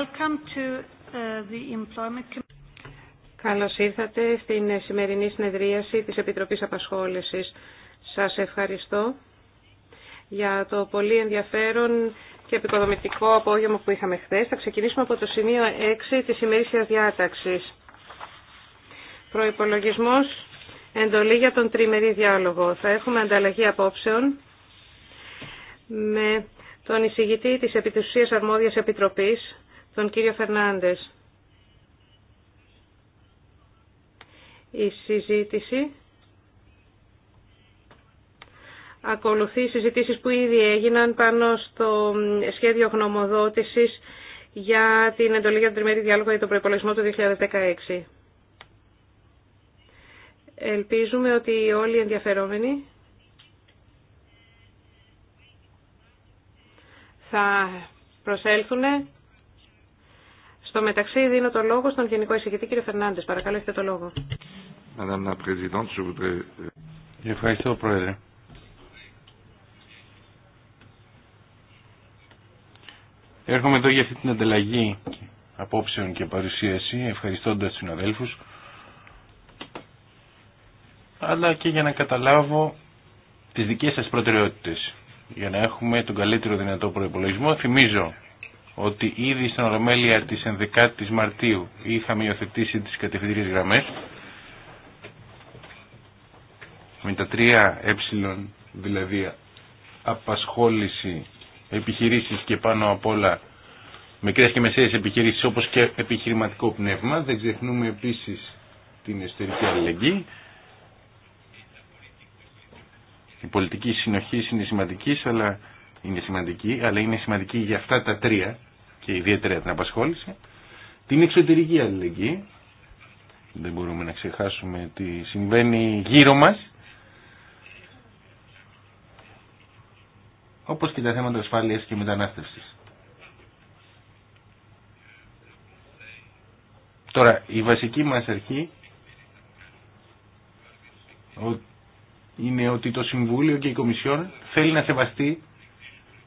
Uh, Καλώς ήρθατε στην σημερινή συνεδρίαση της Επιτροπής Απασχόλησης. Σας ευχαριστώ για το πολύ ενδιαφέρον και επικοδομητικό απόγευμα που είχαμε χθες. Θα ξεκινήσουμε από το σημείο 6 της ημερήσιας διάταξης. Προϋπολογισμός, εντολή για τον τριμερή διάλογο. Θα έχουμε ανταλλαγή απόψεων με τον εισηγητή της Επιτουσίας Αρμόδιας Επιτροπής, τον κύριο Φερνάντες. Η συζήτηση ακολουθεί συζητήσεις που ήδη έγιναν πάνω στο σχέδιο γνωμοδότησης για την εντολή για τον τριμερή διάλογο για τον προπολογισμό του 2016. Ελπίζουμε ότι όλοι οι ενδιαφερόμενοι θα προσέλθουν στο μεταξύ δίνω το λόγο στον Γενικό Εισηγητή κύριο Φερνάντες. Παρακαλώ έχετε το λόγο. Euh, Ευχαριστώ Πρόεδρε. Έρχομαι εδώ για αυτή την ανταλλαγή απόψεων και παρουσίαση, ευχαριστώντας τους συναδέλφους, αλλά και για να καταλάβω τις δικές σας προτεραιότητες, για να έχουμε τον καλύτερο δυνατό προϋπολογισμό. Θυμίζω ότι ήδη στην ορομέλεια της 11ης Μαρτίου είχαμε υιοθετήσει τις κατευθυντήριες γραμμές με τα τρία ε δηλαδή απασχόληση επιχειρήσεις και πάνω απ' όλα μικρές και μεσαίες επιχειρήσεις όπως και επιχειρηματικό πνεύμα. Δεν ξεχνούμε επίσης την εστερική αλληλεγγύη. Η πολιτική συνοχή είναι σημαντική, αλλά είναι σημαντική, αλλά είναι σημαντική για αυτά τα τρία και ιδιαίτερα την απασχόληση. Την εξωτερική αλληλεγγύη. Δεν μπορούμε να ξεχάσουμε τι συμβαίνει γύρω μας. Όπως και τα θέματα ασφάλειας και μετανάστευσης. Τώρα, η βασική μας αρχή είναι ότι το Συμβούλιο και η Κομισιόν θέλει να σεβαστεί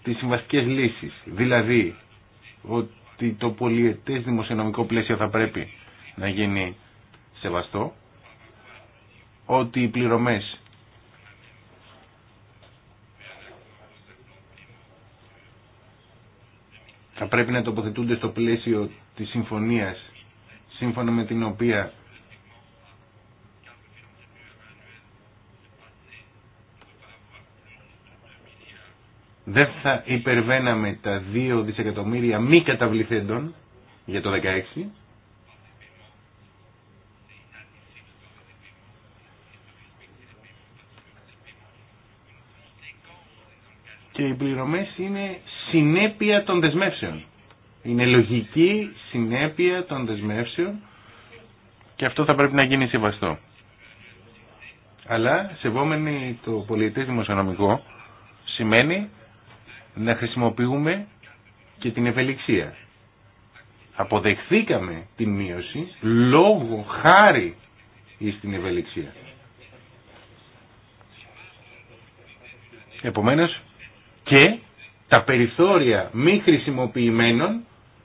τις συμβαστικές λύσεις. Δηλαδή, ότι το πολιετές δημοσιονομικό πλαίσιο θα πρέπει να γίνει σεβαστό, ότι οι πληρωμές θα πρέπει να τοποθετούνται στο πλαίσιο της συμφωνίας σύμφωνα με την οποία δεν θα υπερβαίναμε τα 2 δισεκατομμύρια μη καταβληθέντων για το 2016. Και οι πληρωμές είναι συνέπεια των δεσμεύσεων. Είναι λογική συνέπεια των δεσμεύσεων και αυτό θα πρέπει να γίνει σεβαστό. Αλλά σεβόμενοι το πολιτισμό δημοσιονομικό σημαίνει να χρησιμοποιούμε και την ευελιξία. Αποδεχθήκαμε την μείωση λόγω χάρη την ευελιξία. Επομένως και τα περιθώρια μη χρησιμοποιημένων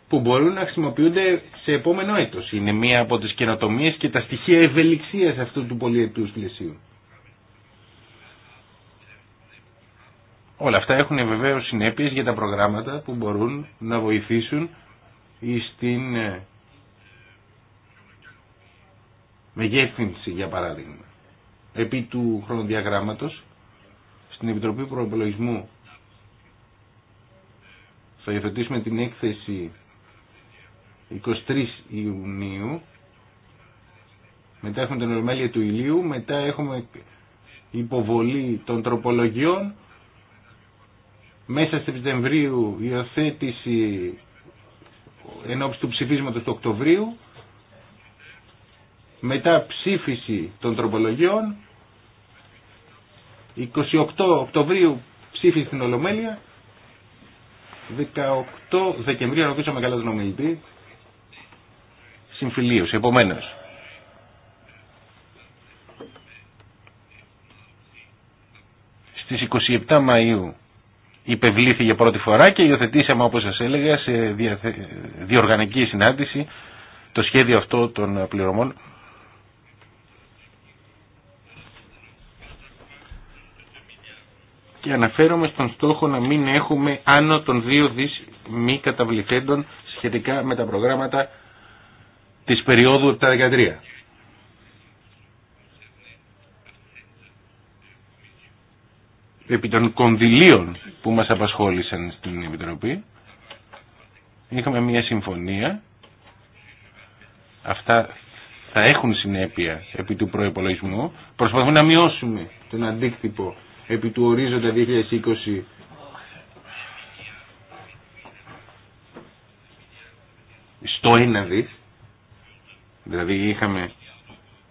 που μπορούν να χρησιμοποιούνται σε επόμενο έτος. Είναι μία από τις καινοτομίες και τα στοιχεία ευελιξίας αυτού του πολυετούς πλαισίου. Όλα αυτά έχουν βεβαίως συνέπειες για τα προγράμματα που μπορούν να βοηθήσουν στην ε, μεγέθυνση για παράδειγμα. Επί του χρονοδιαγράμματος στην Επιτροπή Προεπολογισμού θα υιοθετήσουμε την έκθεση 23 Ιουνίου μετά έχουμε την ορμέλεια του ηλίου μετά έχουμε υποβολή των τροπολογιών μέσα Σεπτεμβρίου υιοθέτηση ενώπιση του ψηφίσματος του Οκτωβρίου μετά ψήφιση των τροπολογιών 28 Οκτωβρίου ψήφιση στην Ολομέλεια 18 Δεκεμβρίου ρωτήσαμε καλά τον ομιλητή συμφιλίωση επομένως στις 27 Μαΐου υπευλήθη για πρώτη φορά και υιοθετήσαμε όπως σας έλεγα σε διοργανική συνάντηση το σχέδιο αυτό των πληρωμών. Και αναφέρομαι στον στόχο να μην έχουμε άνω των δύο δις μη καταβληθέντων σχετικά με τα προγράμματα της περίοδου 7-13. επί των κονδυλίων που μας απασχόλησαν στην Επιτροπή. Είχαμε μια συμφωνία. Αυτά θα έχουν συνέπεια επί του προϋπολογισμού. Προσπαθούμε να μειώσουμε τον αντίκτυπο επί του ορίζοντα 2020 στο ένα δις. Δηλαδή είχαμε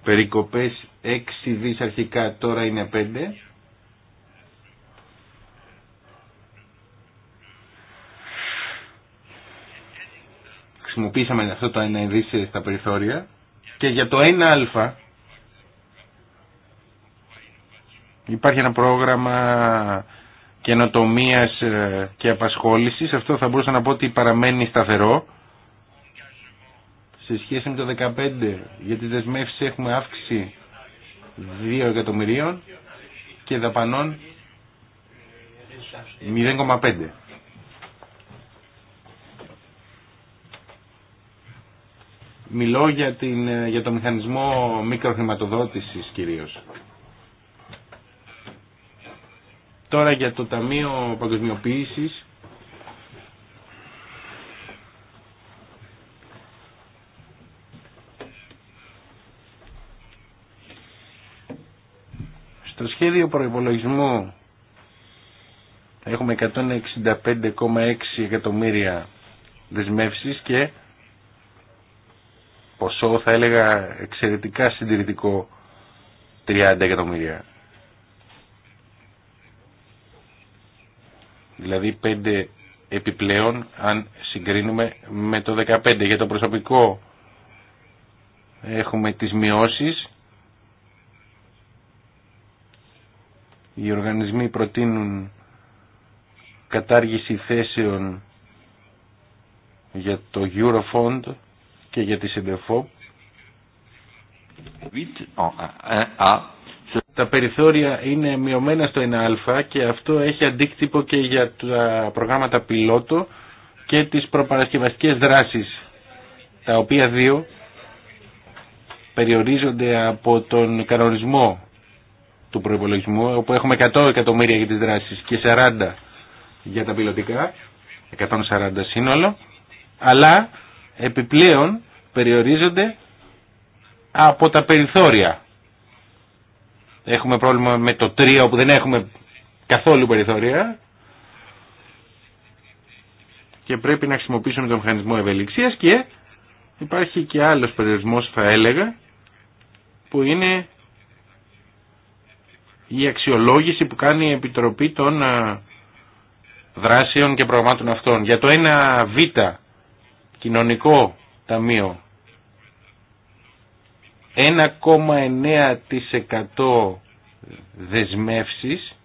περικοπές 6 δις αρχικά, τώρα είναι 5 χρησιμοποίησαμε αυτό το ένα ειδήσιο στα περιθώρια και για το 1α υπάρχει ένα πρόγραμμα καινοτομία ε, και απασχόλησης αυτό θα μπορούσα να πω ότι παραμένει σταθερό σε σχέση με το 15 γιατί δεσμεύσει έχουμε αύξηση 2 εκατομμυρίων και δαπανών 0,5 Μιλώ ε, για, το μηχανισμό μικροχρηματοδότησης κυρίως. Τώρα για το Ταμείο Παγκοσμιοποίησης Στο σχέδιο προϋπολογισμού έχουμε 165,6 εκατομμύρια δεσμεύσεις και ποσό θα έλεγα εξαιρετικά συντηρητικό 30 εκατομμύρια. Δηλαδή 5 επιπλέον αν συγκρίνουμε με το 15. Για το προσωπικό έχουμε τις μειώσεις. Οι οργανισμοί προτείνουν κατάργηση θέσεων για το Eurofond και για τη ΣΥΝΤΕΦΟ. Τα περιθώρια είναι μειωμένα στο 1α και αυτό έχει αντίκτυπο και για τα προγράμματα πιλότο και τις προπαρασκευαστικές δράσεις, τα οποία δύο περιορίζονται από τον κανονισμό του προϋπολογισμού, όπου έχουμε 100 εκατομμύρια για τις δράσεις και 40 για τα πιλωτικά, 140 σύνολο, αλλά επιπλέον περιορίζονται από τα περιθώρια. Έχουμε πρόβλημα με το 3 όπου δεν έχουμε καθόλου περιθώρια και πρέπει να χρησιμοποιήσουμε τον μηχανισμό ευελιξίας και υπάρχει και άλλος περιορισμός θα έλεγα που είναι η αξιολόγηση που κάνει η Επιτροπή των δράσεων και προγραμμάτων αυτών. Για το ένα β κοινωνικό ταμείο 1,9% δεσμεύσεις.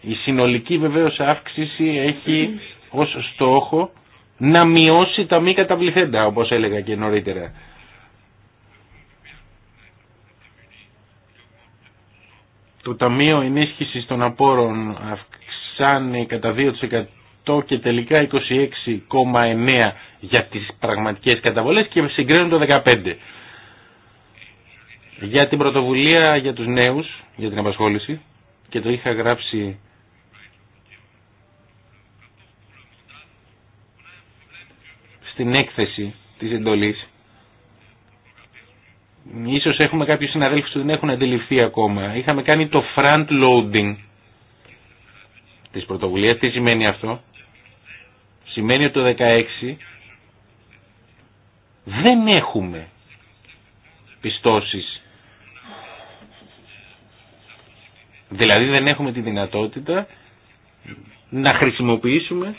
Η συνολική βεβαίως αύξηση έχει ως στόχο να μειώσει τα μη καταβληθέντα, όπως έλεγα και νωρίτερα. Το Ταμείο Ενίσχυσης των Απόρων αυξάνει κατά 2% και τελικά 26,9 για τις πραγματικές καταβολές και συγκρίνουν το 15. Για την πρωτοβουλία για τους νέους, για την απασχόληση και το είχα γράψει στην έκθεση της εντολής ίσως έχουμε κάποιους συναδέλφους που δεν έχουν αντιληφθεί ακόμα. Είχαμε κάνει το front loading της πρωτοβουλίας. Τι σημαίνει αυτό. Σημαίνει ότι το 16 δεν έχουμε πιστώσεις. Δηλαδή δεν έχουμε τη δυνατότητα να χρησιμοποιήσουμε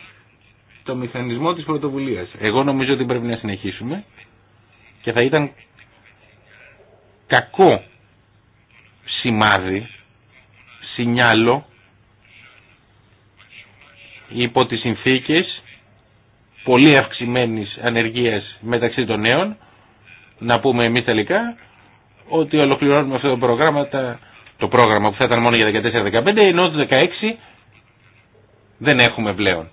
το μηχανισμό της πρωτοβουλίας. Εγώ νομίζω ότι πρέπει να συνεχίσουμε και θα ήταν κακό σημάδι, σινιάλο υπό τις συνθήκες πολύ αυξημένης ανεργίας μεταξύ των νέων, να πούμε εμείς τελικά ότι ολοκληρώνουμε αυτό το πρόγραμμα, το πρόγραμμα που θα ήταν μόνο για 14-15, ενώ το 16 δεν έχουμε πλέον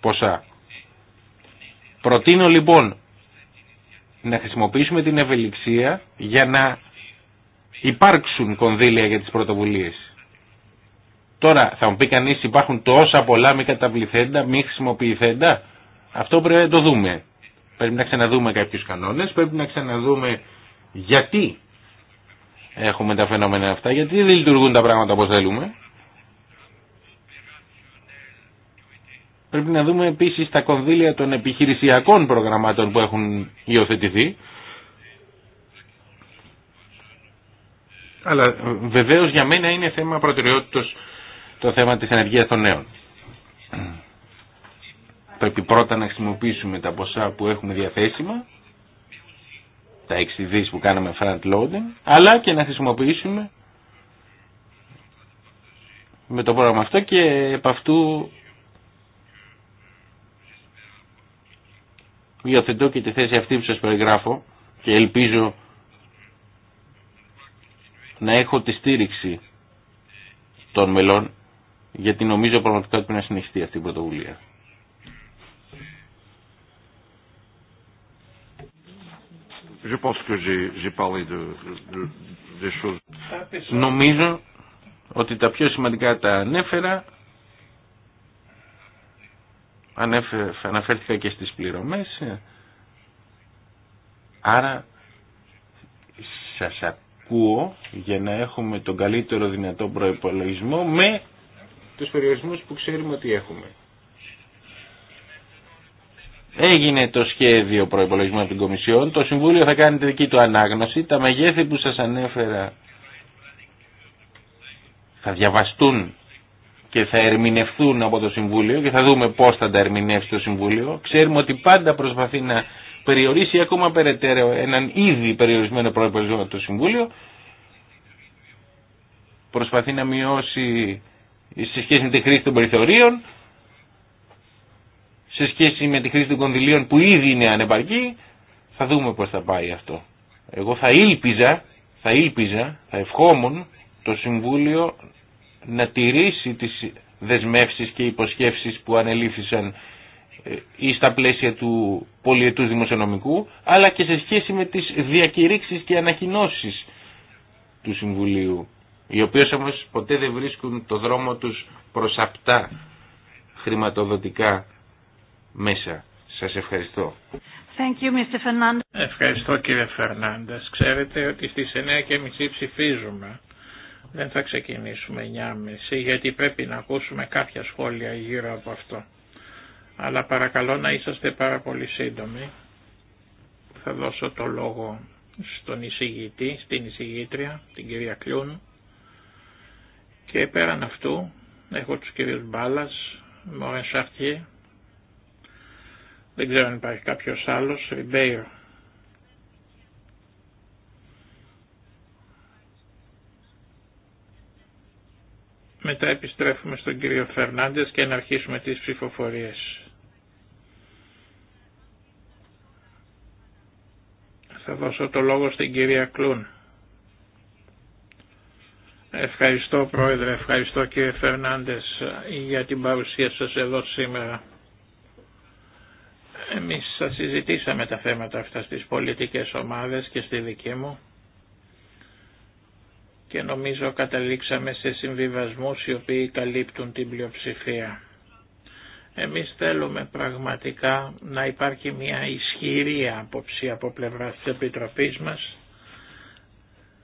ποσά. Προτείνω λοιπόν να χρησιμοποιήσουμε την ευελιξία για να υπάρξουν κονδύλια για τις πρωτοβουλίες. Τώρα θα μου πει κανεί υπάρχουν τόσα πολλά μη καταβληθέντα, μη χρησιμοποιηθέντα. Αυτό πρέπει να το δούμε. Πρέπει να ξαναδούμε κάποιους κανόνες, πρέπει να ξαναδούμε γιατί έχουμε τα φαινόμενα αυτά, γιατί δεν λειτουργούν τα πράγματα όπως θέλουμε. Πρέπει να δούμε επίσης τα κονδύλια των επιχειρησιακών προγραμμάτων που έχουν υιοθετηθεί. Αλλά ε, βεβαίως για μένα είναι θέμα προτεραιότητας το θέμα της ενεργείας των νέων. Πρέπει πρώτα να χρησιμοποιήσουμε τα ποσά που έχουμε διαθέσιμα, τα εξειδείς που κάναμε front loading, αλλά και να χρησιμοποιήσουμε με το πρόγραμμα αυτό και επ' αυτού υιοθετώ και τη θέση αυτή που σας περιγράφω και ελπίζω να έχω τη στήριξη των μελών γιατί νομίζω πραγματικά ότι πρέπει να συνεχιστεί αυτή η πρωτοβουλία. Νομίζω ότι τα πιο σημαντικά τα ανέφερα. Αναφέρθηκα και στις πληρωμές. Άρα σας ακούω για να έχουμε τον καλύτερο δυνατό προϋπολογισμό με τους περιορισμούς που ξέρουμε ότι έχουμε. Έγινε το σχέδιο προϋπολογισμού από την Κομισιόν, το Συμβούλιο θα κάνει τη δική του ανάγνωση, τα μεγέθη που σας ανέφερα θα διαβαστούν και θα ερμηνευθούν από το Συμβούλιο και θα δούμε πώς θα τα ερμηνεύσει το Συμβούλιο. Ξέρουμε ότι πάντα προσπαθεί να περιορίσει ακόμα περαιτέρω έναν ήδη περιορισμένο προϋπολογισμό από το Συμβούλιο. Προσπαθεί να μειώσει σε σχέση με τη χρήση των περιθωρίων, σε σχέση με τη χρήση των κονδυλίων που ήδη είναι ανεπαρκή, θα δούμε πώς θα πάει αυτό. Εγώ θα ήλπιζα, θα ήλπιζα, θα ευχόμουν το Συμβούλιο να τηρήσει τις δεσμεύσεις και υποσχέσεις που ανελήφθησαν ε, ή στα πλαίσια του πολιετού δημοσιονομικού, αλλά και σε σχέση με τις διακηρύξεις και ανακοινώσεις του Συμβουλίου οι οποίες όμως ποτέ δεν βρίσκουν το δρόμο τους προς αυτά χρηματοδοτικά μέσα. Σας ευχαριστώ. Thank you, Mr. Ευχαριστώ κύριε Φερνάντες. Ξέρετε ότι στις 9.30 ψηφίζουμε. Δεν θα ξεκινήσουμε 9.30 γιατί πρέπει να ακούσουμε κάποια σχόλια γύρω από αυτό. Αλλά παρακαλώ να είσαστε πάρα πολύ σύντομοι. Θα δώσω το λόγο στον εισηγητή, στην εισηγήτρια, την κυρία Κλιούν. Και πέραν αυτού έχω τους κυρίους Μπάλας, Μωρέν Σαρτιέ, δεν ξέρω αν υπάρχει κάποιος άλλος, Ριμπέιρο. Μετά επιστρέφουμε στον κύριο Φερνάντες και να αρχίσουμε τις ψηφοφορίες. Θα δώσω το λόγο στην κυρία Κλούν. Ευχαριστώ Πρόεδρε, ευχαριστώ κύριε Φερνάντες για την παρουσία σας εδώ σήμερα. Εμείς θα συζητήσαμε τα θέματα αυτά στις πολιτικές ομάδες και στη δική μου και νομίζω καταλήξαμε σε συμβιβασμούς οι οποίοι καλύπτουν την πλειοψηφία. Εμείς θέλουμε πραγματικά να υπάρχει μια ισχυρή άποψη από πλευρά της Επιτροπής μας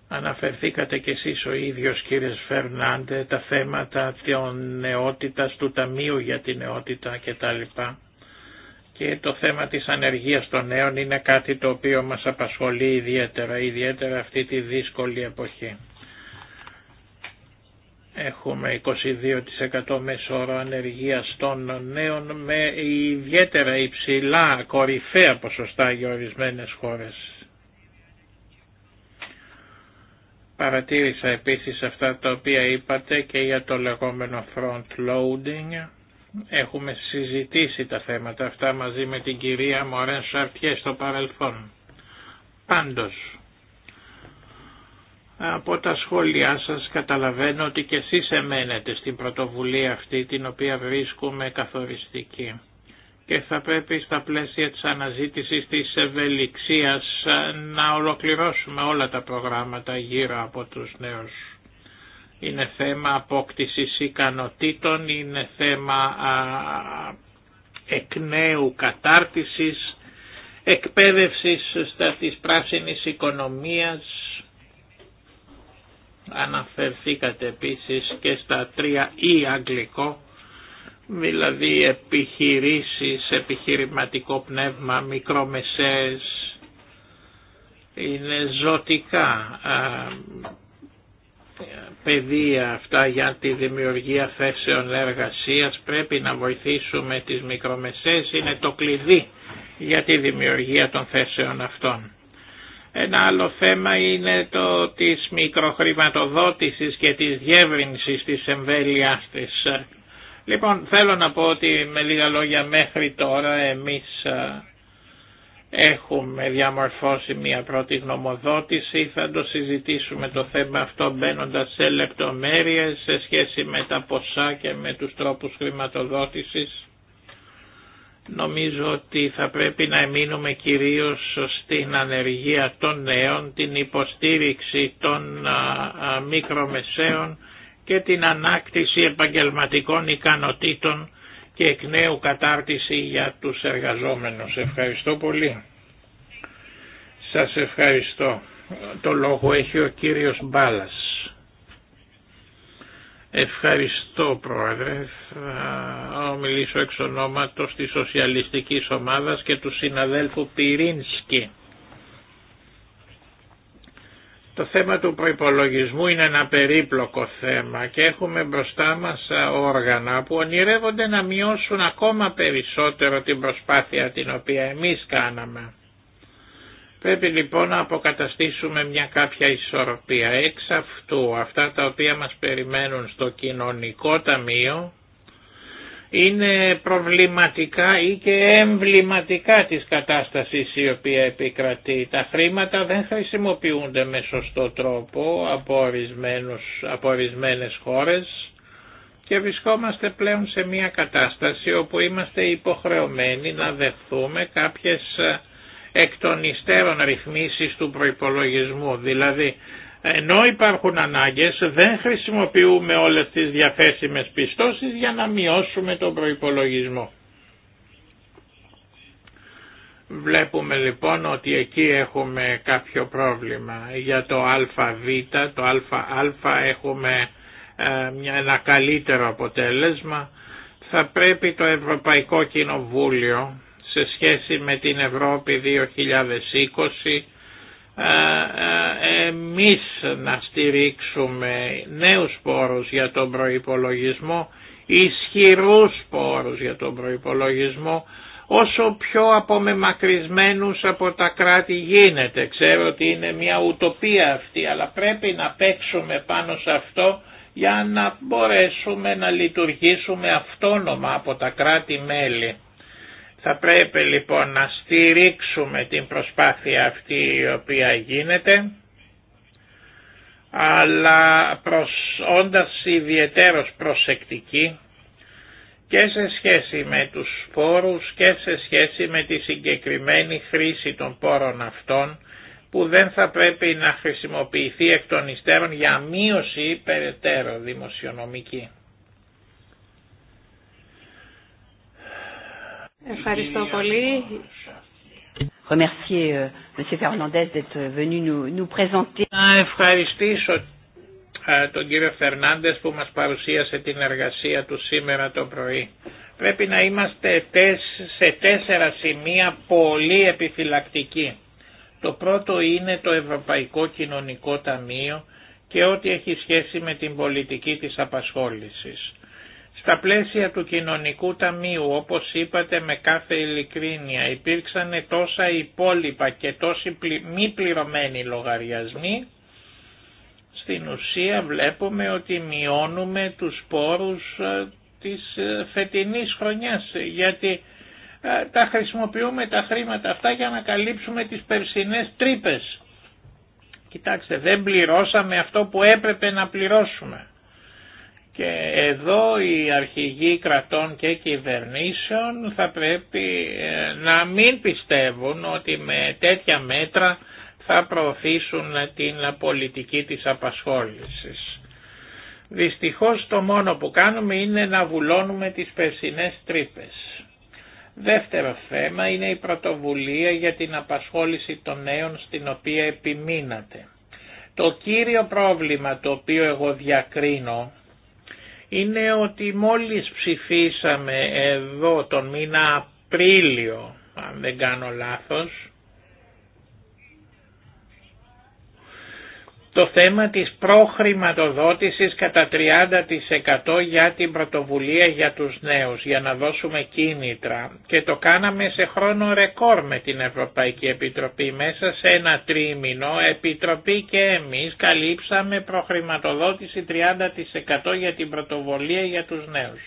Αναφερθήκατε κι εσείς ο ίδιος κύριε Φερνάντε τα θέματα των νεότητας, του Ταμείου για την Νεότητα κτλ. Και το θέμα της ανεργίας των νέων είναι κάτι το οποίο μας απασχολεί ιδιαίτερα, ιδιαίτερα αυτή τη δύσκολη εποχή. Έχουμε 22% μεσόρο ανεργίας των νέων με ιδιαίτερα υψηλά κορυφαία ποσοστά για ορισμένες χώρες. Παρατήρησα επίσης αυτά τα οποία είπατε και για το λεγόμενο front loading. Έχουμε συζητήσει τα θέματα αυτά μαζί με την κυρία Μωρέν Σαρτιέ στο παρελθόν. Πάντως, από τα σχόλιά σας καταλαβαίνω ότι και εσείς εμένετε στην πρωτοβουλία αυτή την οποία βρίσκουμε καθοριστική και θα πρέπει στα πλαίσια της αναζήτησης της ευελιξίας να ολοκληρώσουμε όλα τα προγράμματα γύρω από τους νέους. Είναι θέμα απόκτησης ικανοτήτων, είναι θέμα εκ νέου κατάρτισης, εκπαίδευσης στα της πράσινης οικονομίας. Αναφερθήκατε επίσης και στα τρία ή αγγλικό δηλαδή επιχειρήσεις, επιχειρηματικό πνεύμα, μικρομεσαίες, είναι ζωτικά παιδεία αυτά για τη δημιουργία θέσεων εργασίας πρέπει να βοηθήσουμε τις μικρομεσαίες είναι το κλειδί για τη δημιουργία των θέσεων αυτών. Ένα άλλο θέμα είναι το της μικροχρηματοδότησης και της διεύρυνσης της εμβέλειάς της. Λοιπόν, θέλω να πω ότι με λίγα λόγια μέχρι τώρα εμείς ε, έχουμε διαμορφώσει μια πρώτη γνωμοδότηση. Θα το συζητήσουμε το θέμα αυτό μπαίνοντα σε λεπτομέρειες σε σχέση με τα ποσά και με τους τρόπους χρηματοδότησης. Νομίζω ότι θα πρέπει να εμείνουμε κυρίως στην ανεργία των νέων, την υποστήριξη των μικρομεσαίων και την ανάκτηση επαγγελματικών ικανοτήτων και εκ νέου κατάρτιση για τους εργαζόμενους. Ευχαριστώ πολύ. Σας ευχαριστώ. Το λόγο έχει ο κύριος Μπάλας. Ευχαριστώ Πρόεδρε. Θα μιλήσω εξ ονόματος της Σοσιαλιστικής Ομάδας και του συναδέλφου Πυρίνσκι το θέμα του προϋπολογισμού είναι ένα περίπλοκο θέμα και έχουμε μπροστά μας όργανα που ονειρεύονται να μειώσουν ακόμα περισσότερο την προσπάθεια την οποία εμείς κάναμε. Πρέπει λοιπόν να αποκαταστήσουμε μια κάποια ισορροπία. Εξ αυτού αυτά τα οποία μας περιμένουν στο κοινωνικό ταμείο είναι προβληματικά ή και εμβληματικά της κατάστασης η οποία επικρατεί. Τα χρήματα δεν χρησιμοποιούνται με σωστό τρόπο από, ορισμένους, από ορισμένες χώρες και βρισκόμαστε πλέον σε μια κατάσταση όπου είμαστε υποχρεωμένοι να δεχθούμε κάποιες ε, εκ των ρυθμίσεις του προϋπολογισμού. Δηλαδή ενώ υπάρχουν ανάγκες δεν χρησιμοποιούμε όλες τις διαθέσιμες πιστώσεις για να μειώσουμε τον προϋπολογισμό. Βλέπουμε λοιπόν ότι εκεί έχουμε κάποιο πρόβλημα. Για το ΑΒ, το ΑΑ έχουμε ε, ένα καλύτερο αποτέλεσμα. Θα πρέπει το Ευρωπαϊκό Κοινοβούλιο σε σχέση με την Ευρώπη 2020 ε, ε, εμείς να στηρίξουμε νέους πόρους για τον προϋπολογισμό, ισχυρούς πόρους για τον προϋπολογισμό, όσο πιο απομεμακρυσμένους από τα κράτη γίνεται. Ξέρω ότι είναι μια ουτοπία αυτή, αλλά πρέπει να παίξουμε πάνω σε αυτό για να μπορέσουμε να λειτουργήσουμε αυτόνομα από τα κράτη-μέλη. Θα πρέπει λοιπόν να στηρίξουμε την προσπάθεια αυτή η οποία γίνεται αλλά όντας ιδιαίτερος προσεκτική και σε σχέση με τους πόρους και σε σχέση με τη συγκεκριμένη χρήση των πόρων αυτών που δεν θα πρέπει να χρησιμοποιηθεί εκ των υστέρων για μείωση περαιτέρω δημοσιονομική. Ευχαριστώ πολύ. Euh, να ευχαριστήσω τον κύριο Φερνάντες που μας παρουσίασε την εργασία του σήμερα το πρωί. Πρέπει να είμαστε σε τέσσερα σημεία πολύ επιφυλακτικοί. Το πρώτο είναι το Ευρωπαϊκό Κοινωνικό Ταμείο και ό,τι έχει σχέση με την πολιτική της απασχόλησης. Στα πλαίσια του κοινωνικού ταμείου, όπως είπατε με κάθε ειλικρίνεια, υπήρξαν τόσα υπόλοιπα και τόσοι μη πληρωμένοι λογαριασμοί, στην ουσία βλέπουμε ότι μειώνουμε τους πόρους ε, της ε, φετινής χρονιάς, γιατί ε, τα χρησιμοποιούμε τα χρήματα αυτά για να καλύψουμε τις περσινές τρύπες. Κοιτάξτε, δεν πληρώσαμε αυτό που έπρεπε να πληρώσουμε. Και εδώ οι αρχηγοί κρατών και κυβερνήσεων θα πρέπει ε, να μην πιστεύουν ότι με τέτοια μέτρα θα προωθήσουν την πολιτική της απασχόλησης. Δυστυχώς το μόνο που κάνουμε είναι να βουλώνουμε τις περσινές τρύπες. Δεύτερο θέμα είναι η πρωτοβουλία για την απασχόληση των νέων στην οποία επιμείνατε. Το κύριο πρόβλημα το οποίο εγώ διακρίνω είναι ότι μόλις ψηφίσαμε εδώ τον μήνα Απρίλιο, αν δεν κάνω λάθος, το θέμα της προχρηματοδότησης κατά 30% για την πρωτοβουλία για τους νέους, για να δώσουμε κίνητρα. Και το κάναμε σε χρόνο ρεκόρ με την Ευρωπαϊκή Επιτροπή. Μέσα σε ένα τρίμηνο, Επιτροπή και εμείς καλύψαμε προχρηματοδότηση 30% για την πρωτοβουλία για τους νέους.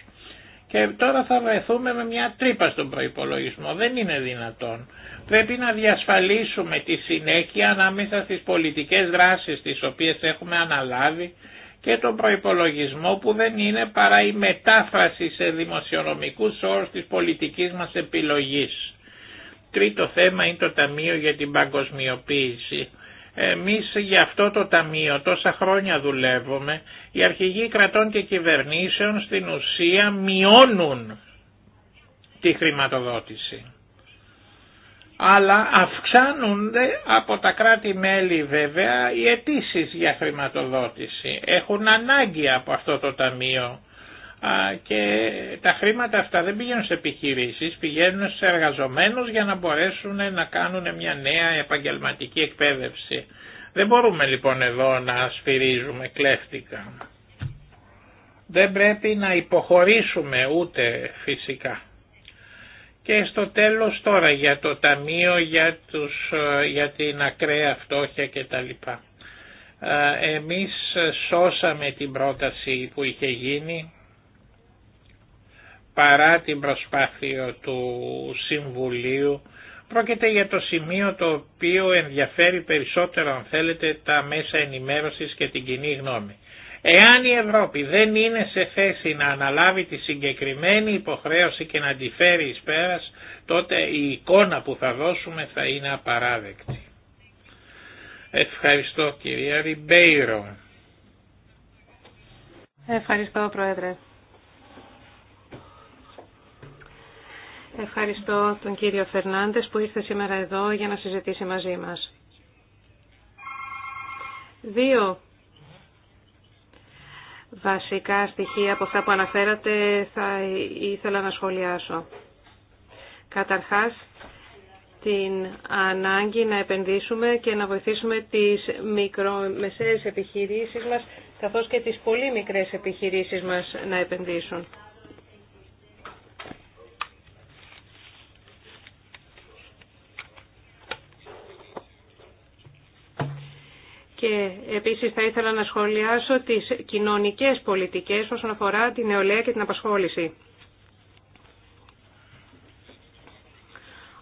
Και τώρα θα βρεθούμε με μια τρύπα στον προϋπολογισμό. Δεν είναι δυνατόν. Πρέπει να διασφαλίσουμε τη συνέχεια ανάμεσα στις πολιτικές δράσεις τις οποίες έχουμε αναλάβει και τον προϋπολογισμό που δεν είναι παρά η μετάφραση σε δημοσιονομικούς όρους της πολιτικής μας επιλογής. Τρίτο θέμα είναι το Ταμείο για την Παγκοσμιοποίηση. Εμείς για αυτό το Ταμείο τόσα χρόνια δουλεύουμε, οι αρχηγοί κρατών και κυβερνήσεων στην ουσία μειώνουν τη χρηματοδότηση αλλά αυξάνονται από τα κράτη-μέλη βέβαια οι αιτήσει για χρηματοδότηση. Έχουν ανάγκη από αυτό το ταμείο και τα χρήματα αυτά δεν πηγαίνουν σε επιχειρήσεις, πηγαίνουν σε εργαζομένους για να μπορέσουν να κάνουν μια νέα επαγγελματική εκπαίδευση. Δεν μπορούμε λοιπόν εδώ να σφυρίζουμε κλέφτικα. Δεν πρέπει να υποχωρήσουμε ούτε φυσικά. Και στο τέλος τώρα για το Ταμείο, για, τους, ε, για την ακραία φτώχεια κτλ. Ε, εμείς σώσαμε την πρόταση που είχε γίνει παρά την προσπάθεια του Συμβουλίου. Πρόκειται για το σημείο το οποίο ενδιαφέρει περισσότερο αν θέλετε τα μέσα ενημέρωσης και την κοινή γνώμη. Εάν η Ευρώπη δεν είναι σε θέση να αναλάβει τη συγκεκριμένη υποχρέωση και να τη φέρει εις πέρας, τότε η εικόνα που θα δώσουμε θα είναι απαράδεκτη. Ευχαριστώ κυρία Ριμπέιρο. Ευχαριστώ Πρόεδρε. Ευχαριστώ τον κύριο Φερνάντες που ήρθε σήμερα εδώ για να συζητήσει μαζί μας. Δύο βασικά στοιχεία από αυτά που αναφέρατε θα ήθελα να σχολιάσω. Καταρχάς, την ανάγκη να επενδύσουμε και να βοηθήσουμε τις μικρομεσαίες επιχειρήσεις μας καθώς και τις πολύ μικρές επιχειρήσεις μας να επενδύσουν. Και επίσης θα ήθελα να σχολιάσω τις κοινωνικές πολιτικές όσον αφορά την νεολαία και την απασχόληση.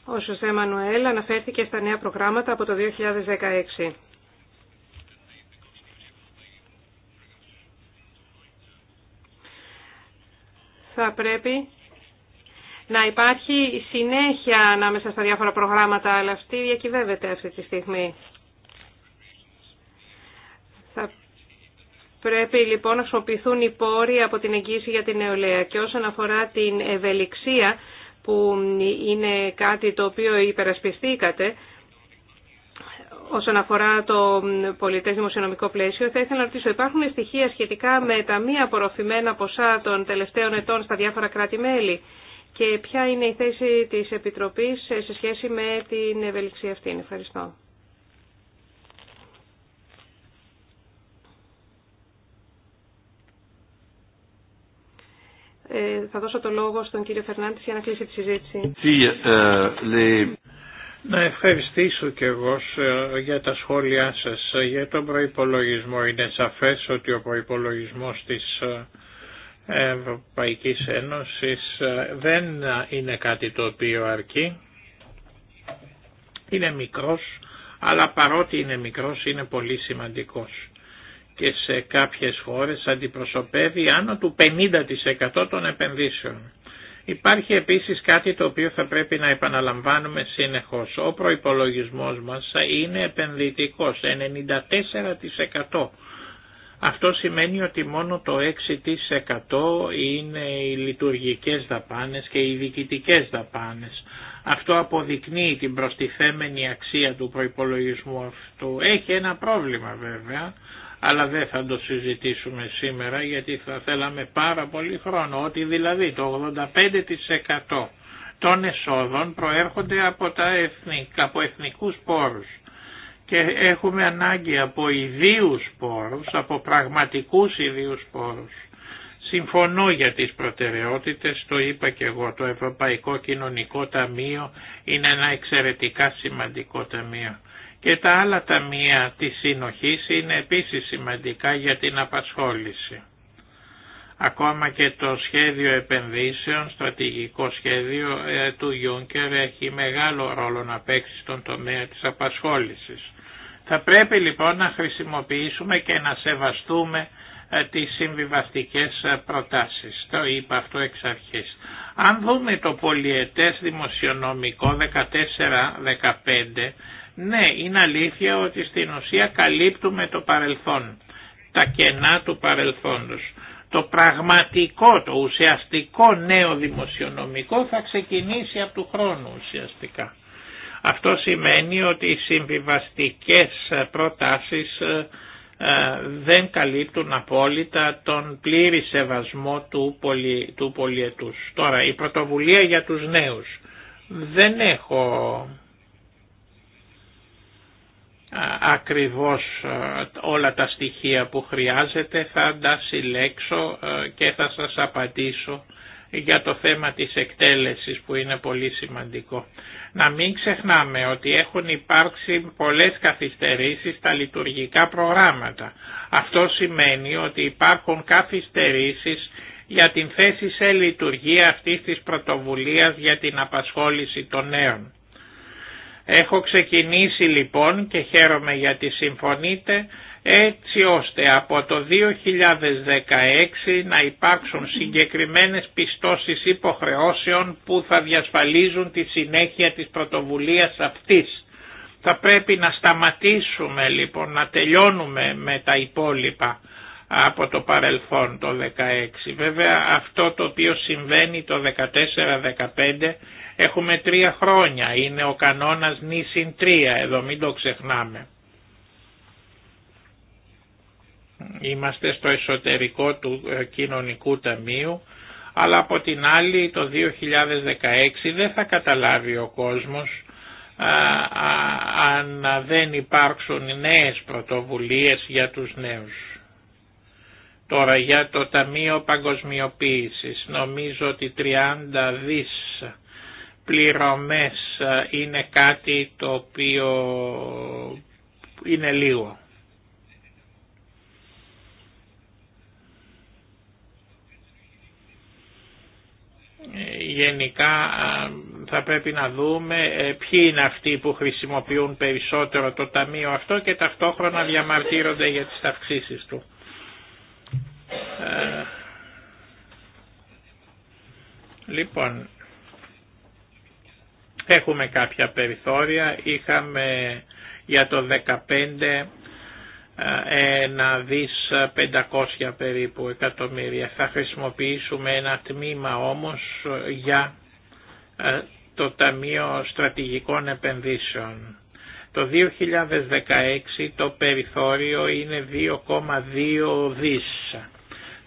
Ο Σωσέ Μανουέλ αναφέρθηκε στα νέα προγράμματα από το 2016. Θα πρέπει να υπάρχει συνέχεια ανάμεσα στα διάφορα προγράμματα, αλλά αυτή διακυβεύεται αυτή τη στιγμή. Πρέπει λοιπόν να χρησιμοποιηθούν οι πόροι από την εγγύηση για την νεολαία. Και όσον αφορά την ευελιξία, που είναι κάτι το οποίο υπερασπιστήκατε, όσον αφορά το πολιτές δημοσιονομικό πλαίσιο, θα ήθελα να ρωτήσω, υπάρχουν στοιχεία σχετικά με τα μη απορροφημένα ποσά των τελευταίων ετών στα διάφορα κράτη-μέλη και ποια είναι η θέση της Επιτροπής σε σχέση με την ευελιξία αυτή. Ευχαριστώ. Ε, θα δώσω το λόγο στον κύριο Φερνάντη για να κλείσει τη συζήτηση. Ε, να ευχαριστήσω και εγώ ε, για τα σχόλιά σας. Για τον προϋπολογισμό είναι σαφές ότι ο προϋπολογισμός της Ευρωπαϊκής Ένωσης δεν είναι κάτι το οποίο αρκεί. Είναι μικρός, αλλά παρότι είναι μικρός είναι πολύ σημαντικός και σε κάποιες χώρες αντιπροσωπεύει άνω του 50% των επενδύσεων. Υπάρχει επίσης κάτι το οποίο θα πρέπει να επαναλαμβάνουμε συνεχώς. Ο προϋπολογισμός μας είναι επενδυτικός, 94%. Αυτό σημαίνει ότι μόνο το 6% είναι οι λειτουργικές δαπάνες και οι διοικητικές δαπάνες. Αυτό αποδεικνύει την προστιθέμενη αξία του προϋπολογισμού αυτού. Έχει ένα πρόβλημα βέβαια, αλλά δεν θα το συζητήσουμε σήμερα γιατί θα θέλαμε πάρα πολύ χρόνο, ότι δηλαδή το 85% των εσόδων προέρχονται από, τα εθνικ, από εθνικούς πόρους και έχουμε ανάγκη από ιδίους πόρους, από πραγματικούς ιδίους πόρους. Συμφωνώ για τις προτεραιότητες, το είπα και εγώ, το Ευρωπαϊκό Κοινωνικό Ταμείο είναι ένα εξαιρετικά σημαντικό ταμείο. Και τα άλλα ταμεία της συνοχής είναι επίσης σημαντικά για την απασχόληση. Ακόμα και το σχέδιο επενδύσεων, στρατηγικό σχέδιο ε, του Ιούνκερ έχει μεγάλο ρόλο να παίξει στον τομέα της απασχόλησης. Θα πρέπει λοιπόν να χρησιμοποιήσουμε και να σεβαστούμε ε, τις συμβιβαστικές ε, προτάσεις. Το είπα αυτό εξ αρχής. Αν δούμε το πολιετές δημοσιονομικό 14-15 ναι, είναι αλήθεια ότι στην ουσία καλύπτουμε το παρελθόν, τα κενά του παρελθόντος. Το πραγματικό, το ουσιαστικό νέο δημοσιονομικό θα ξεκινήσει από του χρόνου ουσιαστικά. Αυτό σημαίνει ότι οι συμβιβαστικές προτάσεις ε, ε, δεν καλύπτουν απόλυτα τον πλήρη σεβασμό του, πολυ, του πολιετούς. Τώρα, η πρωτοβουλία για τους νέους. Δεν έχω ακριβώς όλα τα στοιχεία που χρειάζεται θα τα συλλέξω και θα σας απαντήσω για το θέμα της εκτέλεσης που είναι πολύ σημαντικό. Να μην ξεχνάμε ότι έχουν υπάρξει πολλές καθυστερήσεις στα λειτουργικά προγράμματα. Αυτό σημαίνει ότι υπάρχουν καθυστερήσεις για την θέση σε λειτουργία αυτής της πρωτοβουλίας για την απασχόληση των νέων. Έχω ξεκινήσει λοιπόν και χαίρομαι γιατί συμφωνείτε έτσι ώστε από το 2016 να υπάρξουν συγκεκριμένες πιστώσεις υποχρεώσεων που θα διασφαλίζουν τη συνέχεια της πρωτοβουλίας αυτής. Θα πρέπει να σταματήσουμε λοιπόν να τελειώνουμε με τα υπόλοιπα από το παρελθόν το 2016. Βέβαια αυτό το οποίο συμβαίνει το 2014-2015... Έχουμε τρία χρόνια, είναι ο κανόνας νήσιν τρία, εδώ μην το ξεχνάμε. Είμαστε στο εσωτερικό του ε, κοινωνικού ταμείου, αλλά από την άλλη το 2016 δεν θα καταλάβει ο κόσμος αν δεν υπάρξουν νέες πρωτοβουλίες για τους νέους. Τώρα για το Ταμείο Παγκοσμιοποίησης νομίζω ότι 30 δις πληρωμές ε, είναι κάτι το οποίο είναι λίγο. Γενικά ε, θα πρέπει να δούμε ε, ποιοι είναι αυτοί που χρησιμοποιούν περισσότερο το ταμείο αυτό και ταυτόχρονα διαμαρτύρονται για τις αυξήσεις του. Λοιπόν, Έχουμε κάποια περιθώρια. Είχαμε για το 2015 ε, ένα δις 500 περίπου εκατομμύρια. Θα χρησιμοποιήσουμε ένα τμήμα όμως για ε, το Ταμείο Στρατηγικών Επενδύσεων. Το 2016 το περιθώριο είναι 2,2 δις.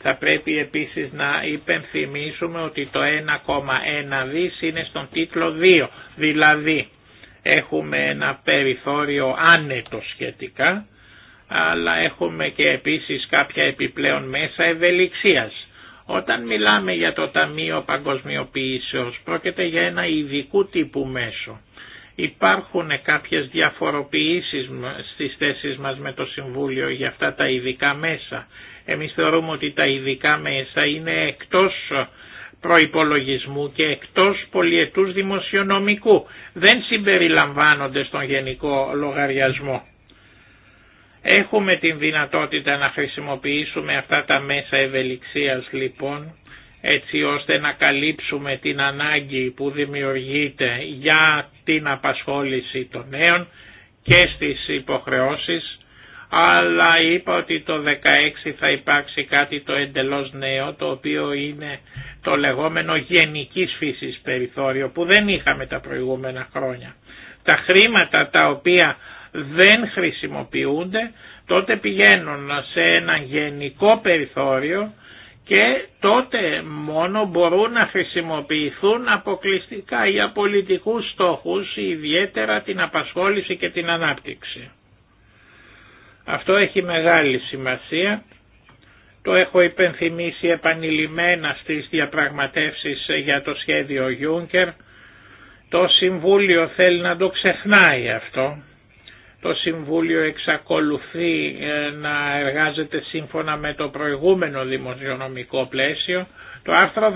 Θα πρέπει επίσης να υπενθυμίσουμε ότι το 1,1 δις είναι στον τίτλο 2, δηλαδή έχουμε ένα περιθώριο άνετο σχετικά, αλλά έχουμε και επίσης κάποια επιπλέον μέσα ευελιξίας. Όταν μιλάμε για το Ταμείο Παγκοσμιοποιήσεως πρόκειται για ένα ειδικού τύπου μέσο. Υπάρχουν κάποιες διαφοροποιήσεις στις θέσεις μας με το Συμβούλιο για αυτά τα ειδικά μέσα. Εμείς θεωρούμε ότι τα ειδικά μέσα είναι εκτός προϋπολογισμού και εκτός πολιετούς δημοσιονομικού. Δεν συμπεριλαμβάνονται στον γενικό λογαριασμό. Έχουμε την δυνατότητα να χρησιμοποιήσουμε αυτά τα μέσα ευελιξίας λοιπόν έτσι ώστε να καλύψουμε την ανάγκη που δημιουργείται για την απασχόληση των νέων και στις υποχρεώσεις αλλά είπα ότι το 16 θα υπάρξει κάτι το εντελώς νέο το οποίο είναι το λεγόμενο γενικής φύσης περιθώριο που δεν είχαμε τα προηγούμενα χρόνια. Τα χρήματα τα οποία δεν χρησιμοποιούνται τότε πηγαίνουν σε ένα γενικό περιθώριο και τότε μόνο μπορούν να χρησιμοποιηθούν αποκλειστικά για πολιτικούς στόχους, ιδιαίτερα την απασχόληση και την ανάπτυξη. Αυτό έχει μεγάλη σημασία. Το έχω υπενθυμίσει επανειλημμένα στις διαπραγματεύσεις για το σχέδιο Juncker. Το Συμβούλιο θέλει να το ξεχνάει αυτό. Το Συμβούλιο εξακολουθεί ε, να εργάζεται σύμφωνα με το προηγούμενο δημοσιονομικό πλαίσιο. Το άρθρο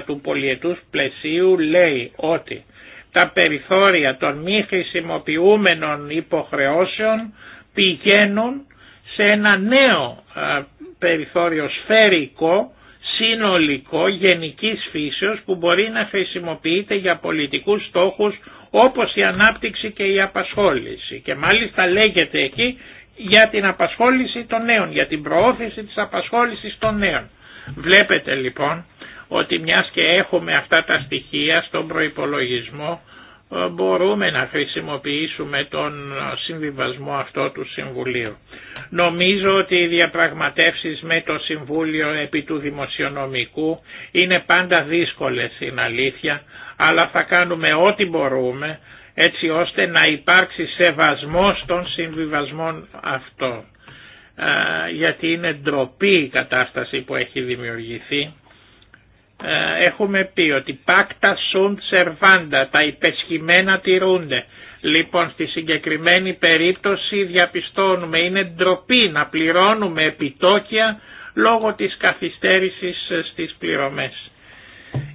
14 του πολιετούς πλαισίου λέει ότι τα περιθώρια των μη χρησιμοποιούμενων υποχρεώσεων πηγαίνουν σε ένα νέο περιθώριο σφαιρικό, συνολικό, γενικής φύσεως που μπορεί να χρησιμοποιείται για πολιτικούς στόχους όπως η ανάπτυξη και η απασχόληση. Και μάλιστα λέγεται εκεί για την απασχόληση των νέων, για την προώθηση της απασχόλησης των νέων. Βλέπετε λοιπόν ότι μιας και έχουμε αυτά τα στοιχεία στον προϋπολογισμό ε, μπορούμε να χρησιμοποιήσουμε τον ε, συμβιβασμό αυτό του Συμβουλίου. Νομίζω ότι οι διαπραγματεύσεις με το Συμβούλιο επί του Δημοσιονομικού είναι πάντα δύσκολες στην αλήθεια, αλλά θα κάνουμε ό,τι μπορούμε έτσι ώστε να υπάρξει σεβασμός των συμβιβασμών αυτών. Ε, γιατί είναι ντροπή η κατάσταση που έχει δημιουργηθεί ε, έχουμε πει ότι πάκτα sunt servanda», τα υπεσχημένα τηρούνται. Λοιπόν, στη συγκεκριμένη περίπτωση διαπιστώνουμε, είναι ντροπή να πληρώνουμε επιτόκια λόγω της καθυστέρησης στις πληρωμές.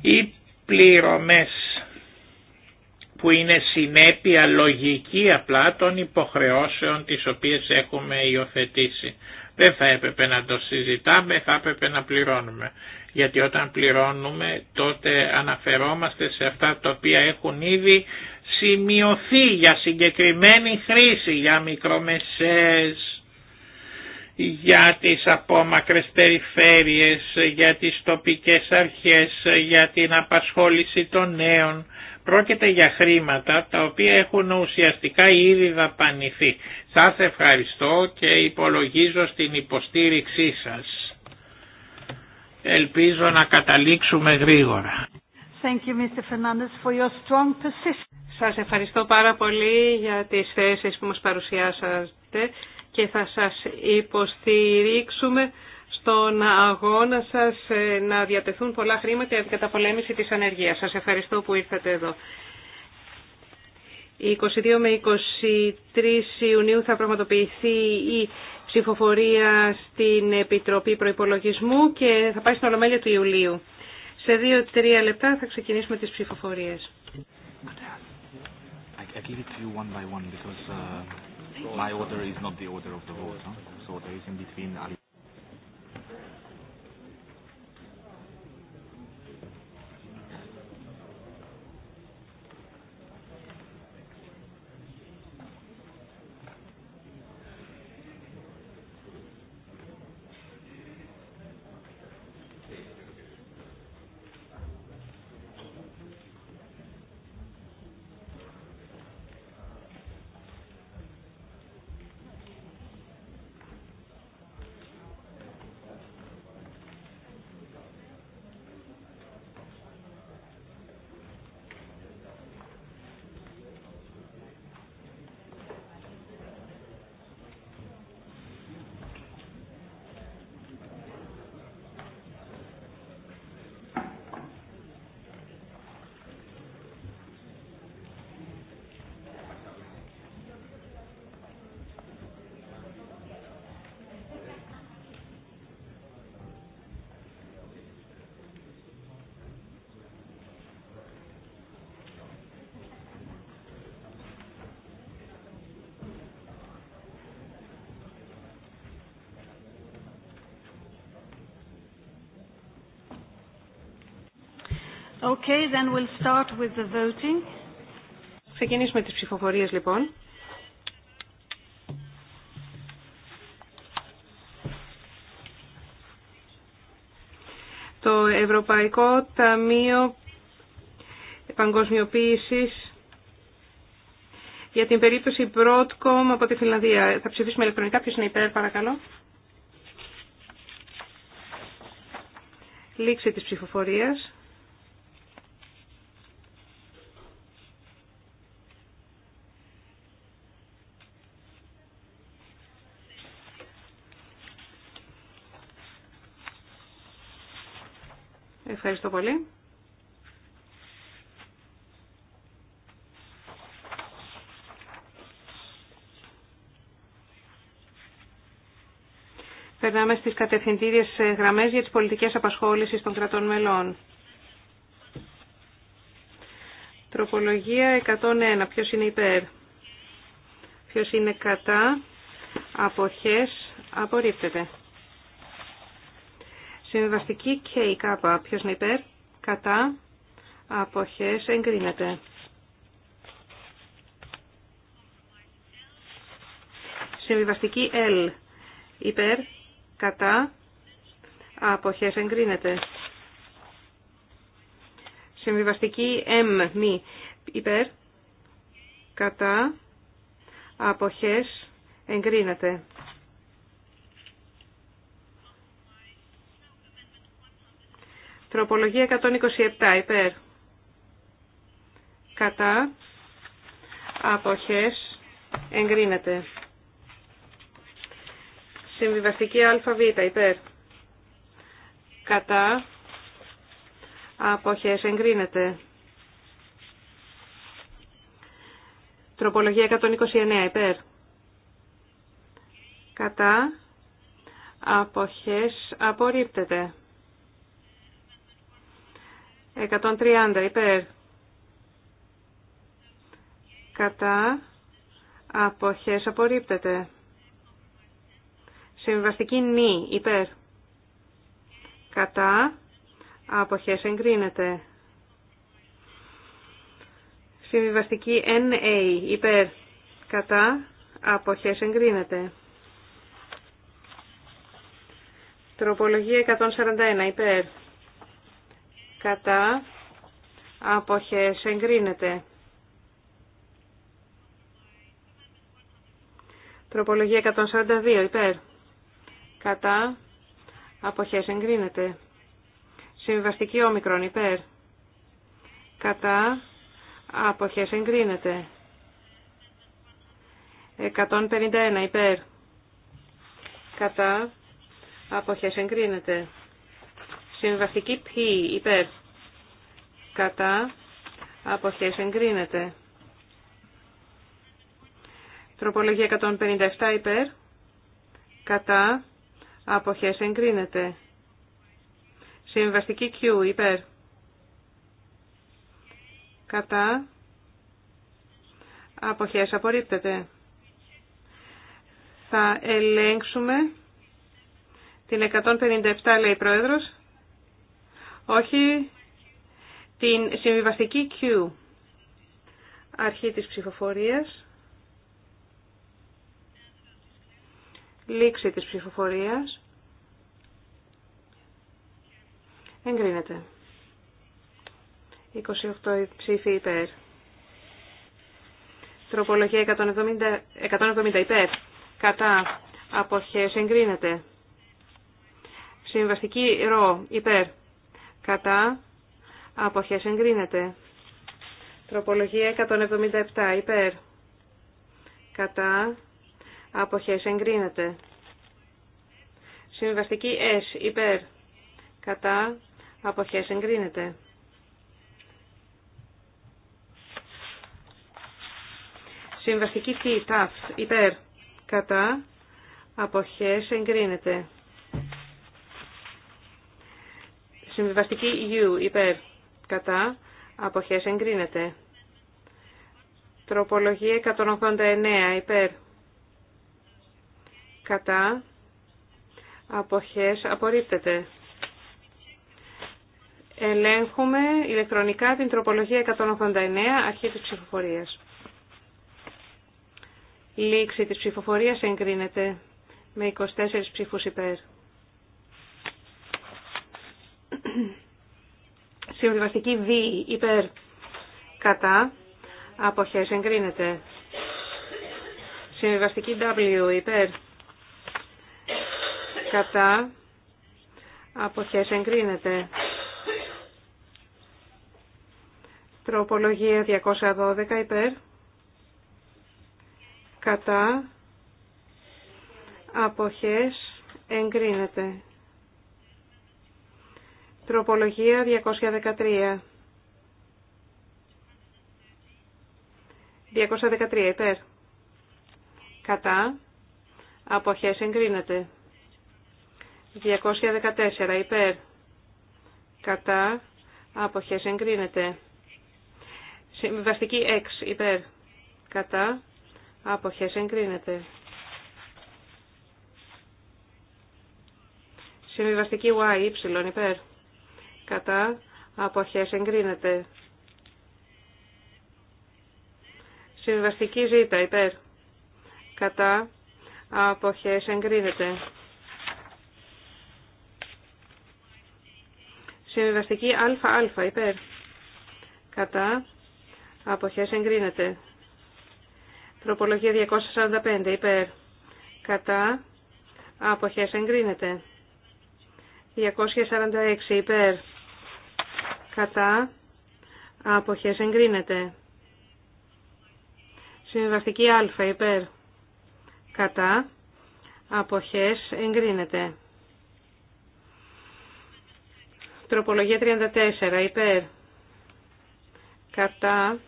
Οι πληρωμές που είναι συνέπεια λογική απλά των υποχρεώσεων τις οποίες έχουμε υιοθετήσει. Δεν θα έπρεπε να το συζητάμε, θα έπρεπε να πληρώνουμε γιατί όταν πληρώνουμε τότε αναφερόμαστε σε αυτά τα οποία έχουν ήδη σημειωθεί για συγκεκριμένη χρήση, για μικρομεσές για τις απόμακρες περιφέρειες, για τις τοπικές αρχές, για την απασχόληση των νέων. Πρόκειται για χρήματα τα οποία έχουν ουσιαστικά ήδη δαπανηθεί. Σας ευχαριστώ και υπολογίζω στην υποστήριξή σας. Ελπίζω να καταλήξουμε γρήγορα. Thank you, Mr. Fernandez, for your strong Σας ευχαριστώ πάρα πολύ για τις θέσεις που μας παρουσιάσατε και θα σας υποστηρίξουμε στον αγώνα σας ε, να διατεθούν πολλά χρήματα για την καταπολέμηση της ανεργίας. Σας ευχαριστώ που ήρθατε εδώ. 22 με 23 Ιουνίου θα πραγματοποιηθεί η ψηφοφορία στην Επιτροπή Προϋπολογισμού και θα πάει στην Ολομέλεια του Ιουλίου. Σε δύο-τρία λεπτά θα ξεκινήσουμε τις ψηφοφορίες. Okay, then we'll start with the voting. Ξεκινήσουμε τις ψηφοφορίες λοιπόν. Το Ευρωπαϊκό Ταμείο Παγκοσμιοποίησης για την περίπτωση Broadcom από τη Φιλανδία. Θα ψηφίσουμε ηλεκτρονικά. Ποιος είναι υπέρ, παρακαλώ. Λήξη της ψηφοφορίας. Ευχαριστώ πολύ. Περνάμε στις κατευθυντήριες ε, γραμμές για τις πολιτικές απασχόλησεις των κρατών μελών. Τροπολογία 101. Ποιος είναι υπέρ. Ποιος είναι κατά. Αποχές. Απορρίπτεται. Συμβαστική και η κάπα. Ποιο είναι υπέρ, κατά, απόχέ εγκρίνεται. Συμβιβαστική L. Υπέρ, κατά, αποχές, εγκρίνεται. Συμβιβαστική M. Μη. Υπέρ, κατά, αποχές, εγκρίνεται. Τροπολογία 127 υπέρ. Κατά. Αποχές. Εγκρίνεται. Συμβιβαστική ΑΒ υπέρ. Κατά. Αποχές. Εγκρίνεται. Τροπολογία 129 υπέρ. Κατά. Αποχές. Απορρίπτεται. 130 υπέρ. Κατά. Αποχές απορρίπτεται. Συμβαστική νη υπέρ. Κατά. Αποχές εγκρίνεται. Συμβιβαστική NA υπέρ. Κατά. Αποχές εγκρίνεται. Τροπολογία 141 υπέρ κατά αποχές εγκρίνεται. Τροπολογία 142 υπέρ. Κατά αποχές εγκρίνεται. Συμβαστική όμικρον υπέρ. Κατά αποχές εγκρίνεται. 151 υπέρ. Κατά αποχές εγκρίνεται. Συμβαστική π υπέρ κατά αποχές εγκρίνεται. Τροπολογία 157 υπέρ κατά αποχές εγκρίνεται. Συμβαστική Q υπέρ κατά αποχές απορρίπτεται. Θα ελέγξουμε την 157 λέει η Πρόεδρος. Όχι. Την συμβιβαστική Q. Αρχή της ψηφοφορίας. Λήξη της ψηφοφορίας. Εγκρίνεται. 28 ψήφοι υπέρ. Τροπολογία 170, 170 υπέρ. Κατά. Αποχές εγκρίνεται. Συμβαστική ρο υπέρ Κατά. Αποχές εγκρίνεται. Τροπολογία 177 υπέρ. Κατά. Αποχές εγκρίνεται. Συμβαστική S υπέρ. Κατά. Αποχές εγκρίνεται. Συμβαστική T ταφ υπέρ. Κατά. Αποχές εγκρίνεται. Συμβιβαστική U υπέρ κατά αποχές εγκρίνεται. Τροπολογία 189 υπέρ κατά αποχές απορρίπτεται. Ελέγχουμε ηλεκτρονικά την τροπολογία 189 αρχή της ψηφοφορίας. Λήξη της ψηφοφορίας εγκρίνεται με 24 ψήφους υπέρ. Συμβιβαστική Β υπέρ κατά αποχές εγκρίνεται. Συμβιβαστική W υπέρ κατά αποχές εγκρίνεται. Τροπολογία 212 υπέρ κατά αποχές εγκρίνεται. Τροπολογία 213. 213 υπέρ. Κατά. Αποχές εγκρίνεται. 214 υπέρ. Κατά. Αποχές εγκρίνεται. Συμβαστική 6 υπέρ. Κατά. Αποχές εγκρίνεται. Συμβιβαστική Y, Y, υπέρ κατά αποχές εγκρίνεται. Συμβαστική ζήτα υπέρ κατά αποχές εγκρίνεται. Συμβαστική ΑΑ υπέρ. Κατά. Αποχές εγκρίνεται. Τροπολογία 245 υπέρ. Κατά. Αποχές εγκρίνεται. 246 υπέρ κατά αποχές εγκρίνεται. Συμβαστική α υπέρ κατά αποχές εγκρίνεται. Τροπολογία 34 υπέρ κατά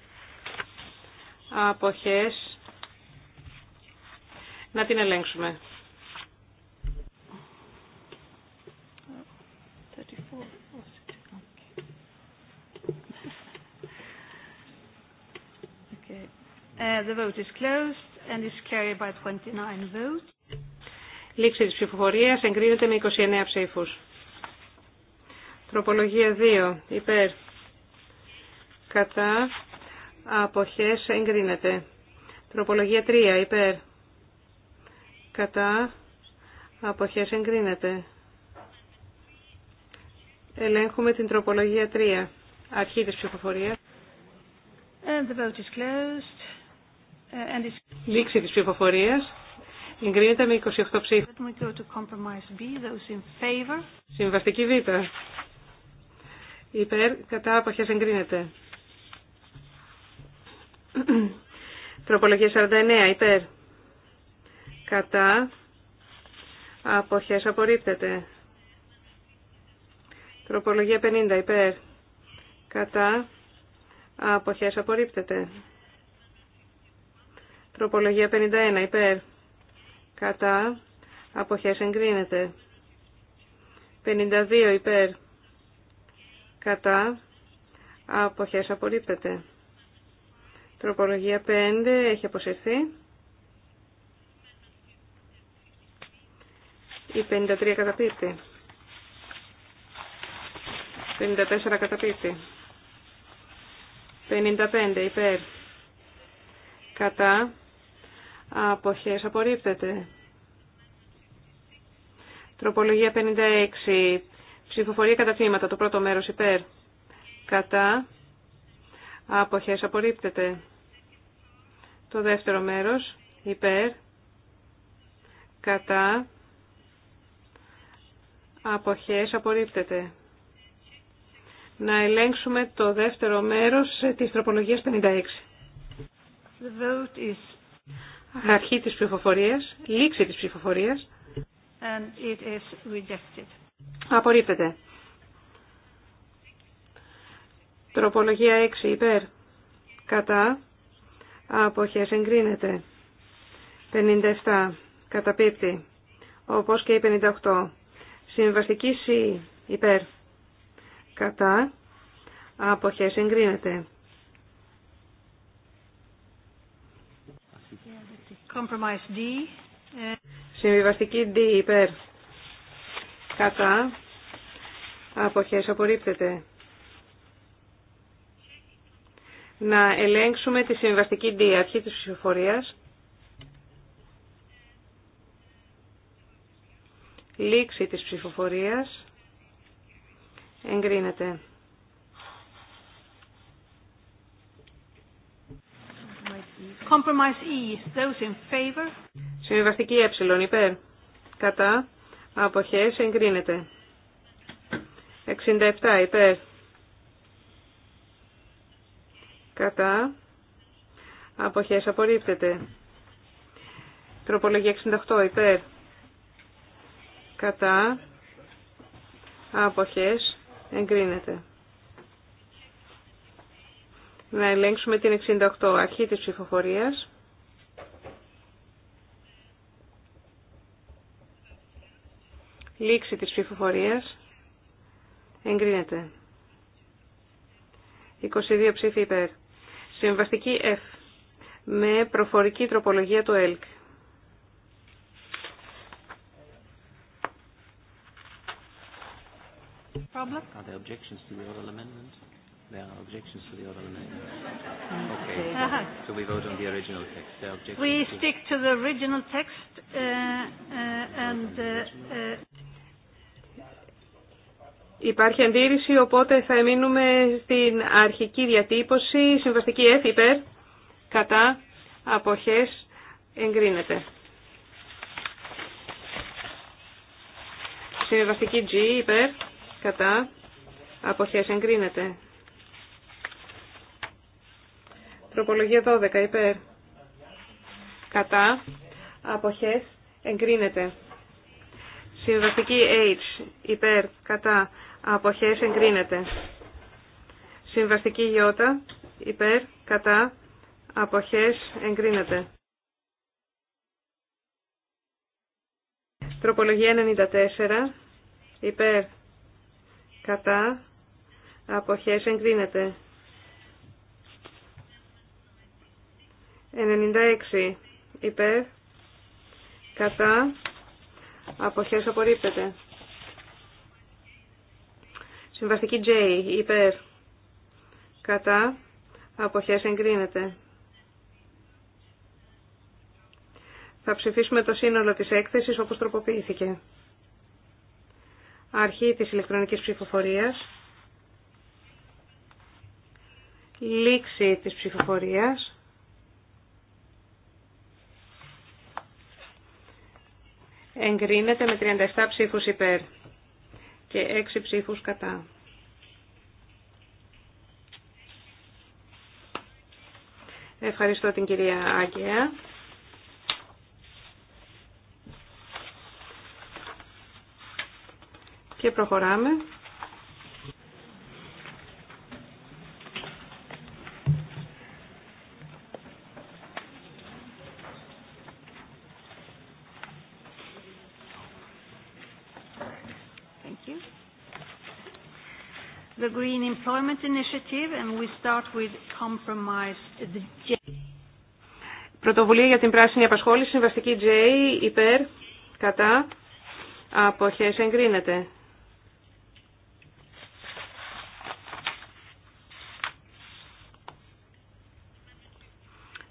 αποχές να την ελέγξουμε. Uh, the vote is closed and is carried by 29 votes. Λήξη της ψηφοφορίας εγκρίνεται με 29 ψήφους. Τροπολογία 2. Υπέρ. Κατά. Αποχές εγκρίνεται. Τροπολογία 3. Υπέρ. Κατά. Αποχές εγκρίνεται. Ελέγχουμε την τροπολογία 3. Αρχή της ψηφοφορίας. the vote is closed Λήξη της ψηφοφορίας. Εγκρίνεται με 28 ψήφους. Συμβαστική Β. Υπέρ κατά αποχές εγκρίνεται. Τροπολογία 49. Υπέρ. Κατά. Αποχές απορρίπτεται. Τροπολογία 50. Υπέρ. Κατά. Αποχές απορρίπτεται. Τροπολογία 51 υπέρ. Κατά. Αποχές εγκρίνεται. 52 υπέρ. Κατά. Αποχές απορρίπτεται. Τροπολογία 5 έχει αποσυρθεί. Η 53 καταπίπτει. 54 καταπίπτει. 55 υπέρ. Κατά. Αποχές απορρίπτεται. Τροπολογία 56. Ψηφοφορία κατά θύματα. Το πρώτο μέρος υπέρ. Κατά. Αποχές απορρίπτεται. Το δεύτερο μέρος υπέρ. Κατά. Αποχές απορρίπτεται. Να ελέγξουμε το δεύτερο μέρος της τροπολογίας 56. The Αρχή της ψηφοφορίας, λήξη της ψηφοφορίας. And it is rejected. Απορρίπτεται. Τροπολογία 6 υπέρ. Κατά. Αποχές εγκρίνεται. 57. Καταπίπτει. Όπως και η 58. Συμβαστική C υπέρ. Κατά. Αποχές εγκρίνεται. Compromise D. Συμβιβαστική D υπέρ. Κατά. Αποχές απορρίπτεται. Να ελέγξουμε τη συμβιβαστική D, αρχή της ψηφοφορίας. Λήξη της ψηφοφορίας. Εγκρίνεται. Compromise E, those in favor. Συμβιβαστική ε, υπέρ. Κατά. Αποχές εγκρίνεται. 67 υπέρ. Κατά. Αποχές απορρίπτεται. Τροπολογία 68 υπέρ. Κατά. Αποχές εγκρίνεται να ελέγξουμε την 68 αρχή της ψηφοφορίας. Λήξη της ψηφοφορίας. Εγκρίνεται. 22 ψήφοι υπέρ. Συμβαστική F. Με προφορική τροπολογία του ΕΛΚ. Problem? Are there objections to the oral There are objections to the other amendment. Mm, okay. Uh-huh. So we vote on the original text. There are objections. We stick to the original text uh, uh, and. Uh, uh, Υπάρχει αντίρρηση, οπότε θα εμείνουμε στην αρχική διατύπωση. Συμβαστική F υπέρ, κατά, αποχές, εγκρίνεται. Συμβαστική G υπέρ, κατά, αποχές εγκρίνεται. Τροπολογία 12 υπέρ. Κατά. Αποχές. Εγκρίνεται. Συμβαστική H υπέρ. Κατά. Αποχές. Εγκρίνεται. Συμβαστική Ι υπέρ. Κατά. Αποχές. Εγκρίνεται. Τροπολογία 94 υπέρ. Κατά. Αποχές εγκρίνεται. 96 υπέρ κατά αποχές απορρίπτεται. Συμβαστική J υπέρ κατά αποχές εγκρίνεται. Θα ψηφίσουμε το σύνολο της έκθεσης όπως τροποποιήθηκε. Αρχή της ηλεκτρονικής ψηφοφορίας. Λήξη της ψηφοφορίας. εγκρίνεται με 37 ψήφους υπέρ και 6 ψήφους κατά. Ευχαριστώ την κυρία Άγκαια. Και προχωράμε. the Green Initiative and we start with Πρωτοβουλία για την πράσινη απασχόληση, συμβαστική J, υπέρ, κατά, αποχές, εγκρίνεται.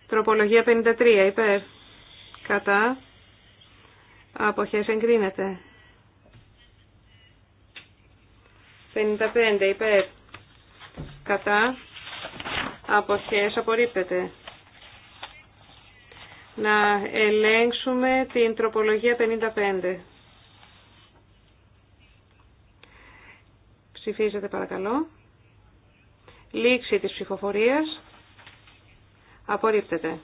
Τροπολογία 53, υπέρ, κατά, αποχές, εγκρίνεται. 55 υπέρ κατά αποχές απορρίπτεται. Να ελέγξουμε την τροπολογία 55. Ψηφίζετε παρακαλώ. Λήξη της ψηφοφορίας απορρίπτεται.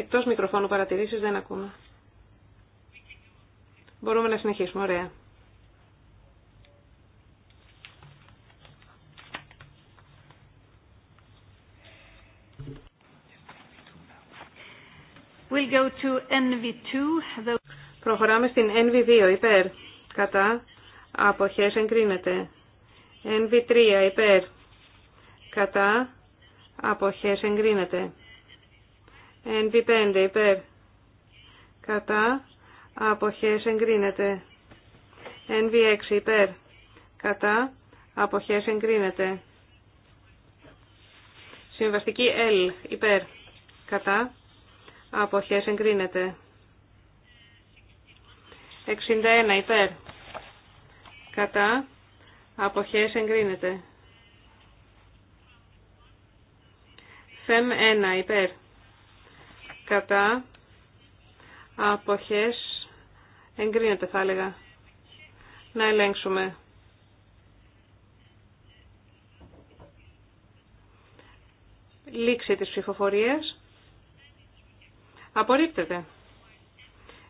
Εκτός μικροφώνου παρατηρήσεις δεν ακούμε. Μπορούμε να συνεχίσουμε. Ωραία. Προχωράμε στην NV2, υπέρ. Κατά. Αποχές εγκρίνεται. NV3, υπέρ. Κατά. Αποχές εγκρίνεται. NV5 υπέρ. Κατά. Αποχές εγκρίνεται. NV6 υπέρ. Κατά. Αποχές εγκρίνεται. Συμβαστική L υπέρ. Κατά. Αποχές εγκρίνεται. 61 υπέρ. Κατά. Αποχές εγκρίνεται. ΦΕΜ 1 υπέρ κατά αποχές εγκρίνεται θα έλεγα. Να ελέγξουμε. Λήξη της ψηφοφορίας. Απορρίπτεται.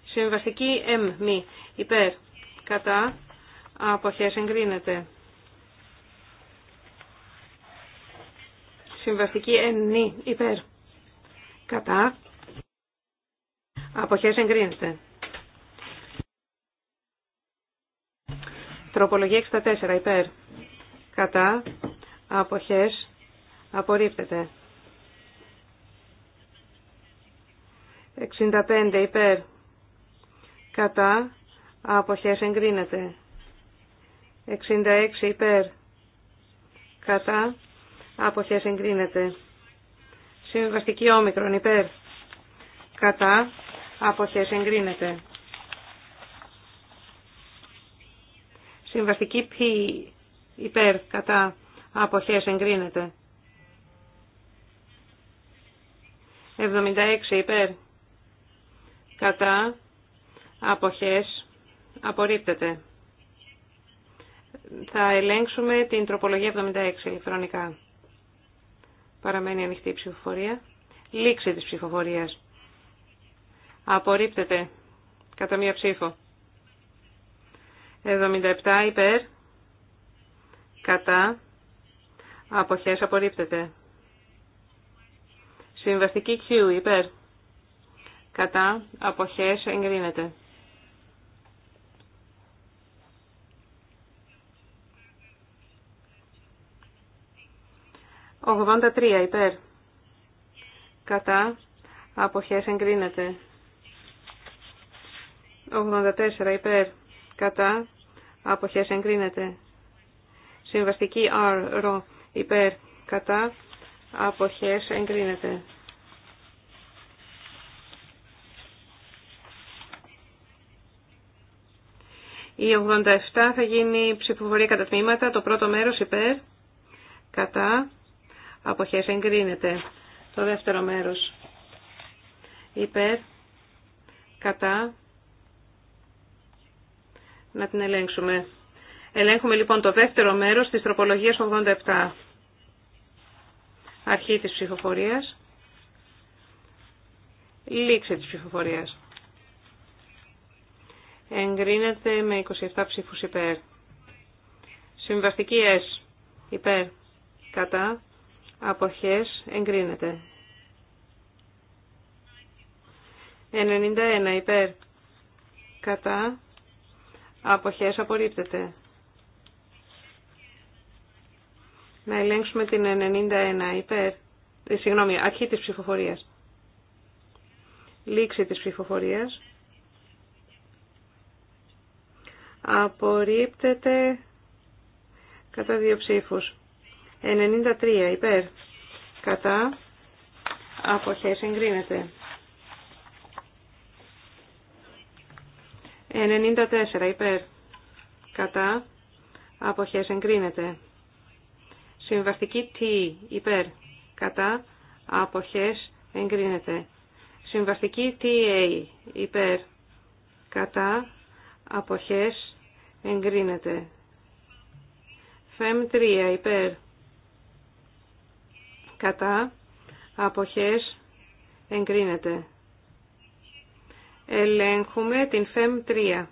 Συμβαστική M, μη, υπέρ, κατά, αποχές εγκρίνεται. Συμβαστική N, νη, υπέρ, κατά, Αποχές εγκρίνεται. Τροπολογία 64 υπέρ. Κατά. Αποχές απορρίπτεται. 65 υπέρ. Κατά. Αποχές εγκρίνεται. 66 υπέρ. Κατά. Αποχές εγκρίνεται. Συμβαστική όμικρον υπέρ. Κατά αποχές εγκρίνεται. Συμβαστική υπέρ κατά αποχές εγκρίνεται. 76 υπέρ κατά αποχές απορρίπτεται. Θα ελέγξουμε την τροπολογία 76 ηλεκτρονικά. Παραμένει ανοιχτή η ψηφοφορία. Λήξη της ψηφοφορίας. Απορρίπτεται. Κατά μία ψήφο. 77 υπέρ. Κατά. Αποχές απορρίπτεται. Συμβαστική Q υπέρ. Κατά. Αποχές εγκρίνεται. «83 υπέρ». «Κατά αποχές εγκρίνεται». 84 υπέρ κατά αποχές εγκρίνεται. Συμβαστική R, ρο, υπέρ κατά αποχές εγκρίνεται. Η 87 θα γίνει ψηφοφορία κατά τμήματα. Το πρώτο μέρος υπέρ, κατά, αποχές εγκρίνεται. Το δεύτερο μέρος υπέρ, κατά, να την ελέγξουμε. Ελέγχουμε λοιπόν το δεύτερο μέρος της τροπολογίας 87. Αρχή της ψηφοφορίας. Λήξη της ψηφοφορίας. Εγκρίνεται με 27 ψήφους υπέρ. Συμβαστική S. Υπέρ. Κατά. Αποχές. Εγκρίνεται. 91 υπέρ. Κατά. Αποχές απορρίπτεται. Να ελέγξουμε την 91 υπέρ. Ε, συγγνώμη, αρχή της ψηφοφορίας. Λήξη της ψηφοφορίας. Απορρίπτεται κατά δύο ψήφους. 93 υπέρ. Κατά. Αποχές εγκρίνεται. 94 υπέρ. Κατά. Αποχές εγκρίνεται. Συμβαστική T υπέρ. Κατά. Αποχές εγκρίνεται. Συμβαστική TA υπέρ. Κατά. Αποχές εγκρίνεται. ΦΕΜ 3 υπέρ. Κατά. Αποχές εγκρίνεται. Ελέγχουμε την ΦΕΜ 3.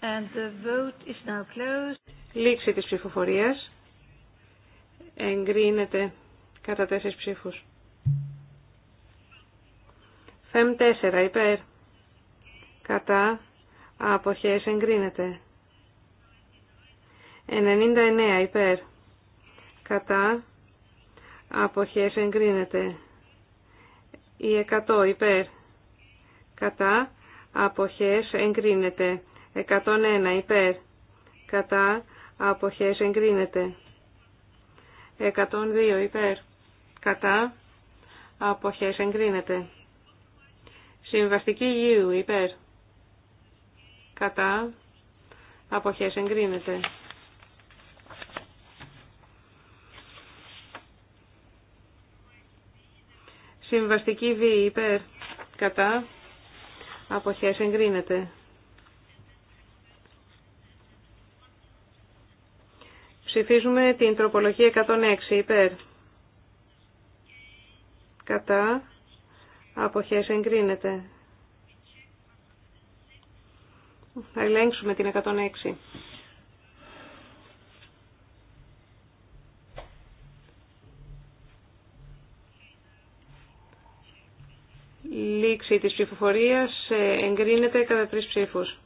And the vote is now closed. Λήξη της ψηφοφορίας. Εγκρίνεται κατά τέσσερις ψήφους. ΦΕΜ 4 υπέρ. Κατά αποχές εγκρίνεται. 99 υπέρ. Κατά αποχές εγκρίνεται. Η 100 υπέρ κατά αποχές εγκρίνεται. 101 υπέρ κατά αποχές εγκρίνεται. 102 υπέρ κατά αποχές εγκρίνεται. Συμβαστική U υπέρ κατά αποχές εγκρίνεται. Συμβαστική V υπέρ κατά αποχές εγκρίνεται. Ψηφίζουμε την τροπολογία 106 υπέρ. Κατά αποχές εγκρίνεται. Θα ελέγξουμε την 106. λήξη της ψηφοφορίας ε, εγκρίνεται κατά τρεις ψήφους.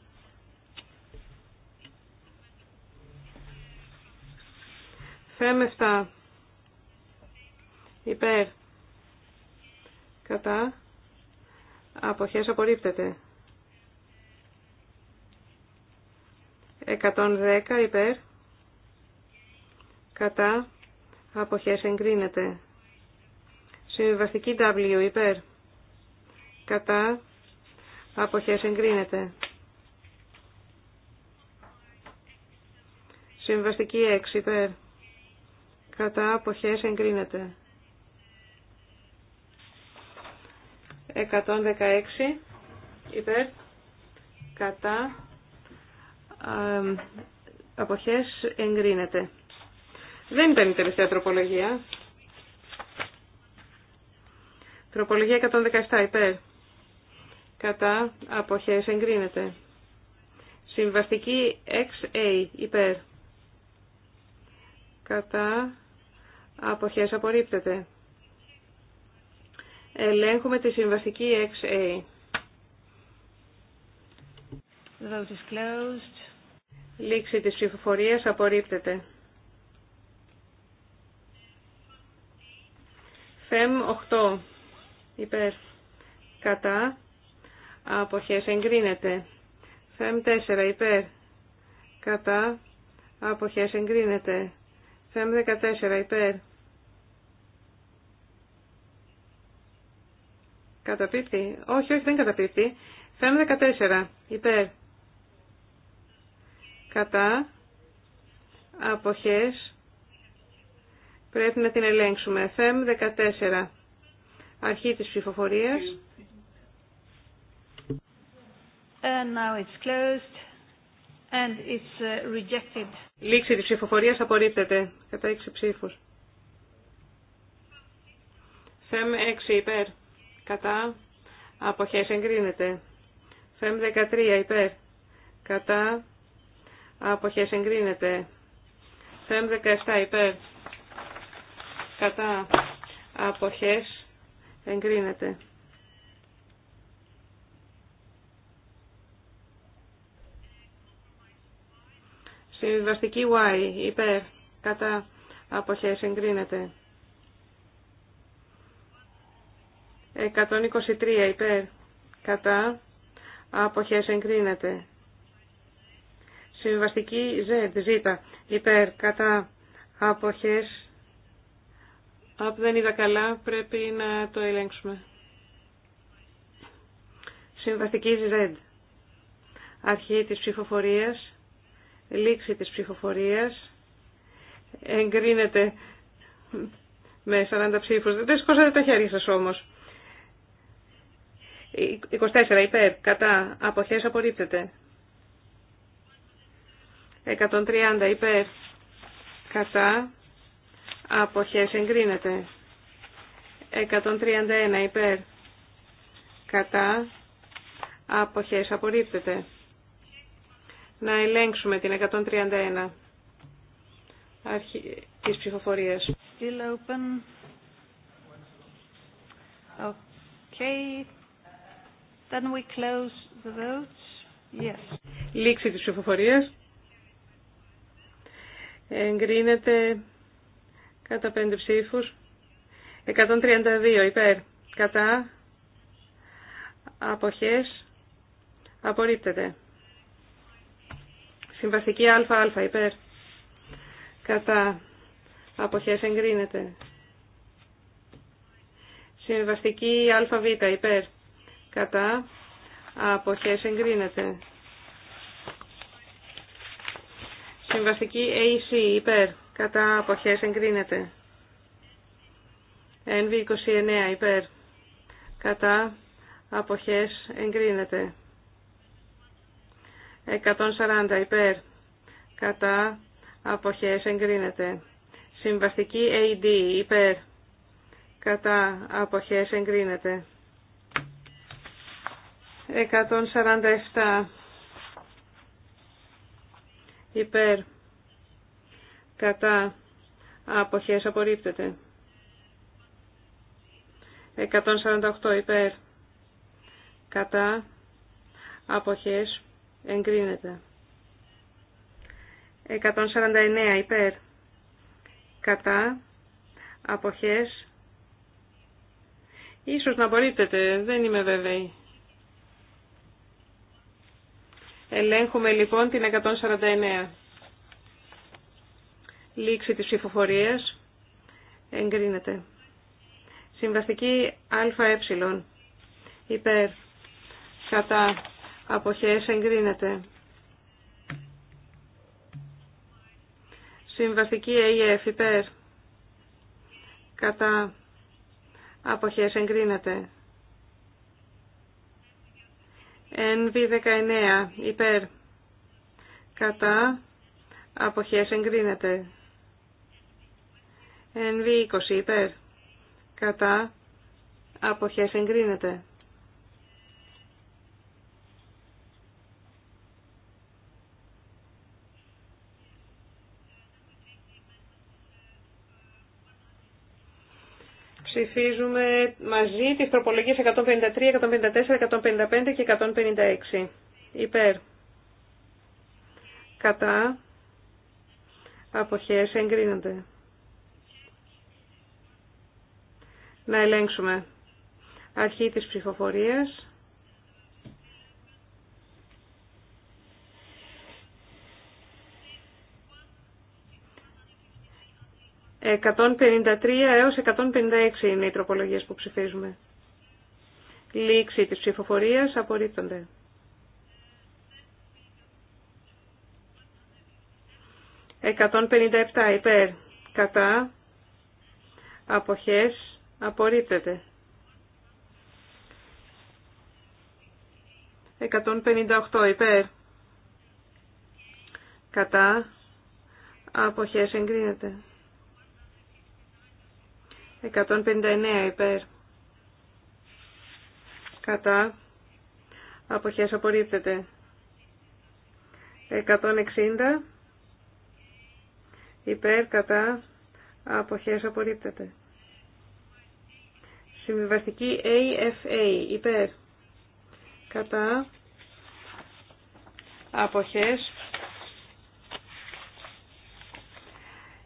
Φέμε 7. Υπέρ. Κατά. Αποχές απορρίπτεται. 110 υπέρ. Κατά. Αποχές εγκρίνεται. Συμβιβαστική W υπέρ κατά αποχές εγκρίνεται. Συμβαστική 6 υπέρ κατά αποχές εγκρίνεται. 116 υπέρ κατά αποχές εγκρίνεται. Δεν ήταν η τελευταία τροπολογία. Τροπολογία 117 υπέρ κατά αποχές εγκρίνεται. Συμβαστική XA υπέρ κατά αποχές απορρίπτεται. Ελέγχουμε τη συμβαστική XA. The Λήξη της ψηφοφορίας απορρίπτεται. ΦΕΜ 8 υπέρ κατά αποχές εγκρίνεται. Φεμ 4 υπέρ κατά αποχές εγκρίνεται. Φεμ 14 υπέρ Καταπίπτει. Όχι, όχι, δεν καταπίπτει. Φεμ 14 υπέρ κατά αποχές πρέπει να την ελέγξουμε. Φεμ 14 αρχή της ψηφοφορίας. And uh, now it's closed. And it's uh, rejected. Λήξη της ψηφοφορίας απορρίπτεται. Κατά 6 ψήφους. ΦΕΜ 6 υπέρ. Κατά. Αποχές εγκρίνεται. ΦΕΜ 13 υπέρ. Κατά. Αποχές εγκρίνεται. ΦΕΜ 17 υπέρ. Κατά. Αποχές εγκρίνεται. Συμβαστική Y, υπέρ, κατά αποχές εγκρίνεται. 123 υπέρ, κατά αποχές εγκρίνεται. Συμβαστική Z, Z, υπέρ, κατά αποχές. Αν δεν είδα καλά πρέπει να το ελέγξουμε. Συμβαστική Z. Αρχή της ψηφοφορίας λήξη της ψηφοφορίας εγκρίνεται με 40 ψήφους. Δεν σκόσατε τα χέρια σας όμως. 24 υπέρ, κατά, αποχές απορρίπτεται. 130 υπέρ, κατά, αποχές εγκρίνεται. 131 υπέρ, κατά, αποχές απορρίπτεται να ελέγξουμε την 131 αρχή της ψηφοφορίας. Still open. Okay. Then we close the votes. Yes. Λήξη της ψηφοφορίας. Εγκρίνεται κατά πέντε ψήφους. 132 υπέρ. Κατά. Αποχές. Απορρίπτεται. Συμβαστική ΑΑ υπέρ. Κατά. Αποχές εγκρίνεται. Συμβαστική ΑΒ υπέρ. Κατά. Αποχές εγκρίνεται. Συμβαστική AC υπέρ. Κατά. Αποχές εγκρίνεται. NV29 υπέρ. Κατά. Αποχές εγκρίνεται. 140 υπέρ κατά αποχές εγκρίνεται. Συμβαστική AD υπέρ κατά αποχές εγκρίνεται. 147 υπέρ κατά αποχές απορρίπτεται. 148 υπέρ κατά αποχές εγκρίνεται. 149 υπέρ κατά αποχές Ίσως να μπορείτε, δεν είμαι βέβαιη. Ελέγχουμε λοιπόν την 149. Λήξη της ψηφοφορίας εγκρίνεται. Συμβαστική ΑΕ υπέρ κατά αποχε εγκρίνεται. Συμβαστική ΑΕΦ υπέρ κατά αποχές εγκρίνεται. NV19 υπέρ κατά αποχές εγκρίνεται. NV20 υπέρ κατά αποχές εγκρίνεται. Ψηφίζουμε μαζί τις τροπολογίες 153, 154, 155 και 156. Υπέρ. Κατά. Αποχές εγκρίνονται. Να ελέγξουμε. Αρχή της ψηφοφορίας. 153 έως 156 είναι οι τροπολογίες που ψηφίζουμε. Λήξη της ψηφοφορίας απορρίπτονται. 157 υπέρ, κατά, αποχές, απορρίπτεται. 158 υπέρ, κατά, αποχές εγκρίνεται. 159 υπέρ. Κατά. Αποχές απορρίπτεται. 160 υπέρ κατά αποχές απορρίπτεται. Συμβιβαστική AFA υπέρ κατά αποχές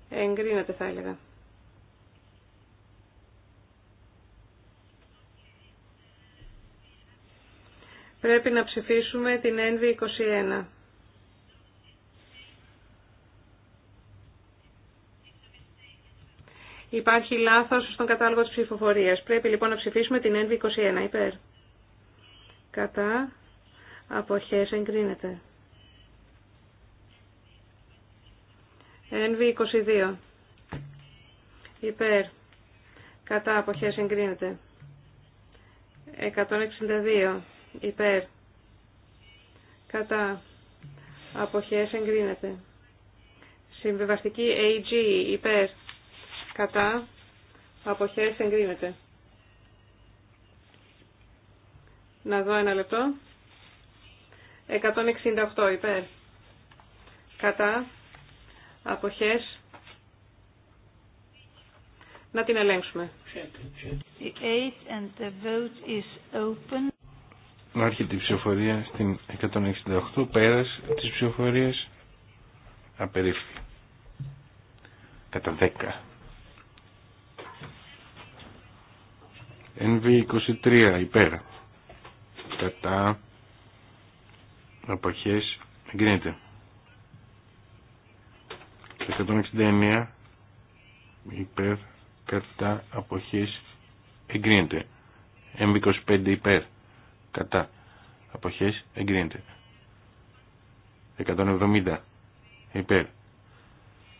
εγκρίνεται θα έλεγα. πρέπει να ψηφίσουμε την NV21. Υπάρχει λάθος στον κατάλογο της ψηφοφορίας. Πρέπει λοιπόν να ψηφίσουμε την NV21 υπέρ. Κατά αποχές εγκρίνεται. NV22 υπέρ. Κατά αποχές εγκρίνεται. 162 υπέρ, κατά, αποχές εγκρίνεται. Συμβεβαστική AG, υπέρ, κατά, αποχές εγκρίνεται. Να δω ένα λεπτό. 168 υπέρ. Κατά. Αποχές. Να την ελέγξουμε. The and the vote is open. Άρχεται η ψηφοφορία στην 168 πέρας της ψηφοφορίας απερίφθη κατά 10 NV23 υπέρ κατά αποχές εγκρίνεται 169 υπέρ κατά αποχές εγκρίνεται M25 υπέρ κατά αποχές εγκρίνεται 170 υπέρ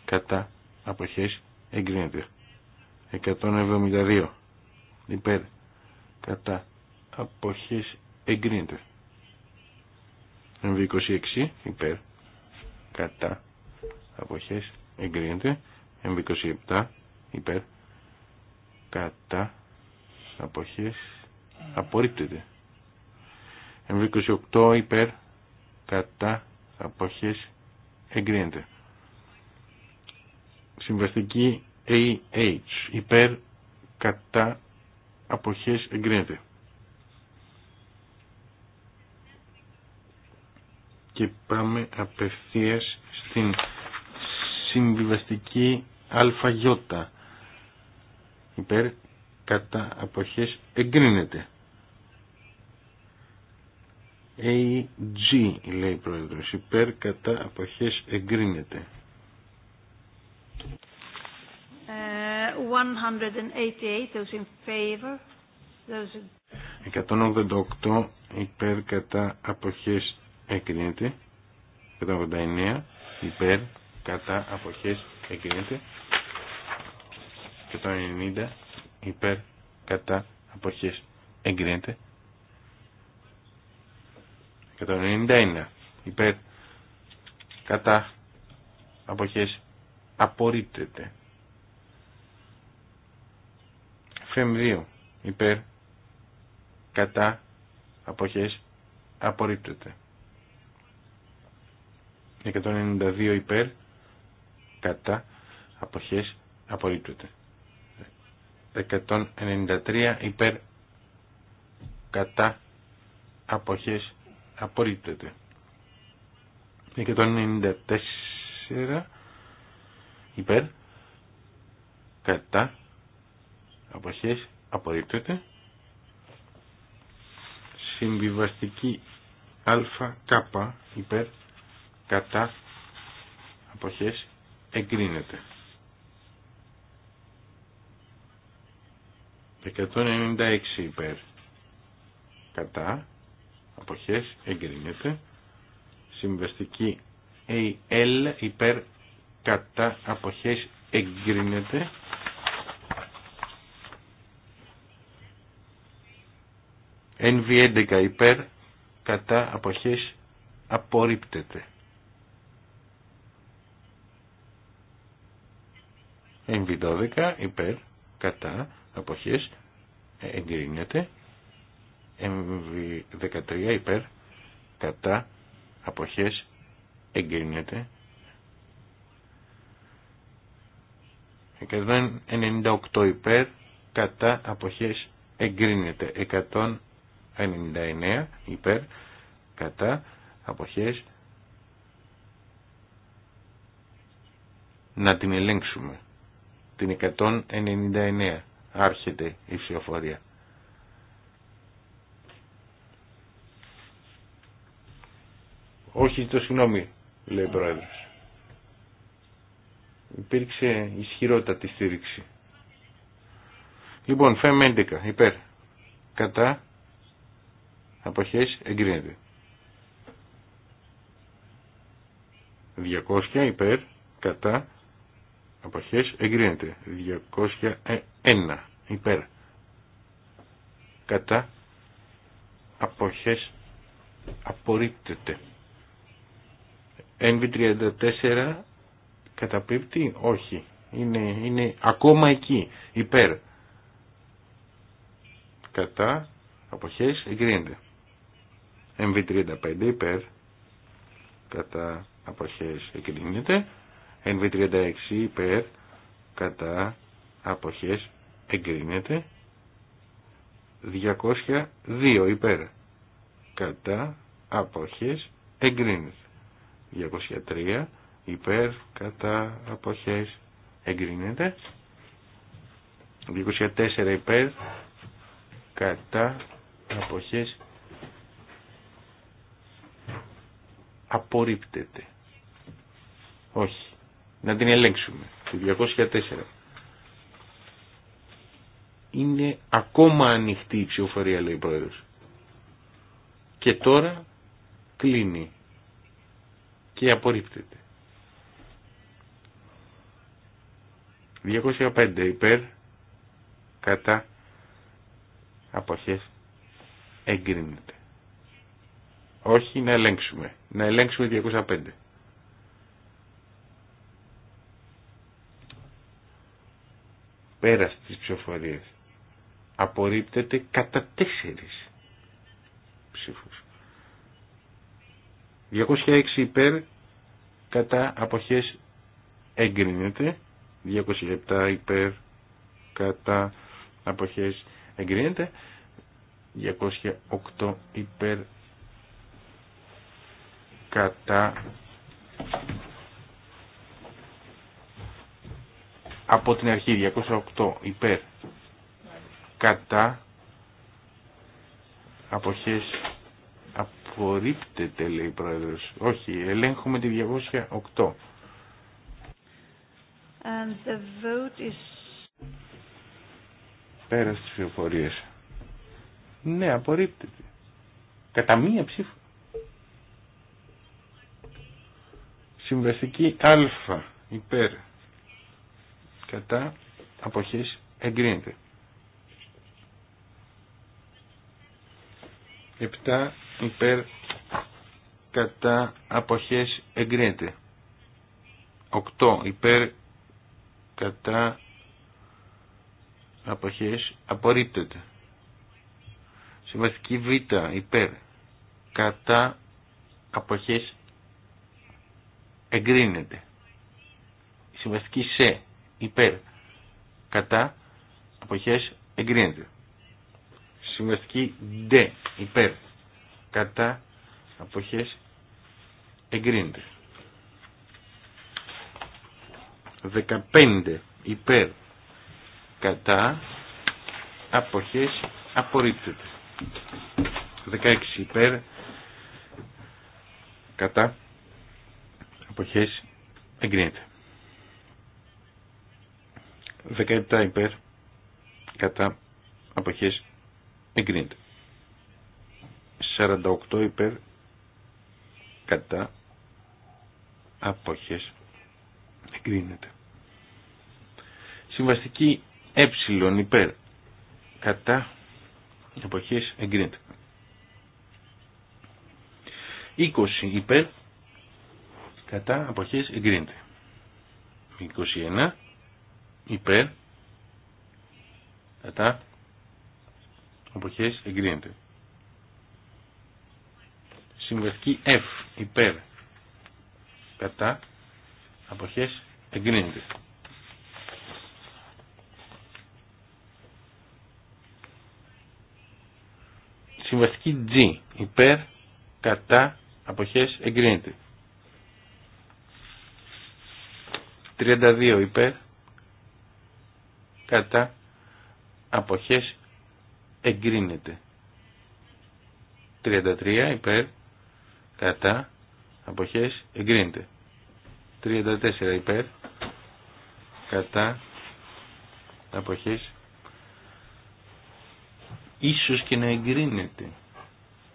κατά αποχές εγκρίνεται 172 υπέρ κατά αποχές MV26 υπέρ κατά αποχές MV27 υπέρ κατά αποχές απορρίπτεται MV28 υπέρ κατά αποχές εγκρίνεται. Συμβαστική AH υπέρ κατά αποχές εγκρίνεται. Και πάμε απευθείας στην συμβιβαστική ΑΙ υπέρ κατά αποχές εγκρίνεται. AG λέει η πρόεδρος υπέρ κατά αποχές εγκρίνεται ε, 188 those in favor those... 188 υπέρ κατά αποχές εγκρίνεται 189 υπέρ κατά αποχές εγκρίνεται 190 υπέρ κατά αποχές εγκρίνεται 191 υπέρ κατά αποχές απορρίπτεται. Φεμ 2 υπέρ κατά αποχές απορρίπτεται. 192 υπέρ κατά αποχές απορρίπτεται. 193 υπέρ κατά αποχές απορρίπτεται. 194 υπέρ κατά αποχές απορρίπτεται. Συμβιβαστική κάπα υπέρ κατά αποχές εγκρίνεται. 196 υπέρ κατά αποχές εγκρίνεται συμβαστική AL υπέρ κατά αποχές εγκρίνεται NV11 υπέρ κατά αποχές απορρίπτεται NV12 υπέρ κατά αποχές εγκρίνεται MV13 υπέρ κατά αποχές εγκρίνεται 198 υπέρ κατά αποχές εγκρίνεται 199 υπέρ κατά αποχές να την ελέγξουμε την 199 άρχεται η ψηφοφορία Όχι, το συγγνώμη, λέει ο πρόεδρο. Υπήρξε ισχυρότατη στήριξη. Λοιπόν, ΦΕΜ 11, υπέρ. Κατά. Αποχές, εγκρίνεται. 200 υπέρ, κατά, αποχές, εγκρίνεται. 201 ε, υπέρ, κατά, αποχές, απορρίπτεται. NV34 καταπίπτει, όχι. Είναι, είναι ακόμα εκεί, υπέρ. Κατά, αποχές, εγκρίνεται. NV35 υπέρ, κατά, αποχές, εγκρίνεται. NV36 υπέρ, κατά, αποχές, εγκρίνεται. 202 υπέρ, κατά, αποχές, εγκρίνεται. 203 υπέρ κατά αποχές εγκρίνεται 204 υπέρ κατά αποχές απορρίπτεται όχι να την ελέγξουμε το 204 είναι ακόμα ανοιχτή η ψηφοφορία λέει ο πρόεδρος και τώρα κλείνει και απορρίπτεται. 205 υπέρ κατά αποχές εγκρίνεται. Όχι να ελέγξουμε. Να ελέγξουμε 205. Πέρας τις ψηφοφορίες απορρίπτεται κατά τέσσερις ψήφους. 206 υπέρ κατά αποχές εγκρίνεται. 207 υπέρ κατά αποχές εγκρίνεται. 208 υπέρ κατά από την αρχή 208 υπέρ κατά αποχές απορρίπτεται λέει η πρόεδρος. Όχι, ελέγχουμε τη 208. And the vote is... Πέρα στις πληροφορίες. Ναι, απορρίπτεται. Κατά μία ψήφο. Συμβαστική α, υπέρ. Κατά αποχές εγκρίνεται. 7 υπέρ κατά αποχές εγκρίνεται 8 υπέρ κατά αποχές απορρίπτεται συμβαστική β υπέρ κατά αποχές εγκρίνεται συμβαστική σε υπέρ κατά αποχές εγκρίνεται συμβαστική Δ. υπέρ κατά αποχές εγκρίνεται 15 υπέρ κατά αποχές απορρίπτεται 16 υπέρ κατά αποχές εγκρίνεται 17 υπέρ κατά αποχές εγκρίνεται 48 υπέρ κατά απόχες εγκρίνεται. Συμβαστική ε υπέρ κατά αποχές εγκρίνεται. 20 υπέρ κατά αποχές εγκρίνεται. 21 υπέρ κατά αποχές εγκρίνεται. Συμβαστική F υπέρ κατά αποχές εγκρίνεται. Συμβαστική G υπέρ κατά αποχές εγκρίνεται. 32 υπέρ κατά αποχές εγκρίνεται. 33 υπέρ κατά αποχές εγκρίνεται 34 υπέρ κατά αποχές ίσως και να εγκρίνεται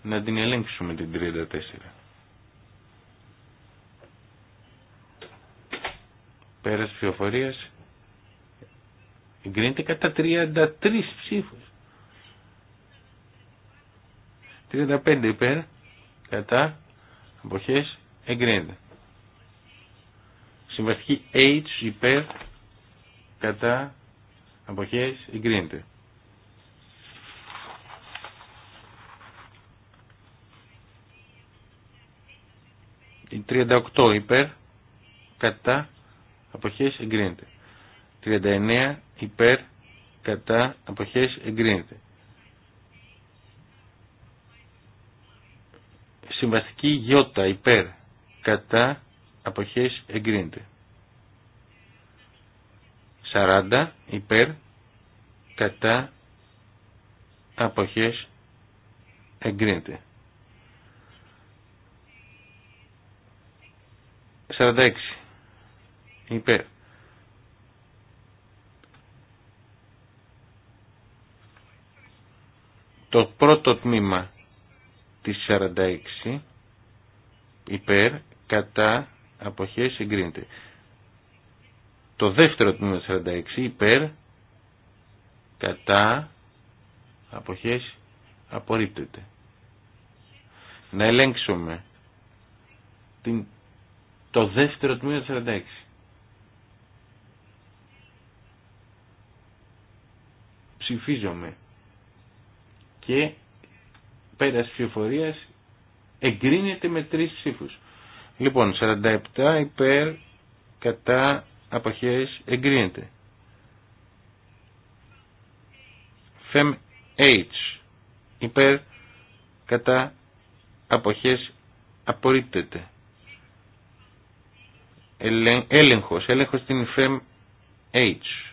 να την ελέγξουμε την 34 πέρας ψηφοφορίας εγκρίνεται κατά 33 ψήφους 35 υπέρ κατά Αποχές εγκρίνεται. Συμβαστική H υπέρ κατά αποχές εγκρίνεται. Η 38 υπέρ κατά αποχές εγκρίνεται. 39 υπέρ κατά αποχές εγκρίνεται. Συμβαστική γιώτα υπέρ κατά αποχές εγκρίνεται. 40 υπέρ κατά αποχές εγκρίνεται. 46 υπέρ το πρώτο τμήμα της 46 υπέρ κατά αποχές εγκρίνεται. Το δεύτερο τμήμα της 46 υπέρ κατά αποχές απορρίπτεται. Να ελέγξουμε την, το δεύτερο τμήμα της 46. Ψηφίζομαι και πέρας ψηφοφορίας εγκρίνεται με τρεις ψήφους. Λοιπόν, 47 υπέρ κατά αποχές εγκρίνεται. Φεμ H υπέρ κατά αποχές απορρίπτεται. έλεγχος, έλεγχος στην Φεμ H.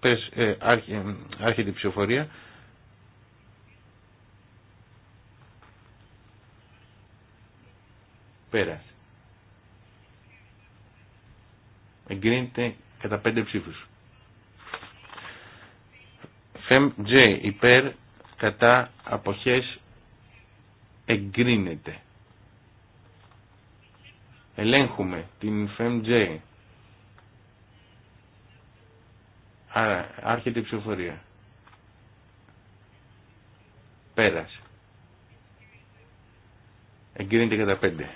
Πες, ε, ε, άρχεται η ψηφοφορία. Πέρας. Εγκρίνεται κατά πέντε ψήφους. Φεμ J υπέρ κατά αποχές εγκρίνεται. Ελέγχουμε την Φεμ Άρα άρχεται η ψηφοφορία. Πέρασε. Εγκρίνεται κατά πέντε.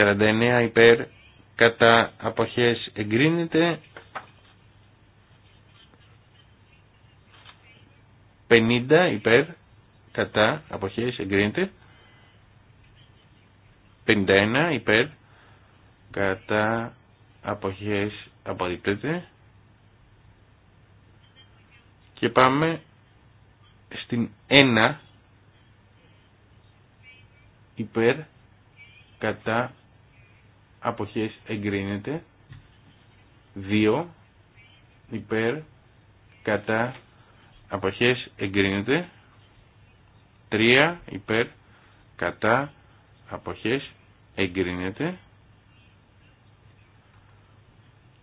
49 υπέρ κατά αποχές εγκρίνεται 50 υπέρ κατά αποχές εγκρίνεται 51 υπέρ κατά αποχές απορρίπτεται και πάμε στην 1 υπέρ κατά αποχές εγκρίνεται 2 υπέρ κατά αποχές εγκρίνεται 3 υπέρ κατά αποχές εγκρίνεται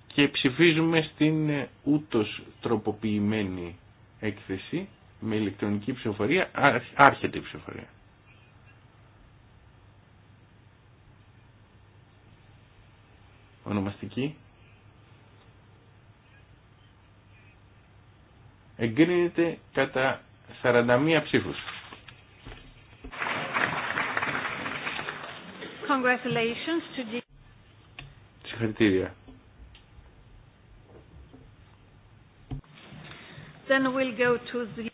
και ψηφίζουμε στην ούτως τροποποιημένη έκθεση με ηλεκτρονική ψηφοφορία άρχεται η ψηφοφορία ονομαστική εγκρίνεται κατά 41 ψήφους. Συγχαρητήρια. we'll the...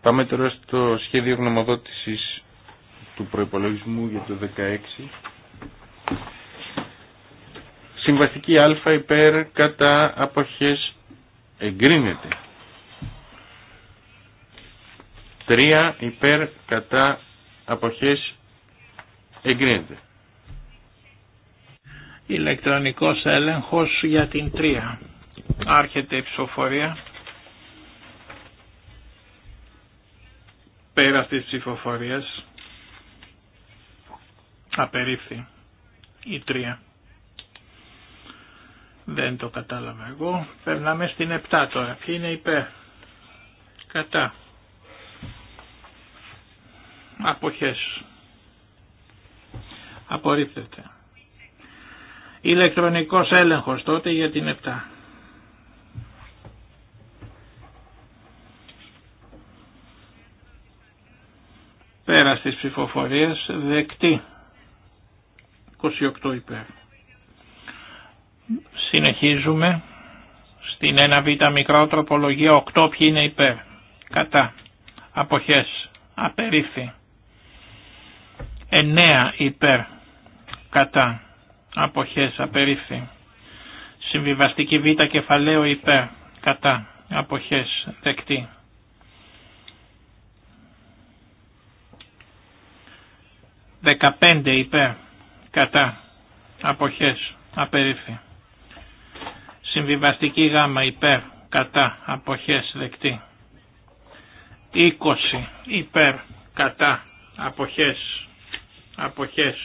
Πάμε τώρα στο σχέδιο γνωμοδότησης του προϋπολογισμού για το 16. Συμβαστική α υπέρ κατά αποχές εγκρίνεται. Τρία υπέρ κατά αποχές εγκρίνεται. Ηλεκτρονικός έλεγχος για την τρία. Άρχεται η ψηφοφορία. Πέρα της ψηφοφορίας. Απερίφθη η τρία. Δεν το κατάλαβα εγώ. Περνάμε στην 7 τώρα. Ποιοι είναι υπέρ. Κατά. Αποχές. Απορρίπτεται. Ηλεκτρονικός έλεγχος τότε για την 7. Πέρα στις ψηφοφορίες δεκτή 28 υπέρ. Συνεχίζουμε στην 1β μικρό τροπολογία 8 ποιοι είναι υπέρ. Κατά. Αποχές. Απερίφθη. 9 υπέρ. Κατά. Αποχές. Απερίφθη. Συμβιβαστική β κεφαλαίο υπέρ. Κατά. Αποχές. Δεκτή. Δεκαπέντε υπέρ. Κατά. Αποχές. Απερίφθη. Συμβιβαστική γάμα υπέρ, κατά, αποχές δεκτή. 20 υπέρ, κατά, αποχές, αποχές,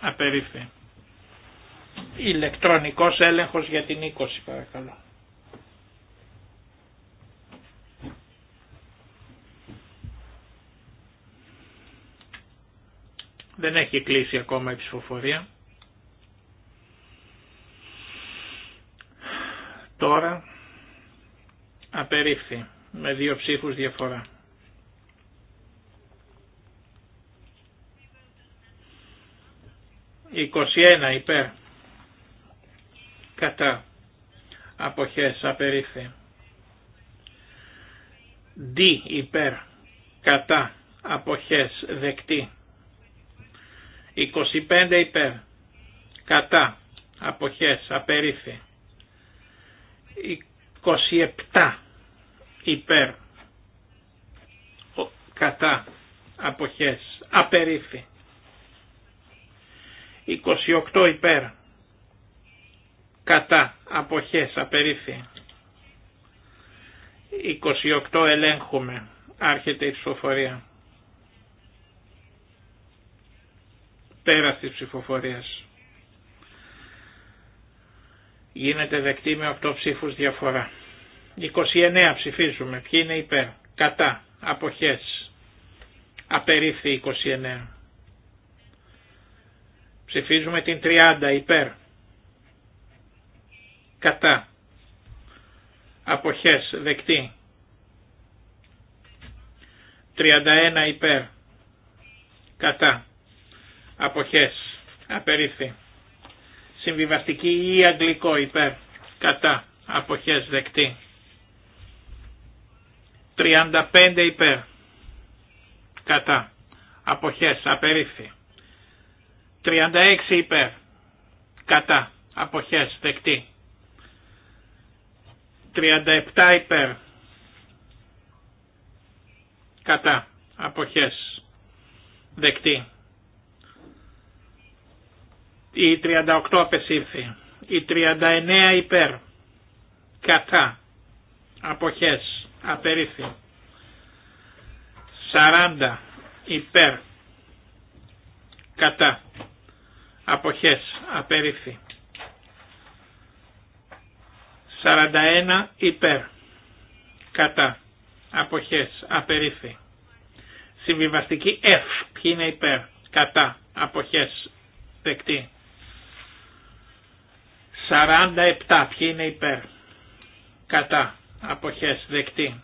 απερίφη. Ηλεκτρονικός έλεγχος για την 20 παρακαλώ. Δεν έχει κλείσει ακόμα η ψηφοφορία. Τώρα απερίφθη με δύο ψήφους διαφορά. 21 υπέρ κατά αποχές απερίφθη. D υπέρ κατά αποχές δεκτή. 25 υπέρ κατά αποχές απερίφθη. 27 υπέρ κατά αποχές απερίφη 28 υπέρ κατά αποχές απερίφη 28 ελέγχουμε άρχεται η ψηφοφορία πέρας της ψηφοφορίας Γίνεται δεκτή με 8 ψήφους διαφορά. 29 ψηφίζουμε. Ποιοι είναι υπέρ. Κατά. Αποχές. Απερίφθη 29. Ψηφίζουμε την 30 υπέρ. Κατά. Αποχές. Δεκτή. 31 υπέρ. Κατά. Αποχές. Απερίφθη. Συμβιβαστική ή αγγλικό υπέρ. Κατά. Αποχές δεκτή. 35 υπέρ. Κατά. Αποχές απερίφθη. 36 υπέρ. Κατά. Αποχές δεκτή. 37 υπέρ. Κατά. Αποχές. Δεκτή. Η 38 απεσήφθη. Η 39 υπέρ. Κατά. Αποχές. Απερίφθη. 40 υπέρ. Κατά. Αποχές. Απερίφθη. 41 υπέρ. Κατά. Αποχές. Απερίφθη. Συμβιβαστική F. Ποιοι είναι υπέρ. Κατά. Αποχές. Δεκτή. 47 ποιοι είναι υπέρ. Κατά. Αποχές δεκτή.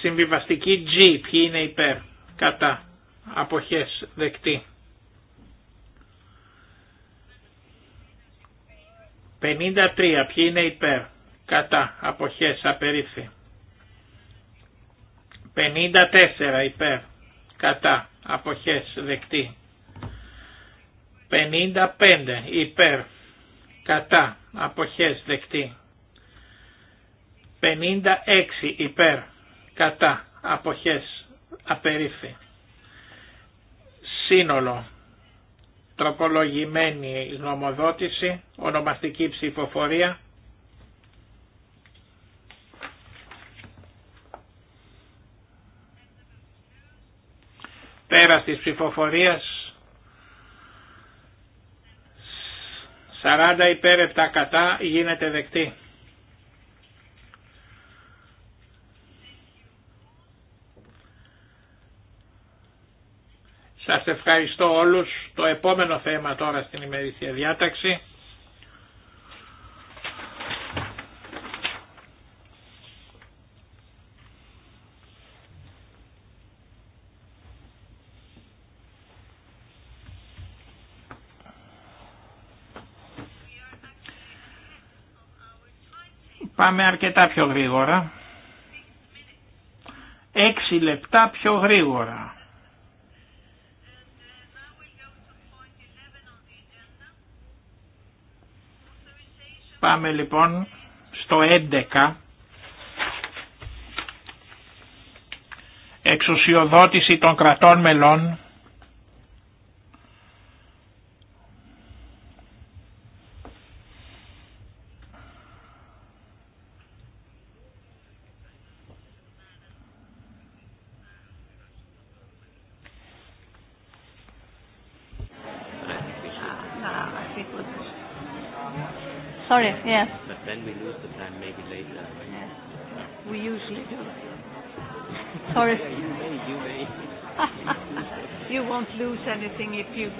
Συμβιβαστική G ποιοι είναι υπέρ. Κατά. Αποχές δεκτή. 53 ποιοι είναι υπέρ. Κατά. Αποχές απερίφθη. 54 υπέρ. Κατά. Αποχές δεκτή. 55 υπέρ κατά αποχές δεκτή. 56 υπέρ κατά αποχές απερίφθη. Σύνολο τροπολογημένη νομοδότηση ονομαστική ψηφοφορία. Πέρας της ψηφοφορίας Σαράντα υπέρ κατά γίνεται δεκτή. Σας ευχαριστώ όλους. Το επόμενο θέμα τώρα στην ημερήσια διάταξη Πάμε αρκετά πιο γρήγορα. Έξι λεπτά πιο γρήγορα. Πάμε λοιπόν στο 11. Εξουσιοδότηση των κρατών μελών anything if you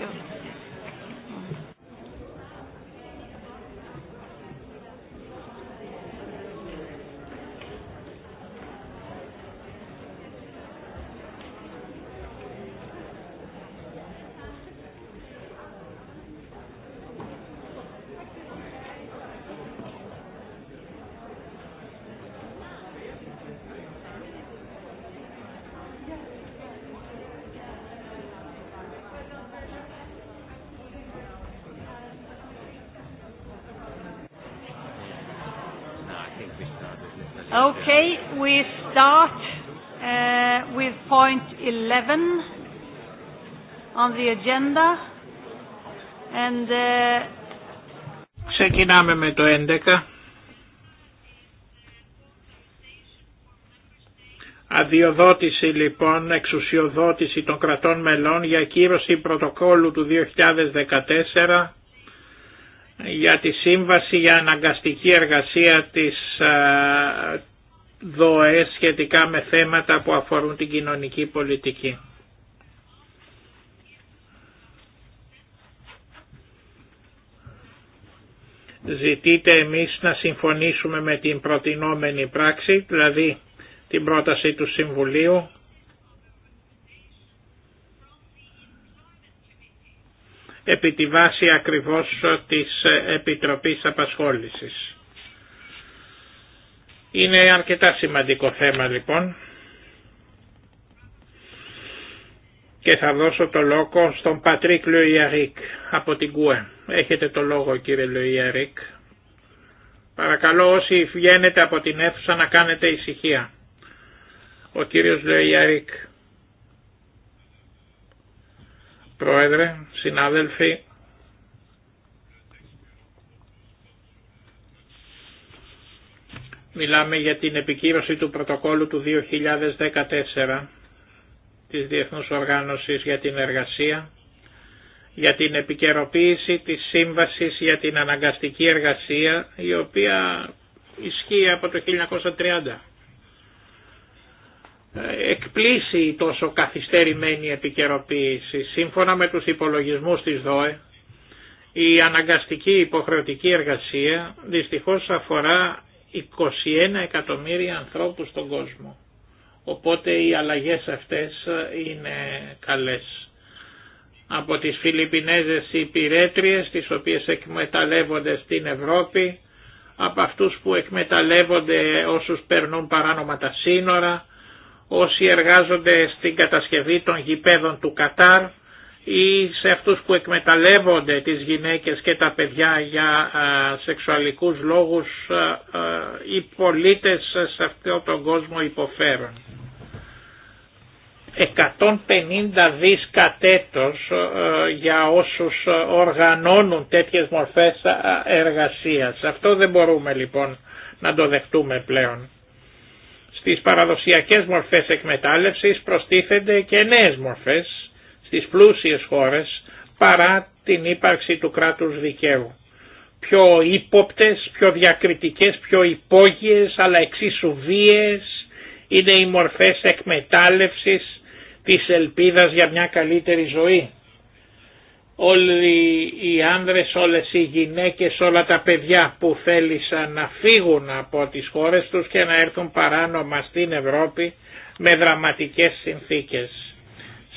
Okay, we start uh, with point 11 on the agenda uh, Ξεκινάμε με το 11. Αδειοδότηση λοιπόν, εξουσιοδότηση των κρατών μελών για κύρωση πρωτοκόλλου του 2014 για τη Σύμβαση για Αναγκαστική Εργασία της ΔΟΕ σχετικά με θέματα που αφορούν την κοινωνική πολιτική. Ζητείτε εμείς να συμφωνήσουμε με την προτινόμενη πράξη, δηλαδή την πρόταση του Συμβουλίου επί τη βάση ακριβώς της Επιτροπής Απασχόλησης. Είναι αρκετά σημαντικό θέμα λοιπόν και θα δώσω το λόγο στον Πατρίκ Λεοιαρίκ από την ΚΟΕ. Έχετε το λόγο κύριε Λεοιαρίκ. Παρακαλώ όσοι βγαίνετε από την αίθουσα να κάνετε ησυχία. Ο κύριος Λουιαρικ. Πρόεδρε, συνάδελφοι, μιλάμε για την επικύρωση του πρωτοκόλου του 2014 της Διεθνούς Οργάνωσης για την Εργασία για την επικαιροποίηση της Σύμβασης για την Αναγκαστική Εργασία η οποία ισχύει από το 1930 εκπλήσει η τόσο καθυστερημένη επικαιροποίηση. Σύμφωνα με τους υπολογισμούς της ΔΟΕ, η αναγκαστική υποχρεωτική εργασία δυστυχώς αφορά 21 εκατομμύρια ανθρώπους στον κόσμο. Οπότε οι αλλαγές αυτές είναι καλές. Από τις Φιλιππινέζες υπηρέτριες, τις οποίες εκμεταλλεύονται στην Ευρώπη, από αυτούς που εκμεταλλεύονται όσους περνούν παράνομα τα σύνορα, όσοι εργάζονται στην κατασκευή των γηπέδων του Κατάρ ή σε αυτούς που εκμεταλλεύονται τις γυναίκες και τα παιδιά για σεξουαλικούς λόγους οι πολίτες σε αυτόν τον κόσμο υποφέρουν. 150 δις κατέτος για όσους οργανώνουν τέτοιες μορφές εργασίας. Αυτό δεν μπορούμε λοιπόν να το δεχτούμε πλέον. Στις παραδοσιακές μορφές εκμετάλλευσης προστίθενται και νέες μορφές στις πλούσιες χώρες παρά την ύπαρξη του κράτους δικαίου. Πιο ύποπτες, πιο διακριτικές, πιο υπόγειες αλλά εξίσου βίες είναι οι μορφές εκμετάλλευσης της ελπίδας για μια καλύτερη ζωή όλοι οι άνδρες, όλες οι γυναίκες, όλα τα παιδιά που θέλησαν να φύγουν από τις χώρες τους και να έρθουν παράνομα στην Ευρώπη με δραματικές συνθήκες.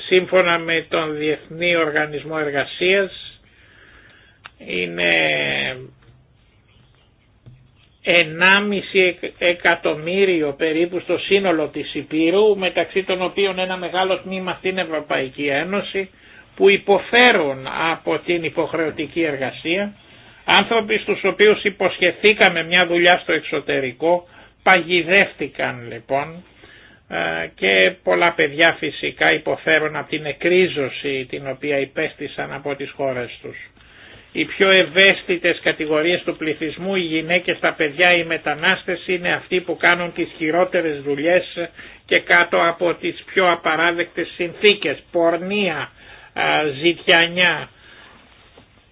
Σύμφωνα με τον Διεθνή Οργανισμό Εργασίας είναι 1,5 εκατομμύριο περίπου στο σύνολο της Υπήρου μεταξύ των οποίων ένα μεγάλο τμήμα στην Ευρωπαϊκή Ένωση που υποφέρουν από την υποχρεωτική εργασία, άνθρωποι στους οποίους υποσχεθήκαμε μια δουλειά στο εξωτερικό, παγιδεύτηκαν λοιπόν ε, και πολλά παιδιά φυσικά υποφέρουν από την εκρίζωση την οποία υπέστησαν από τις χώρες τους. Οι πιο ευαίσθητες κατηγορίες του πληθυσμού, οι γυναίκες, τα παιδιά, οι μετανάστες είναι αυτοί που κάνουν τις χειρότερες δουλειές και κάτω από τις πιο απαράδεκτες συνθήκες, πορνεία, ζητιανιά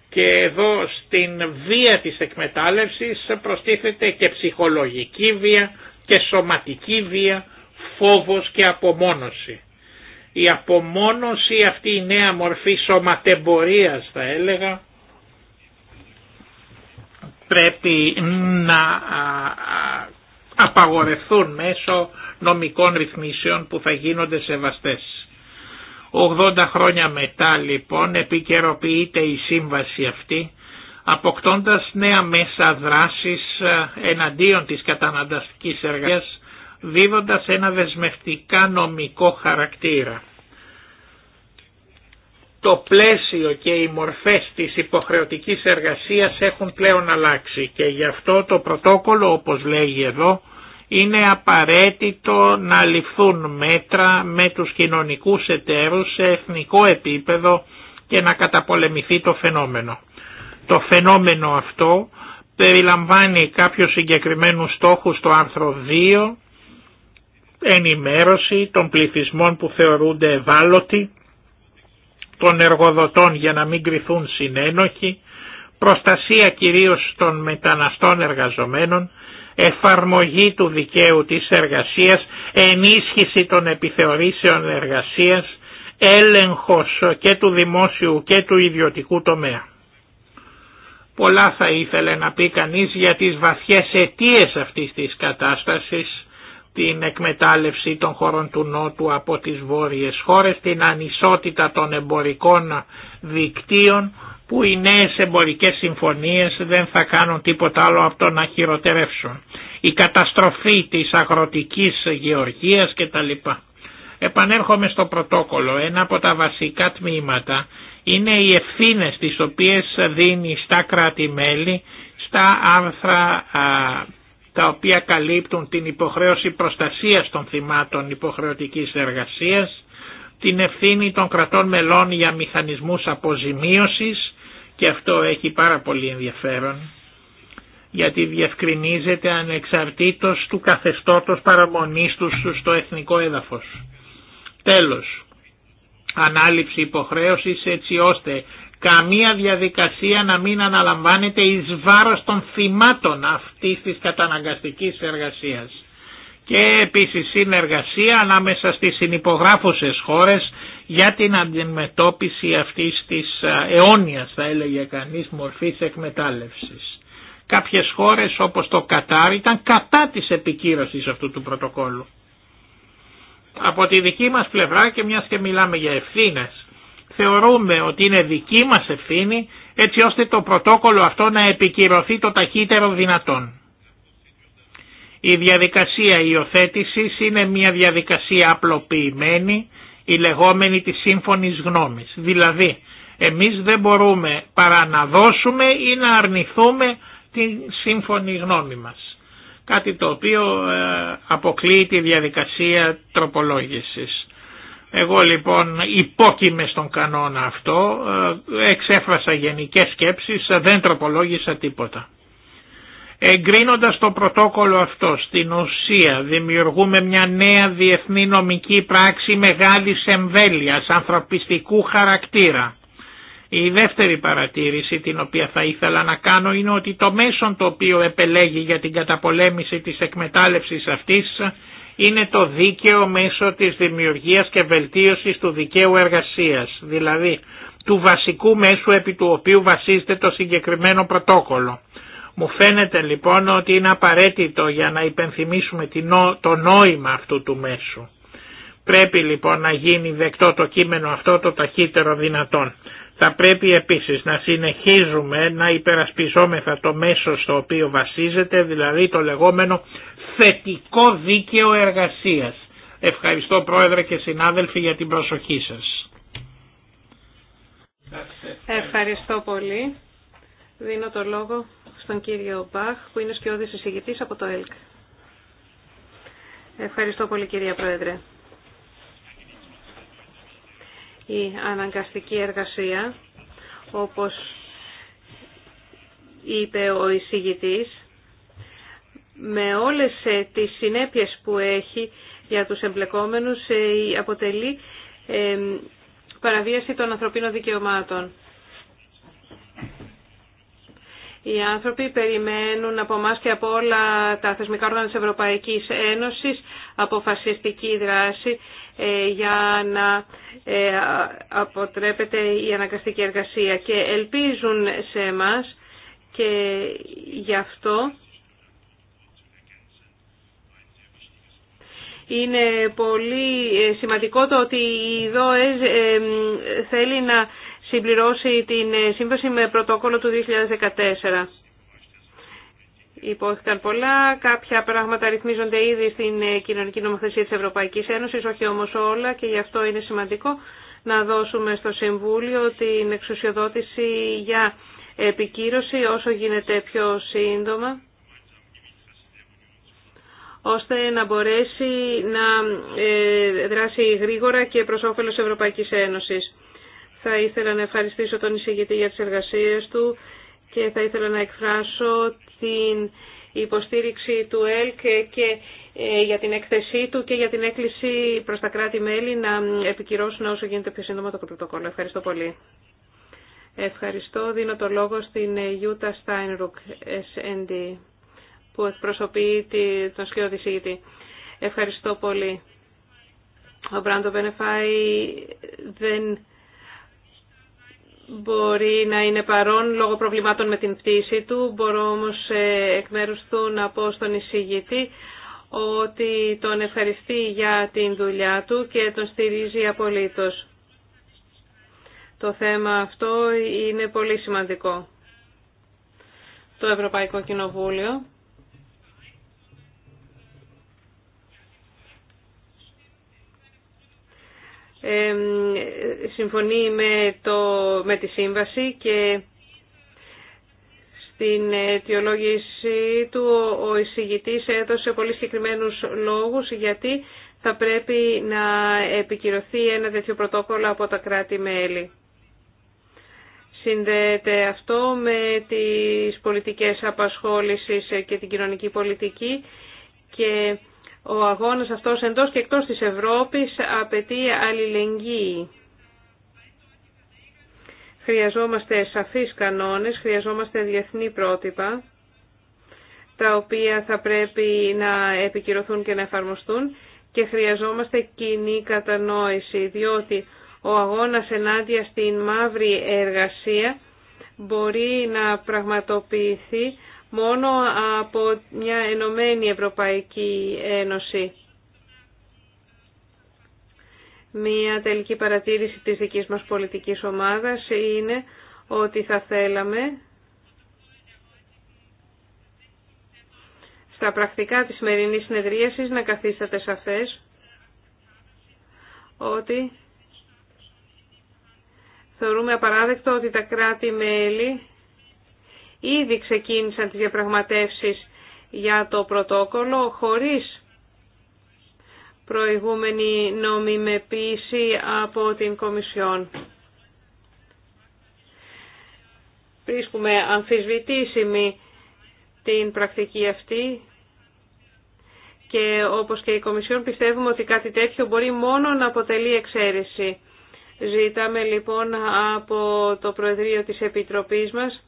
και εδώ στην βία της εκμετάλλευσης προστίθεται και ψυχολογική βία και σωματική βία, φόβος και απομόνωση. Η απομόνωση αυτή η νέα μορφή σωματεμπορίας θα έλεγα πρέπει να απαγορευθούν μέσω νομικών ρυθμίσεων που θα γίνονται σεβαστές. 80 χρόνια μετά λοιπόν επικαιροποιείται η σύμβαση αυτή αποκτώντας νέα μέσα δράσης ε, εναντίον της κατανανταστικής εργασίας δίδοντας ένα δεσμευτικά νομικό χαρακτήρα. Το πλαίσιο και οι μορφές της υποχρεωτικής εργασίας έχουν πλέον αλλάξει και γι' αυτό το πρωτόκολλο όπως λέγει εδώ είναι απαραίτητο να ληφθούν μέτρα με τους κοινωνικούς εταίρους σε εθνικό επίπεδο και να καταπολεμηθεί το φαινόμενο. Το φαινόμενο αυτό περιλαμβάνει κάποιους συγκεκριμένους στόχους στο άρθρο 2, ενημέρωση των πληθυσμών που θεωρούνται ευάλωτοι, των εργοδοτών για να μην κρυθούν συνένοχοι, προστασία κυρίως των μεταναστών εργαζομένων, εφαρμογή του δικαίου της εργασίας, ενίσχυση των επιθεωρήσεων εργασίας, έλεγχος και του δημόσιου και του ιδιωτικού τομέα. Πολλά θα ήθελε να πει κανείς για τις βαθιές αιτίες αυτής της κατάστασης, την εκμετάλλευση των χωρών του Νότου από τις βόρειες χώρες, την ανισότητα των εμπορικών δικτύων, που οι νέες εμπορικές συμφωνίες δεν θα κάνουν τίποτα άλλο από το να χειροτερεύσουν. Η καταστροφή της αγροτικής γεωργίας κτλ. Επανέρχομαι στο πρωτόκολλο. Ένα από τα βασικά τμήματα είναι οι ευθύνε τις οποίες δίνει στα κράτη-μέλη στα άρθρα τα οποία καλύπτουν την υποχρέωση προστασίας των θυμάτων υποχρεωτικής εργασίας, την ευθύνη των κρατών μελών για μηχανισμούς αποζημίωσης και αυτό έχει πάρα πολύ ενδιαφέρον γιατί διευκρινίζεται ανεξαρτήτως του καθεστώτος παραμονής του στο εθνικό έδαφος. Τέλος, ανάληψη υποχρέωσης έτσι ώστε καμία διαδικασία να μην αναλαμβάνεται εις βάρος των θυμάτων αυτής της καταναγκαστικής εργασίας. Και επίσης συνεργασία ανάμεσα στις συνυπογράφουσες χώρες για την αντιμετώπιση αυτής της αιώνιας θα έλεγε κανείς μορφής εκμετάλλευσης. Κάποιες χώρες όπως το Κατάρ ήταν κατά της επικύρωσης αυτού του πρωτοκόλου. Από τη δική μας πλευρά και μιας και μιλάμε για ευθύνες, θεωρούμε ότι είναι δική μας ευθύνη έτσι ώστε το πρωτόκολλο αυτό να επικυρωθεί το ταχύτερο δυνατόν. Η διαδικασία υιοθέτηση είναι μια διαδικασία απλοποιημένη η λεγόμενη της σύμφωνης γνώμης. Δηλαδή, εμείς δεν μπορούμε παρά να δώσουμε ή να αρνηθούμε τη σύμφωνη γνώμη μας. Κάτι το οποίο ε, αποκλείει τη διαδικασία τροπολόγησης. Εγώ λοιπόν υπόκειμαι στον κανόνα αυτό, ε, εξέφρασα γενικές σκέψεις, ε, δεν τροπολόγησα τίποτα. Εγκρίνοντας το πρωτόκολλο αυτό στην ουσία δημιουργούμε μια νέα διεθνή νομική πράξη μεγάλης εμβέλειας, ανθρωπιστικού χαρακτήρα. Η δεύτερη παρατήρηση την οποία θα ήθελα να κάνω είναι ότι το μέσον το οποίο επελέγει για την καταπολέμηση της εκμετάλλευσης αυτής είναι το δίκαιο μέσο της δημιουργίας και βελτίωσης του δικαίου εργασίας, δηλαδή του βασικού μέσου επί του οποίου βασίζεται το συγκεκριμένο πρωτόκολλο. Μου φαίνεται λοιπόν ότι είναι απαραίτητο για να υπενθυμίσουμε το νόημα αυτού του μέσου. Πρέπει λοιπόν να γίνει δεκτό το κείμενο αυτό το ταχύτερο δυνατόν. Θα πρέπει επίσης να συνεχίζουμε να υπερασπιζόμεθα το μέσο στο οποίο βασίζεται, δηλαδή το λεγόμενο θετικό δίκαιο εργασίας. Ευχαριστώ Πρόεδρε και συνάδελφοι για την προσοχή σας. Ευχαριστώ πολύ. Δίνω το λόγο στον κύριο Μπαχ που είναι σκιώδης εισηγητής από το ΕΛΚ. Ευχαριστώ πολύ κυρία Πρόεδρε. Η αναγκαστική εργασία, όπως είπε ο εισηγητής, με όλες ε, τις συνέπειες που έχει για τους εμπλεκόμενους ε, αποτελεί ε, παραβίαση των ανθρωπίνων δικαιωμάτων. Οι άνθρωποι περιμένουν από εμά και από όλα τα θεσμικά όργανα της Ευρωπαϊκής Ένωσης αποφασιστική δράση ε, για να ε, αποτρέπεται η αναγκαστική εργασία και ελπίζουν σε εμάς και γι' αυτό είναι πολύ σημαντικό το ότι η ΔΟΕΣ ε, θέλει να συμπληρώσει την ε, σύμβαση με πρωτόκολλο του 2014. Υπόθηκαν πολλά, κάποια πράγματα ρυθμίζονται ήδη στην ε, κοινωνική νομοθεσία της Ευρωπαϊκής Ένωσης, όχι όμως όλα και γι' αυτό είναι σημαντικό να δώσουμε στο Συμβούλιο την εξουσιοδότηση για επικύρωση όσο γίνεται πιο σύντομα ώστε να μπορέσει να ε, δράσει γρήγορα και προς όφελος Ευρωπαϊκής Ένωσης. Θα ήθελα να ευχαριστήσω τον εισηγητή για τις εργασίες του και θα ήθελα να εκφράσω την υποστήριξη του ΕΛΚ και ε, για την έκθεσή του και για την έκκληση προς τα κράτη-μέλη να επικυρώσουν όσο γίνεται πιο σύντομα το πρωτοκόλλο. Ευχαριστώ πολύ. Ευχαριστώ. Δίνω το λόγο στην Ιούτα Στάινρουκ, SND, που εκπροσωπεί τον σκιό Ευχαριστώ πολύ. Ο Μπράντο Μπενεφάη δεν μπορεί να είναι παρόν λόγω προβλημάτων με την πτήση του. Μπορώ όμως ε, εκ μέρους του να πω στον εισηγητή ότι τον ευχαριστεί για την δουλειά του και τον στηρίζει απολύτως. Το θέμα αυτό είναι πολύ σημαντικό. Το Ευρωπαϊκό Κοινοβούλιο συμφωνεί με, το, με τη σύμβαση και στην αιτιολόγησή του ο εισηγητής έδωσε πολύ συγκεκριμένους λόγους γιατί θα πρέπει να επικυρωθεί ένα τέτοιο πρωτόκολλο από τα κράτη-μέλη. Συνδέεται αυτό με τις πολιτικές απασχόλησης και την κοινωνική πολιτική και ο αγώνας αυτός εντός και εκτός της Ευρώπης απαιτεί αλληλεγγύη. Χρειαζόμαστε σαφείς κανόνες, χρειαζόμαστε διεθνή πρότυπα, τα οποία θα πρέπει να επικυρωθούν και να εφαρμοστούν και χρειαζόμαστε κοινή κατανόηση, διότι ο αγώνας ενάντια στην μαύρη εργασία μπορεί να πραγματοποιηθεί Μόνο από μια ενωμένη Ευρωπαϊκή Ένωση. Μια τελική παρατήρηση της δικής μας πολιτικής ομάδας είναι ότι θα θέλαμε στα πρακτικά της σημερινής συνεδρίασης να καθίσατε σαφές ότι θεωρούμε απαράδεκτο ότι τα κράτη-μέλη ήδη ξεκίνησαν τις διαπραγματεύσεις για το πρωτόκολλο χωρίς προηγούμενη νομιμοποίηση από την Κομισιόν. Βρίσκουμε αμφισβητήσιμη την πρακτική αυτή και όπως και η Κομισιόν πιστεύουμε ότι κάτι τέτοιο μπορεί μόνο να αποτελεί εξαίρεση. Ζήταμε λοιπόν από το Προεδρείο της Επιτροπής μας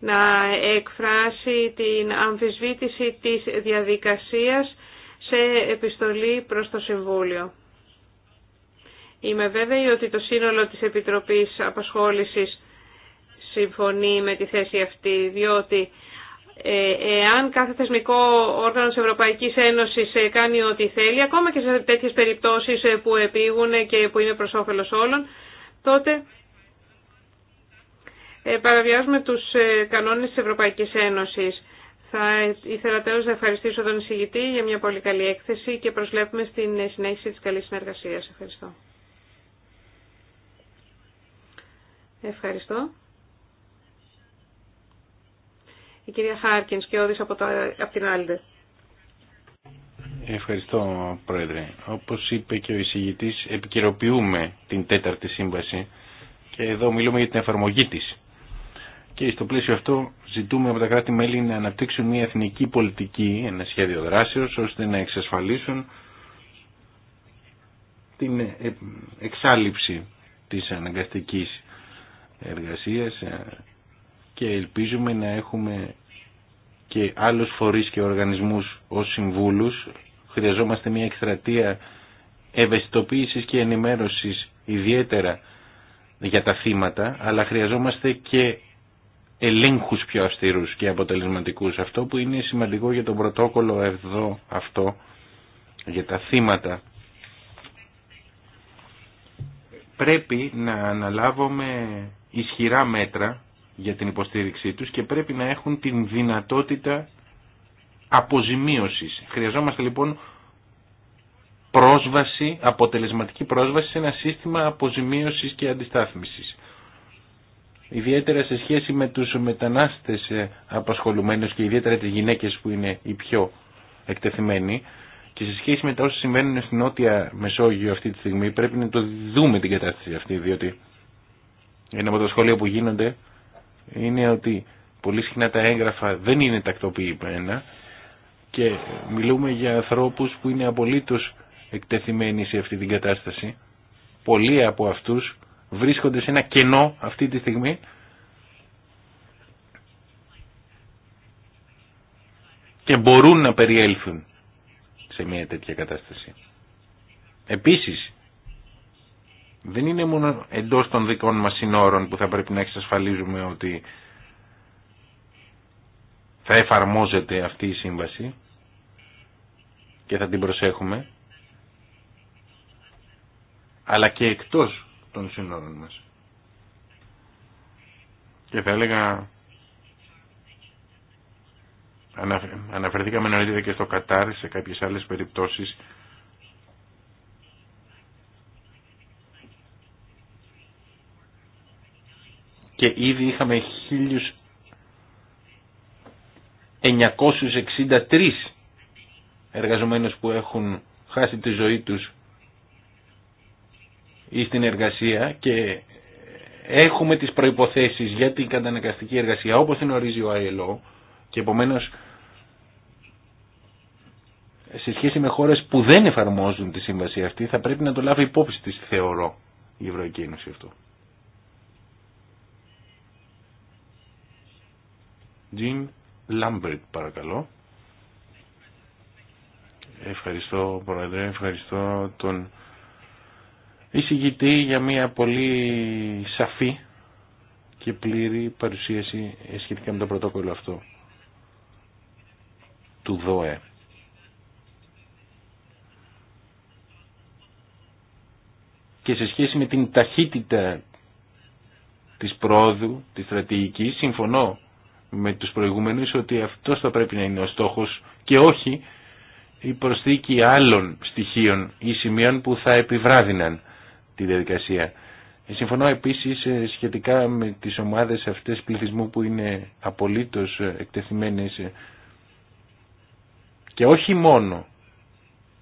να εκφράσει την αμφισβήτηση της διαδικασίας σε επιστολή προς το Συμβούλιο. Είμαι βέβαιη ότι το σύνολο της Επιτροπής Απασχόλησης συμφωνεί με τη θέση αυτή, διότι ε, εάν κάθε θεσμικό όργανο της Ευρωπαϊκής Ένωσης ε, κάνει ό,τι θέλει, ακόμα και σε τέτοιες περιπτώσεις ε, που επήγουν και που είναι προς όφελος όλων, τότε ε, παραβιάζουμε τους ε, κανόνες της Ευρωπαϊκής Ένωσης. Θα ήθελα τέλος να ευχαριστήσω τον εισηγητή για μια πολύ καλή έκθεση και προσλέπουμε στην ε, συνέχιση της καλής συνεργασίας. Ευχαριστώ. Ευχαριστώ. Η κυρία Χάρκινς και όδης από, από την Άλντε. Ευχαριστώ Πρόεδρε. Όπως είπε και ο εισηγητής επικαιροποιούμε την τέταρτη σύμβαση και εδώ μιλούμε για την εφαρμογή της. Και στο πλαίσιο αυτό ζητούμε από τα κράτη-μέλη να αναπτύξουν μια εθνική πολιτική, ένα σχέδιο δράσεως, ώστε να εξασφαλίσουν την εξάλληψη της αναγκαστικής εργασίας και ελπίζουμε να έχουμε και άλλους φορείς και οργανισμούς ως συμβούλους. Χρειαζόμαστε μια εκστρατεία ευαισθητοποίησης και ενημέρωσης ιδιαίτερα για τα θύματα, αλλά χρειαζόμαστε και ελέγχους πιο αυστηρούς και αποτελεσματικούς. Αυτό που είναι σημαντικό για τον πρωτόκολλο εδώ αυτό, για τα θύματα, πρέπει να αναλάβουμε ισχυρά μέτρα για την υποστήριξή τους και πρέπει να έχουν την δυνατότητα αποζημίωσης. Χρειαζόμαστε λοιπόν πρόσβαση, αποτελεσματική πρόσβαση σε ένα σύστημα αποζημίωσης και αντιστάθμισης ιδιαίτερα σε σχέση με τους μετανάστες ε, απασχολουμένους και ιδιαίτερα τις γυναίκες που είναι οι πιο εκτεθειμένοι και σε σχέση με τα όσα συμβαίνουν στην Νότια Μεσόγειο αυτή τη στιγμή πρέπει να το δούμε την κατάσταση αυτή διότι ένα από τα σχόλια που γίνονται είναι ότι πολύ συχνά τα έγγραφα δεν είναι τακτοποιημένα και μιλούμε για ανθρώπους που είναι απολύτως εκτεθειμένοι σε αυτή την κατάσταση πολλοί από αυτούς βρίσκονται σε ένα κενό αυτή τη στιγμή. και μπορούν να περιέλθουν σε μια τέτοια κατάσταση. Επίσης, δεν είναι μόνο εντός των δικών μας συνόρων που θα πρέπει να εξασφαλίζουμε ότι θα εφαρμόζεται αυτή η σύμβαση και θα την προσέχουμε, αλλά και εκτός των σύνορων μας. Και θα έλεγα, αναφερθήκαμε νωρίτερα και στο Κατάρ σε κάποιες άλλες περιπτώσεις, και ήδη είχαμε 1963 εργαζομένους που έχουν χάσει τη ζωή τους ή στην εργασία και έχουμε τις προϋποθέσεις για την καταναγκαστική εργασία όπως την ορίζει ο ΑΕΛΟ και επομένως σε σχέση με χώρες που δεν εφαρμόζουν τη σύμβαση αυτή θα πρέπει να το λάβει υπόψη της θεωρώ η Ευρωπαϊκή αυτό. Jim Lambert παρακαλώ. Ευχαριστώ Πρόεδρε, ευχαριστώ τον εισηγητή για μια πολύ σαφή και πλήρη παρουσίαση σχετικά με το πρωτόκολλο αυτό του ΔΟΕ. Και σε σχέση με την ταχύτητα της πρόοδου, της στρατηγικής, συμφωνώ με τους προηγούμενους ότι αυτός θα πρέπει να είναι ο στόχος και όχι η προσθήκη άλλων στοιχείων ή σημείων που θα επιβράδυναν τη διαδικασία. Συμφωνώ επίσης ε, σχετικά με τις ομάδες αυτές πληθυσμού που είναι απολύτως ε, εκτεθειμένες ε, και όχι μόνο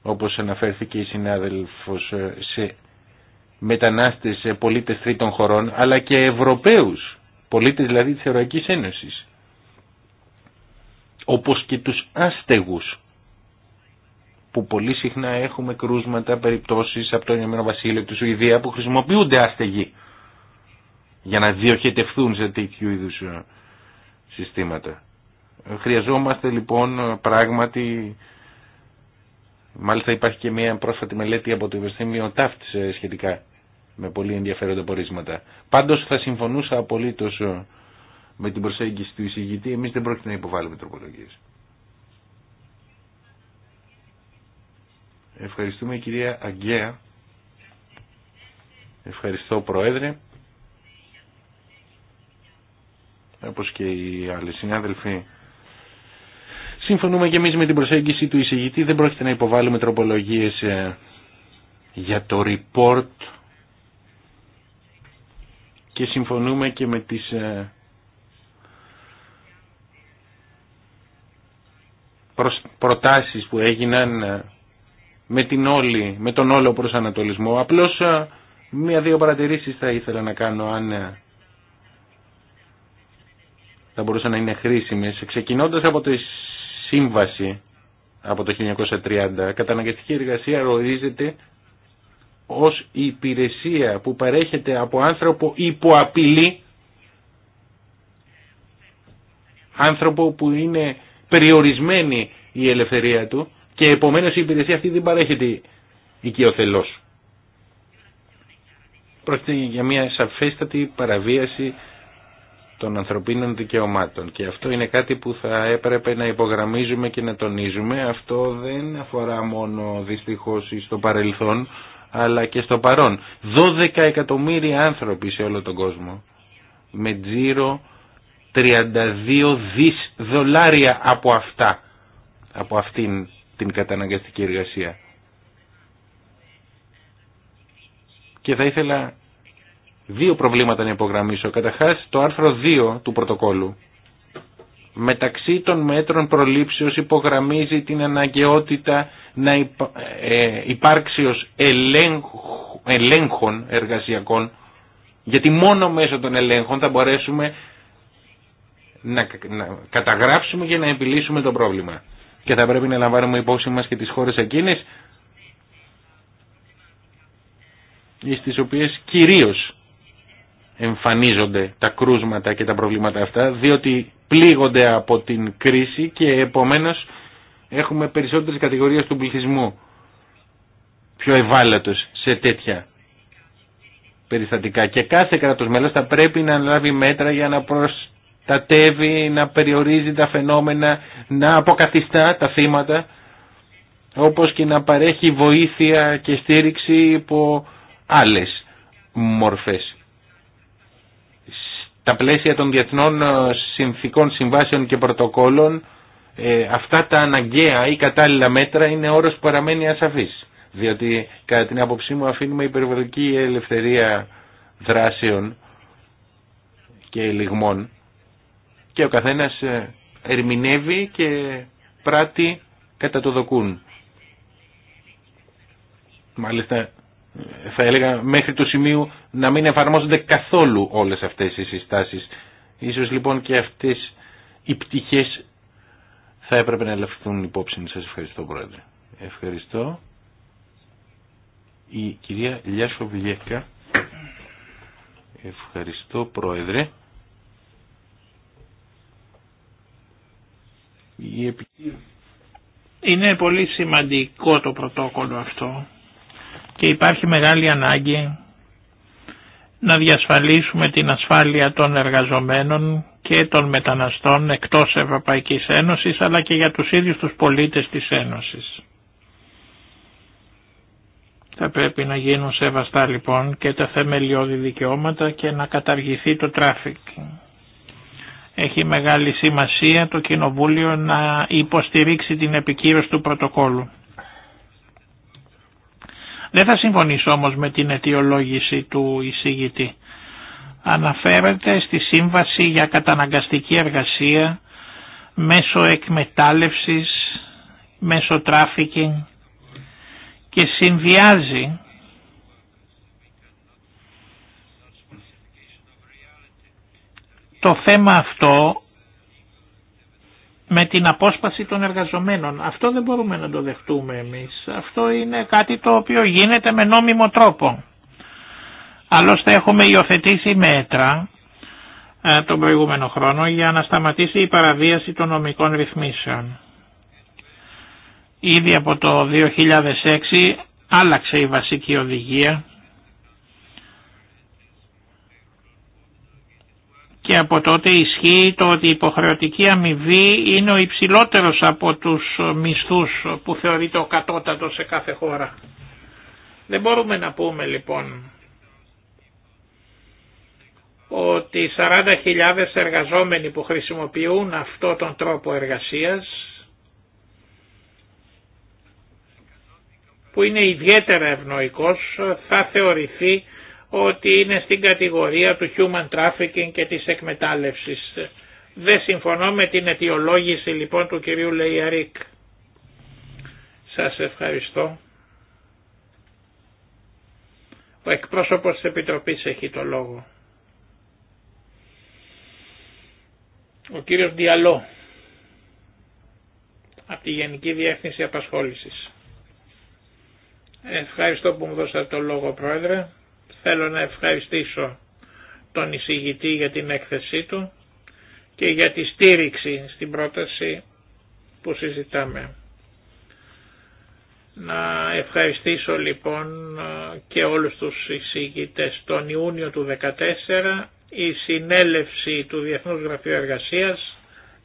όπως αναφέρθηκε η συνάδελφος σε μετανάστες πολίτες τρίτων χωρών αλλά και Ευρωπαίους πολίτες δηλαδή της Ευρωπαϊκής Ένωσης όπως και τους άστεγους που πολύ συχνά έχουμε κρούσματα, περιπτώσεις από το Ηνωμένο Βασίλειο, και τη Σουηδία που χρησιμοποιούνται άστεγοι για να διοχετευθούν σε τέτοιου είδου ε, συστήματα. Χρειαζόμαστε λοιπόν πράγματι, μάλιστα υπάρχει και μια πρόσφατη μελέτη από το Βασίλειο, Τάφτ ε, σχετικά με πολύ ενδιαφέροντα πορίσματα. Πάντως θα συμφωνούσα απολύτως ε, με την προσέγγιση του εισηγητή, εμείς δεν πρόκειται να υποβάλουμε τροπολογίες. Ευχαριστούμε κυρία Αγκαία. Ευχαριστώ Πρόεδρε. Όπως και οι άλλοι συνάδελφοι. Συμφωνούμε και εμείς με την προσέγγιση του εισηγητή. Δεν πρόκειται να υποβάλουμε τροπολογίες ε, για το report και συμφωνούμε και με τις ε, προτάσεις που έγιναν ε, με, την όλη, με τον όλο προσανατολισμό. Απλώς μία-δύο παρατηρήσεις θα ήθελα να κάνω αν ε, θα μπορούσαν να είναι χρήσιμες. Ξεκινώντας από τη σύμβαση από το 1930, καταναγκαστική εργασία ορίζεται ως υπηρεσία που παρέχεται από άνθρωπο υπό απειλή, άνθρωπο που είναι περιορισμένη η ελευθερία του, και επομένως η υπηρεσία αυτή δεν παρέχεται οικειοθελώς. Πρόκειται για μια σαφέστατη παραβίαση των ανθρωπίνων δικαιωμάτων και αυτό είναι κάτι που θα έπρεπε να υπογραμμίζουμε και να τονίζουμε. Αυτό δεν αφορά μόνο δυστυχώς στο παρελθόν αλλά και στο παρόν. 12 εκατομμύρια άνθρωποι σε όλο τον κόσμο με τζίρο 32 δις δολάρια από αυτά από αυτήν την καταναγκαστική εργασία. Και θα ήθελα δύο προβλήματα να υπογραμμίσω. Καταρχάς το άρθρο 2 του πρωτοκόλου. Μεταξύ των μέτρων προλήψεως υπογραμμίζει την αναγκαιότητα να ε, υπάρξει ως ελέγχ... ελέγχων εργασιακών γιατί μόνο μέσω των ελέγχων θα μπορέσουμε να, καταγράψουμε και να επιλύσουμε το πρόβλημα και θα πρέπει να λαμβάνουμε υπόψη μας και τις χώρες εκείνες στις οποίες κυρίως εμφανίζονται τα κρούσματα και τα προβλήματα αυτά διότι πλήγονται από την κρίση και επομένως έχουμε περισσότερες κατηγορίες του πληθυσμού πιο ευάλωτος σε τέτοια περιστατικά και κάθε κράτος μέλος θα πρέπει να λάβει μέτρα για να προσθέσει τα να περιορίζει τα φαινόμενα, να αποκαθιστά τα θύματα, όπως και να παρέχει βοήθεια και στήριξη υπό άλλες μορφές. Στα πλαίσια των διεθνών ε, συνθήκων συμβάσεων και πρωτοκόλων, ε, αυτά τα αναγκαία ή κατάλληλα μέτρα είναι όρος που παραμένει ασαφής. Διότι κατά την άποψή μου αφήνουμε υπερβολική ελευθερία δράσεων και λιγμών και ο καθένας ε, ερμηνεύει και πράττει κατά το δοκούν. Μάλιστα ε, θα έλεγα μέχρι το σημείο να μην εφαρμόζονται καθόλου όλες αυτές οι συστάσεις. Ίσως λοιπόν και αυτές οι πτυχές θα έπρεπε να ελευθερθούν υπόψη. Σας ευχαριστώ πρόεδρε. Ευχαριστώ. Η κυρία Λιάσο Βιλιέκα. Ευχαριστώ πρόεδρε. η Είναι πολύ σημαντικό το πρωτόκολλο αυτό και υπάρχει μεγάλη ανάγκη να διασφαλίσουμε την ασφάλεια των εργαζομένων και των μεταναστών εκτός Ευρωπαϊκής Ένωσης αλλά και για τους ίδιους τους πολίτες της Ένωσης. Θα πρέπει να γίνουν σεβαστά λοιπόν και τα θεμελιώδη δικαιώματα και να καταργηθεί το τράφικινγκ έχει μεγάλη σημασία το Κοινοβούλιο να υποστηρίξει την επικύρωση του πρωτοκόλου. Δεν θα συμφωνήσω όμως με την αιτιολόγηση του εισηγητή. Αναφέρεται στη Σύμβαση για Καταναγκαστική Εργασία μέσω εκμετάλλευσης, μέσω τράφικινγκ και συνδυάζει το θέμα αυτό με την απόσπαση των εργαζομένων. Αυτό δεν μπορούμε να το δεχτούμε εμείς. Αυτό είναι κάτι το οποίο γίνεται με νόμιμο τρόπο. Άλλωστε έχουμε υιοθετήσει μέτρα ε, τον προηγούμενο χρόνο για να σταματήσει η παραβίαση των νομικών ρυθμίσεων. Ήδη από το 2006 άλλαξε η βασική οδηγία και από τότε ισχύει το ότι η υποχρεωτική αμοιβή είναι ο υψηλότερος από τους μισθούς που θεωρείται ο κατώτατος σε κάθε χώρα. Δεν μπορούμε να πούμε λοιπόν ότι 40.000 εργαζόμενοι που χρησιμοποιούν αυτό τον τρόπο εργασίας που είναι ιδιαίτερα ευνοϊκός θα θεωρηθεί ότι είναι στην κατηγορία του human trafficking και της εκμετάλλευσης. Δεν συμφωνώ με την αιτιολόγηση λοιπόν του κυρίου Λεϊαρίκ. Σας ευχαριστώ. Ο εκπρόσωπος της Επιτροπής έχει το λόγο. Ο κύριος Διαλό από τη Γενική Διεύθυνση Απασχόλησης. Ευχαριστώ που μου δώσατε το λόγο Πρόεδρε. Θέλω να ευχαριστήσω τον εισηγητή για την έκθεσή του και για τη στήριξη στην πρόταση που συζητάμε. Να ευχαριστήσω λοιπόν και όλους τους εισηγητές. Τον Ιούνιο του 2014 η συνέλευση του Διεθνούς Γραφείου Εργασίας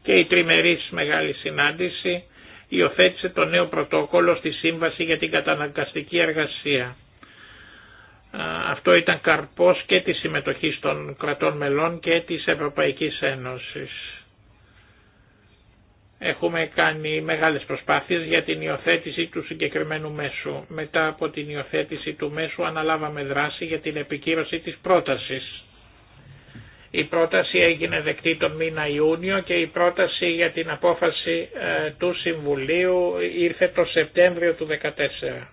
και η τριμερής μεγάλη συνάντηση υιοθέτησε το νέο πρωτόκολλο στη Σύμβαση για την Καταναγκαστική Εργασία. Αυτό ήταν καρπός και της συμμετοχής των κρατών μελών και της Ευρωπαϊκής Ένωσης. Έχουμε κάνει μεγάλες προσπάθειες για την υιοθέτηση του συγκεκριμένου μέσου. Μετά από την υιοθέτηση του μέσου αναλάβαμε δράση για την επικύρωση της πρότασης. Η πρόταση έγινε δεκτή τον μήνα Ιούνιο και η πρόταση για την απόφαση ε, του Συμβουλίου ήρθε το Σεπτέμβριο του 2014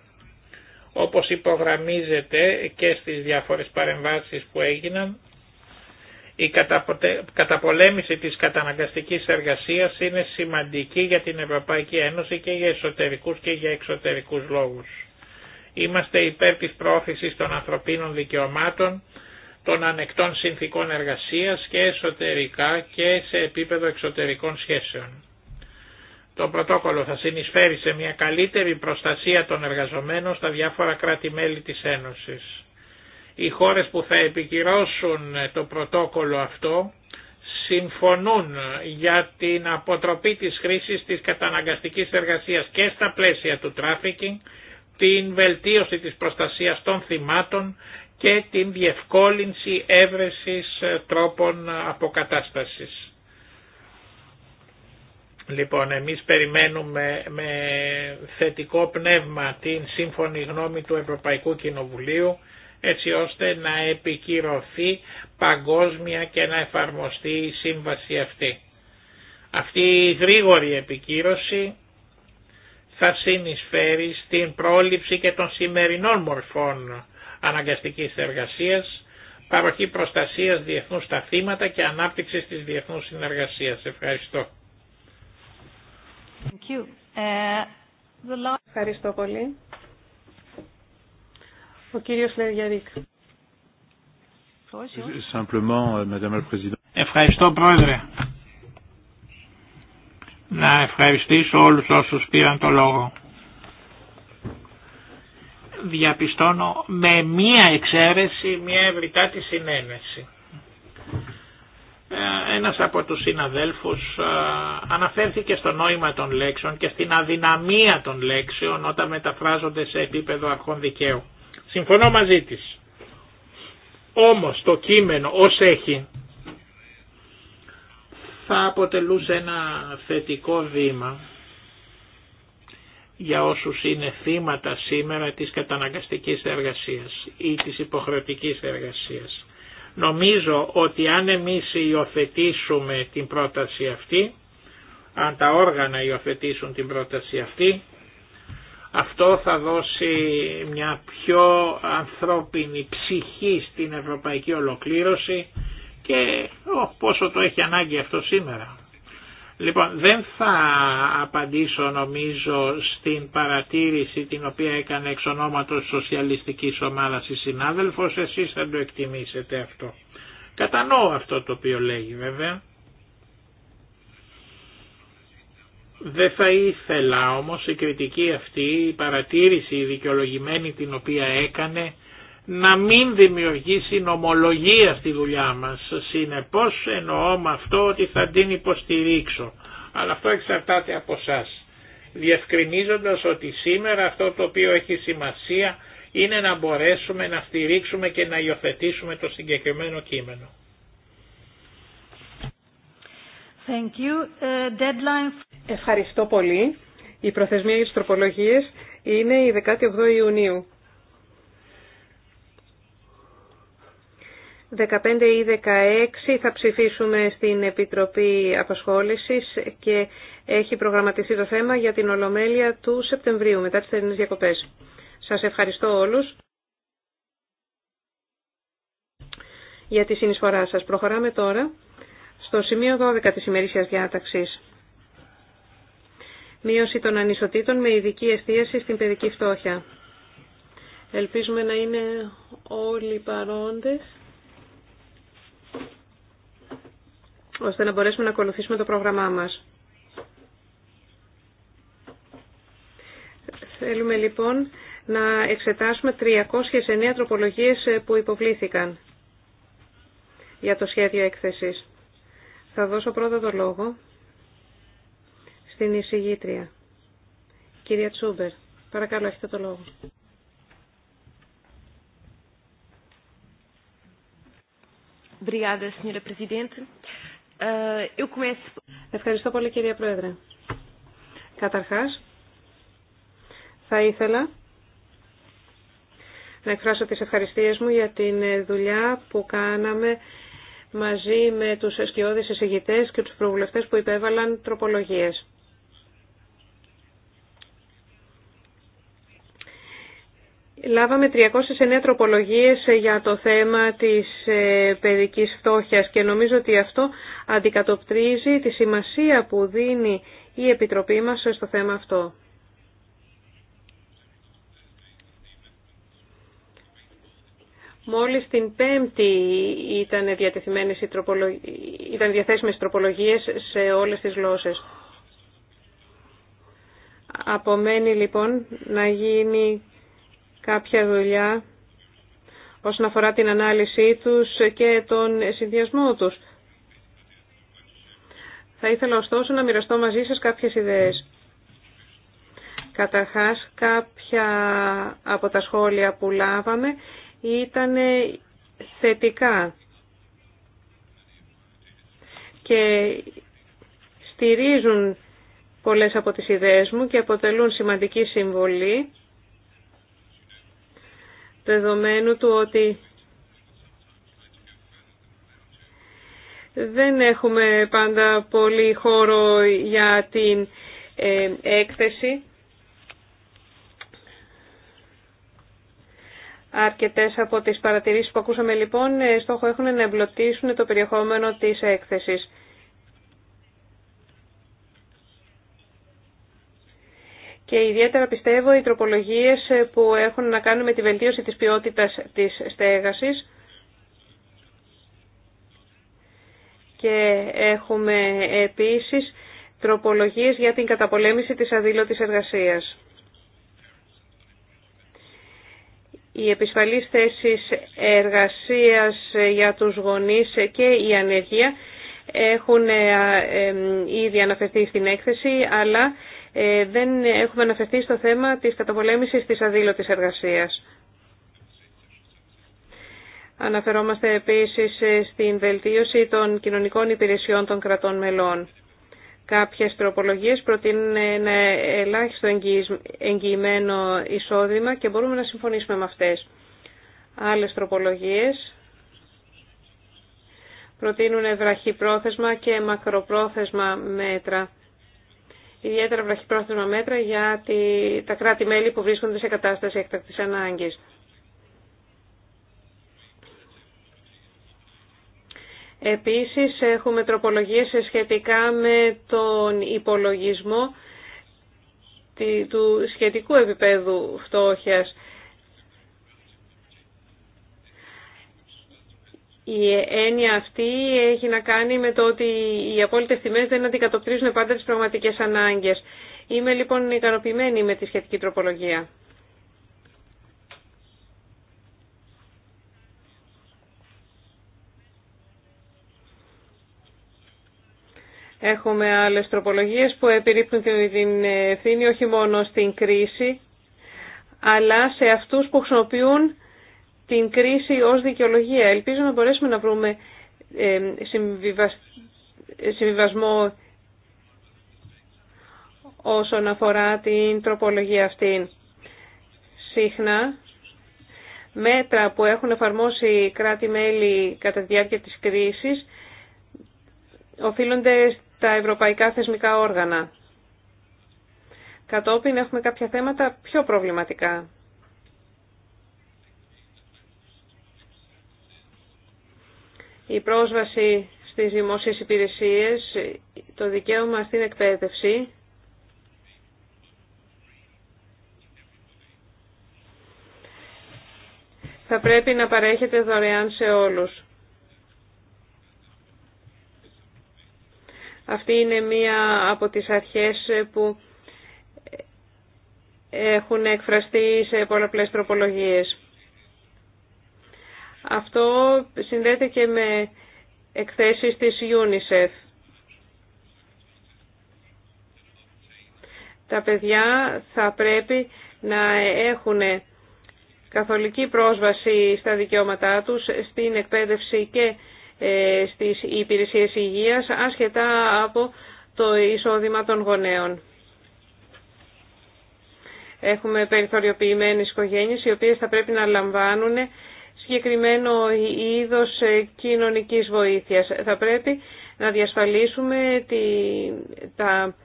όπως υπογραμμίζεται και στις διάφορες παρεμβάσεις που έγιναν, η καταπολέμηση της καταναγκαστικής εργασίας είναι σημαντική για την Ευρωπαϊκή Ένωση και για εσωτερικούς και για εξωτερικούς λόγους. Είμαστε υπέρ της πρόθεσης των ανθρωπίνων δικαιωμάτων, των ανεκτών συνθήκων εργασίας και εσωτερικά και σε επίπεδο εξωτερικών σχέσεων. Το πρωτόκολλο θα συνεισφέρει σε μια καλύτερη προστασία των εργαζομένων στα διάφορα κράτη-μέλη της Ένωσης. Οι χώρες που θα επικυρώσουν το πρωτόκολλο αυτό συμφωνούν για την αποτροπή της χρήσης της καταναγκαστικής εργασίας και στα πλαίσια του τράφικινγκ, την βελτίωση της προστασίας των θυμάτων και την διευκόλυνση έβρεσης τρόπων αποκατάστασης. Λοιπόν, εμείς περιμένουμε με θετικό πνεύμα την σύμφωνη γνώμη του Ευρωπαϊκού Κοινοβουλίου έτσι ώστε να επικυρωθεί παγκόσμια και να εφαρμοστεί η σύμβαση αυτή. Αυτή η γρήγορη επικύρωση θα συνεισφέρει στην πρόληψη και των σημερινών μορφών αναγκαστικής εργασίας, παροχή προστασίας διεθνούς στα θύματα και ανάπτυξη της διεθνούς συνεργασίας. Ευχαριστώ. Thank you. Uh, the... Ευχαριστώ πολύ. Ο κύριος Λεργιαρίκ. Euh, Ευχαριστώ πρόεδρε. Να ευχαριστήσω όλους όσους πήραν το λόγο. Διαπιστώνω με μία εξαίρεση μια ευρυτά τη συνένεση. Ε, ένας από τους συναδέλφους ε, αναφέρθηκε στο νόημα των λέξεων και στην αδυναμία των λέξεων όταν μεταφράζονται σε επίπεδο αρχών δικαίου. Συμφωνώ μαζί της. Όμως το κείμενο ως έχει θα αποτελούσε ένα θετικό βήμα για όσους είναι θύματα σήμερα της καταναγκαστικής εργασίας ή της υποχρεωτικής εργασίας. Νομίζω ότι αν εμείς υιοθετήσουμε την πρόταση αυτή, αν τα όργανα υιοθετήσουν την πρόταση αυτή, αυτό θα δώσει μια πιο ανθρώπινη ψυχή στην ευρωπαϊκή ολοκλήρωση και ο, πόσο το έχει ανάγκη αυτό σήμερα. Λοιπόν, δεν θα απαντήσω νομίζω στην παρατήρηση την οποία έκανε εξ ονόματος σοσιαλιστικής ομάδας η συνάδελφος, εσείς θα το εκτιμήσετε αυτό. Κατανοώ αυτό το οποίο λέγει βέβαια. Δεν θα ήθελα όμως η κριτική αυτή, η παρατήρηση η δικαιολογημένη την οποία έκανε να μην δημιουργήσει νομολογία στη δουλειά μας. Συνεπώς εννοώ με αυτό ότι θα την υποστηρίξω. Αλλά αυτό εξαρτάται από εσά. Διευκρινίζοντας ότι σήμερα αυτό το οποίο έχει σημασία είναι να μπορέσουμε να στηρίξουμε και να υιοθετήσουμε το συγκεκριμένο κείμενο. Ε, Ευχαριστώ πολύ. Η προθεσμία για τις τροπολογίες είναι η 18 Ιουνίου. 15 ή 16 θα ψηφίσουμε στην Επιτροπή Απασχόλησης και έχει προγραμματιστεί το θέμα για την Ολομέλεια του Σεπτεμβρίου μετά τις θερινές διακοπές. Σας ευχαριστώ όλους για τη συνεισφορά σας. Προχωράμε τώρα στο σημείο 12 της ημερήσιας διάταξης. Μείωση των ανισοτήτων με ειδική εστίαση στην παιδική φτώχεια. Ελπίζουμε να είναι όλοι παρόντες. ώστε να μπορέσουμε να ακολουθήσουμε το πρόγραμμά μας. Θέλουμε λοιπόν να εξετάσουμε 309 τροπολογίες ε, που υποβλήθηκαν για το σχέδιο έκθεσης. Θα δώσω πρώτα το λόγο στην εισηγήτρια. Κυρία Τσούμπερ, παρακαλώ έχετε το λόγο. Obrigada, Sra. Presidente. Ε, Ευχαριστώ πολύ κυρία Πρόεδρε. Καταρχάς, θα ήθελα να εκφράσω τις ευχαριστίες μου για την δουλειά που κάναμε μαζί με τους εσκιώδεις εισηγητές και τους προβουλευτές που υπέβαλαν τροπολογίες. Λάβαμε 309 τροπολογίες ε, για το θέμα της ε, παιδικής φτώχειας και νομίζω ότι αυτό αντικατοπτρίζει τη σημασία που δίνει η Επιτροπή μας στο θέμα αυτό. Μόλις την Πέμπτη ήταν, διατεθειμένες οι ήταν διαθέσιμες τροπολογίες σε όλες τις γλώσσες. Απομένει λοιπόν να γίνει κάποια δουλειά όσον αφορά την ανάλυση τους και τον συνδυασμό τους. Θα ήθελα ωστόσο να μοιραστώ μαζί σας κάποιες ιδέες. Καταρχάς, κάποια από τα σχόλια που λάβαμε ήταν θετικά και στηρίζουν πολλές από τις ιδέες μου και αποτελούν σημαντική συμβολή δεδομένου του ότι δεν έχουμε πάντα πολύ χώρο για την ε, έκθεση. Αρκετές από τις παρατηρήσεις που ακούσαμε λοιπόν ε, στόχο έχουν να εμπλωτίσουν το περιεχόμενο της έκθεσης. και ιδιαίτερα πιστεύω οι τροπολογίες που έχουν να κάνουν με τη βελτίωση της ποιότητας της στέγασης και έχουμε επίσης τροπολογίες για την καταπολέμηση της αδήλωτης εργασίας. Οι επισφαλείς θέσεις εργασίας για τους γονείς και η ανεργία έχουν ε, ε, ε, ήδη αναφερθεί στην έκθεση, αλλά ε, δεν έχουμε αναφερθεί στο θέμα της καταπολέμησης της αδήλωτης εργασίας. Αναφερόμαστε επίσης ε, στην βελτίωση των κοινωνικών υπηρεσιών των κρατών μελών. Κάποιες τροπολογίες προτείνουν ένα ελάχιστο εγγυημένο εισόδημα και μπορούμε να συμφωνήσουμε με αυτές. Άλλες τροπολογίες προτείνουν πρόθεσμα και μακροπρόθεσμα μέτρα ιδιαίτερα βραχυπρόθεσμα μέτρα για τα κράτη-μέλη που βρίσκονται σε κατάσταση έκτακτης ανάγκης. Επίσης έχουμε τροπολογίες σχετικά με τον υπολογισμό του σχετικού επίπεδου φτώχειας Η έννοια αυτή έχει να κάνει με το ότι οι απόλυτε τιμέ δεν αντικατοπτρίζουν πάντα τι πραγματικέ ανάγκε. Είμαι λοιπόν ικανοποιημένη με τη σχετική τροπολογία. Έχουμε άλλες τροπολογίες που επιρρύπτουν την ευθύνη όχι μόνο στην κρίση, αλλά σε αυτούς που χρησιμοποιούν την κρίση ως δικαιολογία. Ελπίζω να μπορέσουμε να βρούμε ε, συμβιβασμό όσον αφορά την τροπολογία αυτή. Συχνά, μέτρα που έχουν εφαρμόσει κράτη-μέλη κατά τη διάρκεια της κρίσης οφείλονται στα ευρωπαϊκά θεσμικά όργανα. Κατόπιν έχουμε κάποια θέματα πιο προβληματικά. η πρόσβαση στις δημόσιες υπηρεσίες, το δικαίωμα στην εκπαίδευση, θα πρέπει να παρέχεται δωρεάν σε όλους. Αυτή είναι μία από τις αρχές που έχουν εκφραστεί σε πολλαπλές τροπολογίες. Αυτό συνδέεται και με εκθέσεις της UNICEF. Τα παιδιά θα πρέπει να έχουν καθολική πρόσβαση στα δικαιώματά τους, στην εκπαίδευση και ε, στις υπηρεσίες υγείας, ασχετά από το εισόδημα των γονέων. Έχουμε περιθωριοποιημένες οικογένειες, οι οποίες θα πρέπει να λαμβάνουν συγκεκριμένο είδος ε, κοινωνικής βοήθειας. Θα πρέπει να διασφαλίσουμε τη, τα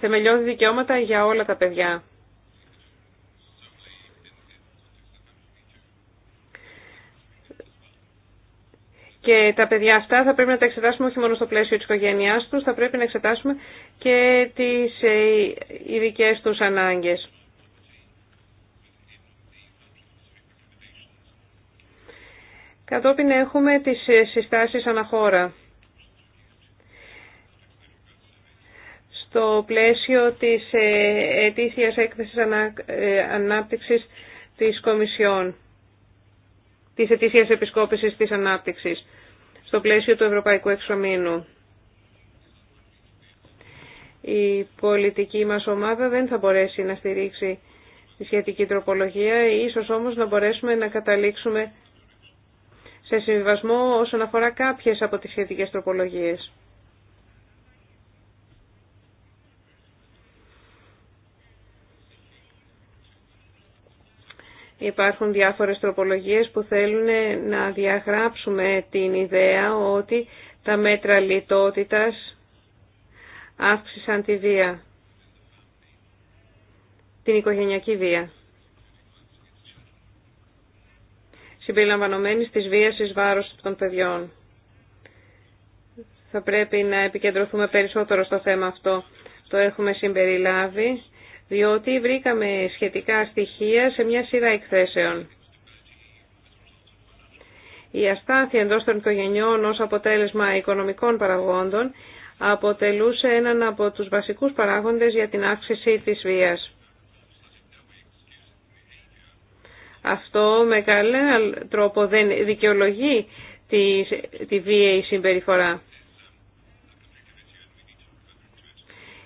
θεμελιώδη δικαιώματα για όλα τα παιδιά. Και τα παιδιά αυτά θα πρέπει να τα εξετάσουμε όχι μόνο στο πλαίσιο της οικογένειάς τους, θα πρέπει να εξετάσουμε και τις ε, ειδικέ τους ανάγκες. Κατόπιν έχουμε τις συστάσεις αναχώρα. Στο πλαίσιο της ε, ετήσιας έκθεσης ε, ανάπτυξης της Κομισιόν, της ετήσιας επισκόπησης της ανάπτυξης, στο πλαίσιο του Ευρωπαϊκού Εξωμήνου. Η πολιτική μας ομάδα δεν θα μπορέσει να στηρίξει τη σχετική τροπολογία, ίσως όμως να μπορέσουμε να καταλήξουμε σε συμβιβασμό όσον αφορά κάποιες από τις σχετικές τροπολογίες. Υπάρχουν διάφορες τροπολογίες που θέλουν να διαγράψουμε την ιδέα ότι τα μέτρα λιτότητας αύξησαν τη βία, την οικογενειακή βία. συμπεριλαμβανομένης της βίας εις βάρος των παιδιών. Θα πρέπει να επικεντρωθούμε περισσότερο στο θέμα αυτό. Το έχουμε συμπεριλάβει, διότι βρήκαμε σχετικά στοιχεία σε μια σειρά εκθέσεων. Η αστάθεια εντός των οικογενειών ως αποτέλεσμα οικονομικών παραγόντων αποτελούσε έναν από τους βασικούς παράγοντες για την αύξηση της βίας. Αυτό με καλό τρόπο δεν δικαιολογεί τη, τη βίαιη συμπεριφορά.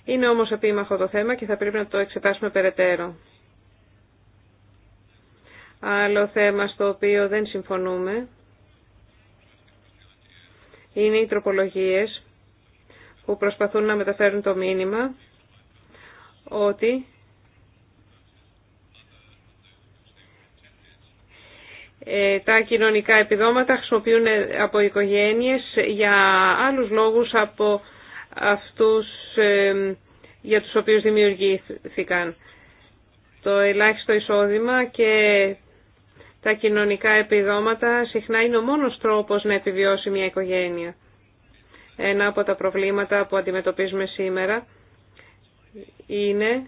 Είναι όμως επίμαχο το θέμα και θα πρέπει να το εξετάσουμε περαιτέρω. Άλλο θέμα στο οποίο δεν συμφωνούμε είναι οι τροπολογίες που προσπαθούν να μεταφέρουν το μήνυμα ότι Ε, τα κοινωνικά επιδόματα χρησιμοποιούν ε, από οικογένειες για άλλους λόγους από αυτούς ε, για τους οποίους δημιουργήθηκαν. Το ελάχιστο εισόδημα και τα κοινωνικά επιδόματα συχνά είναι ο μόνος τρόπος να επιβιώσει μια οικογένεια. Ένα από τα προβλήματα που αντιμετωπίζουμε σήμερα είναι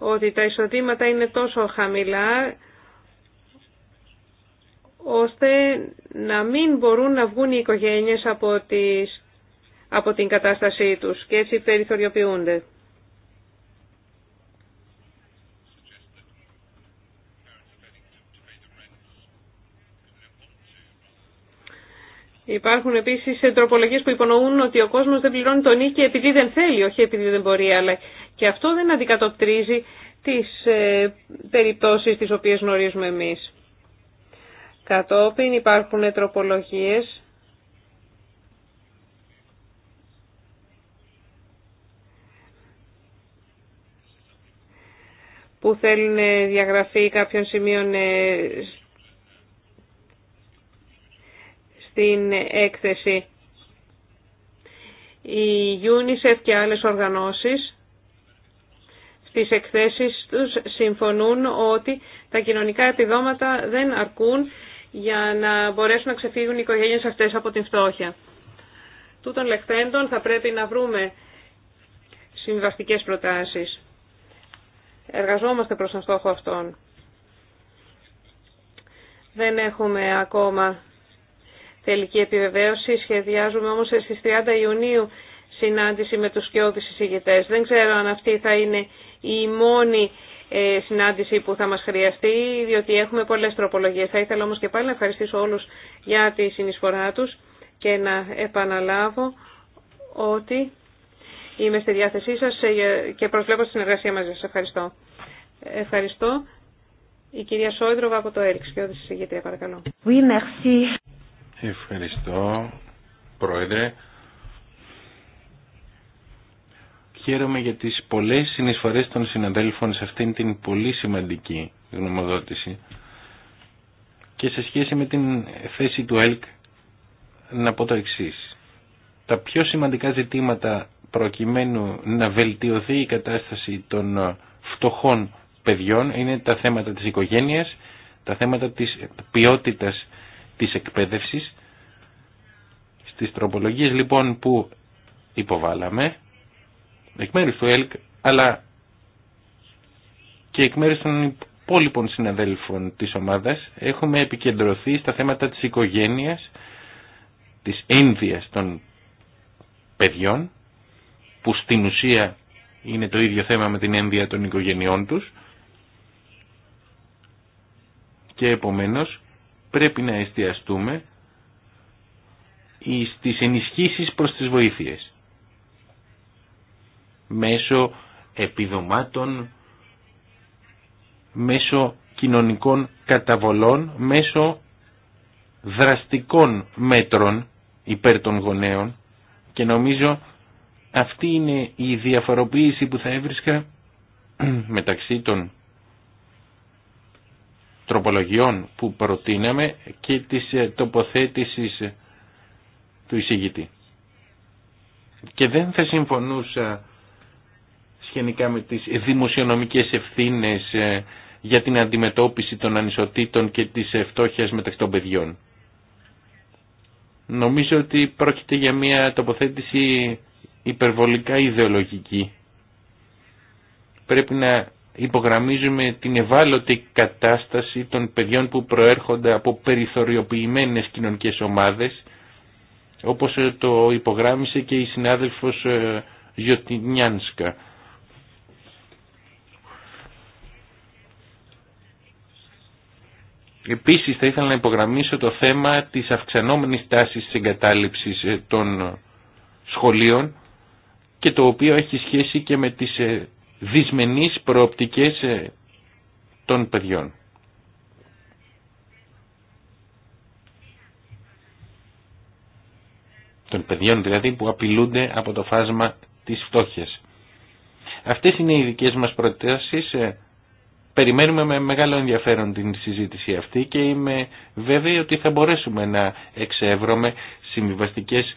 ότι τα εισοδήματα είναι τόσο χαμηλά ώστε να μην μπορούν να βγουν οι οικογένειες από, την κατάστασή τους και έτσι περιθωριοποιούνται. Υπάρχουν επίση τροπολογίε που υπονοούν ότι ο κόσμος δεν πληρώνει τον νίκη επειδή δεν θέλει, όχι επειδή δεν μπορεί, αλλά και αυτό δεν αντικατοπτρίζει τις ε, περιπτώσεις τις οποίες γνωρίζουμε εμείς. Κατόπιν υπάρχουν τροπολογίε. που θέλουν διαγραφή κάποιων σημείων ε, στην έκθεση. Η UNICEF και άλλες οργανώσεις στις εκθέσεις τους συμφωνούν ότι τα κοινωνικά επιδόματα δεν αρκούν για να μπορέσουν να ξεφύγουν οι οικογένειες αυτές από την φτώχεια. Τούτων λεχθέντων θα πρέπει να βρούμε συμβαστικές προτάσεις. Εργαζόμαστε προς τον στόχο αυτόν. Δεν έχουμε ακόμα τελική επιβεβαίωση. Σχεδιάζουμε όμως στις 30 Ιουνίου συνάντηση με τους σκιώδεις εισηγητές. Δεν ξέρω αν αυτή θα είναι η μόνη ε, συνάντηση που θα μας χρειαστεί, διότι έχουμε πολλές τροπολογίες. Θα ήθελα όμως και πάλι να ευχαριστήσω όλους για τη συνεισφορά τους και να επαναλάβω ότι είμαι στη διάθεσή σας ε, και προσβλέπω στη συνεργασία μαζί σας. Ευχαριστώ. Ευχαριστώ. Η κυρία Σόιντροβα από το ΕΡΙΚΣ και όδηση παρακαλώ. Oui, merci. Ευχαριστώ, Πρόεδρε. Χαίρομαι για τις πολλές συνεισφορές των συναδέλφων σε αυτήν την πολύ σημαντική γνωμοδότηση και σε σχέση με την θέση του ΕΛΚ να πω το εξή. Τα πιο σημαντικά ζητήματα προκειμένου να βελτιωθεί η κατάσταση των φτωχών παιδιών είναι τα θέματα της οικογένειας, τα θέματα της ποιότητας της εκπαίδευσης. Στις τροπολογίες λοιπόν που υποβάλαμε, εκ μέρους του ΕΛΚ, αλλά και εκ μέρους των υπόλοιπων συναδέλφων της ομάδας, έχουμε επικεντρωθεί στα θέματα της οικογένειας, της ένδυας των παιδιών, που στην ουσία είναι το ίδιο θέμα με την ένδυα των οικογενειών τους, και επομένως πρέπει να εστιαστούμε στις ενισχύσεις προς τις βοήθειες μέσω επιδομάτων, μέσω κοινωνικών καταβολών, μέσω δραστικών μέτρων υπέρ των γονέων και νομίζω αυτή είναι η διαφοροποίηση που θα έβρισκα μεταξύ των τροπολογιών που προτείναμε και της ε, τοποθέτησης ε, του εισηγητή. Και δεν θα συμφωνούσα σχετικά με τις δημοσιονομικές ευθύνες ε, για την αντιμετώπιση των ανισοτήτων και της φτώχεια μεταξύ των παιδιών. Νομίζω ότι πρόκειται για μια τοποθέτηση υπερβολικά ιδεολογική. Πρέπει να υπογραμμίζουμε την ευάλωτη κατάσταση των παιδιών που προέρχονται από περιθωριοποιημένες κοινωνικές ομάδες όπως ε, το υπογράμμισε και η συνάδελφος Γιωτινιάνσκα. Ε, Επίσης θα ήθελα να υπογραμμίσω το θέμα της αυξανόμενης τάσης της εγκατάλειψης ε, των σχολείων και το οποίο έχει σχέση και με τις δυσμενείς προοπτικές ε, των παιδιών. Των παιδιών δηλαδή που απειλούνται από το φάσμα της φτώχειας. Αυτές είναι οι δικές μας προτάσεις. Ε, περιμένουμε με μεγάλο ενδιαφέρον την συζήτηση αυτή και είμαι βέβαιο ότι θα μπορέσουμε να εξεύρωμε συμβιβαστικές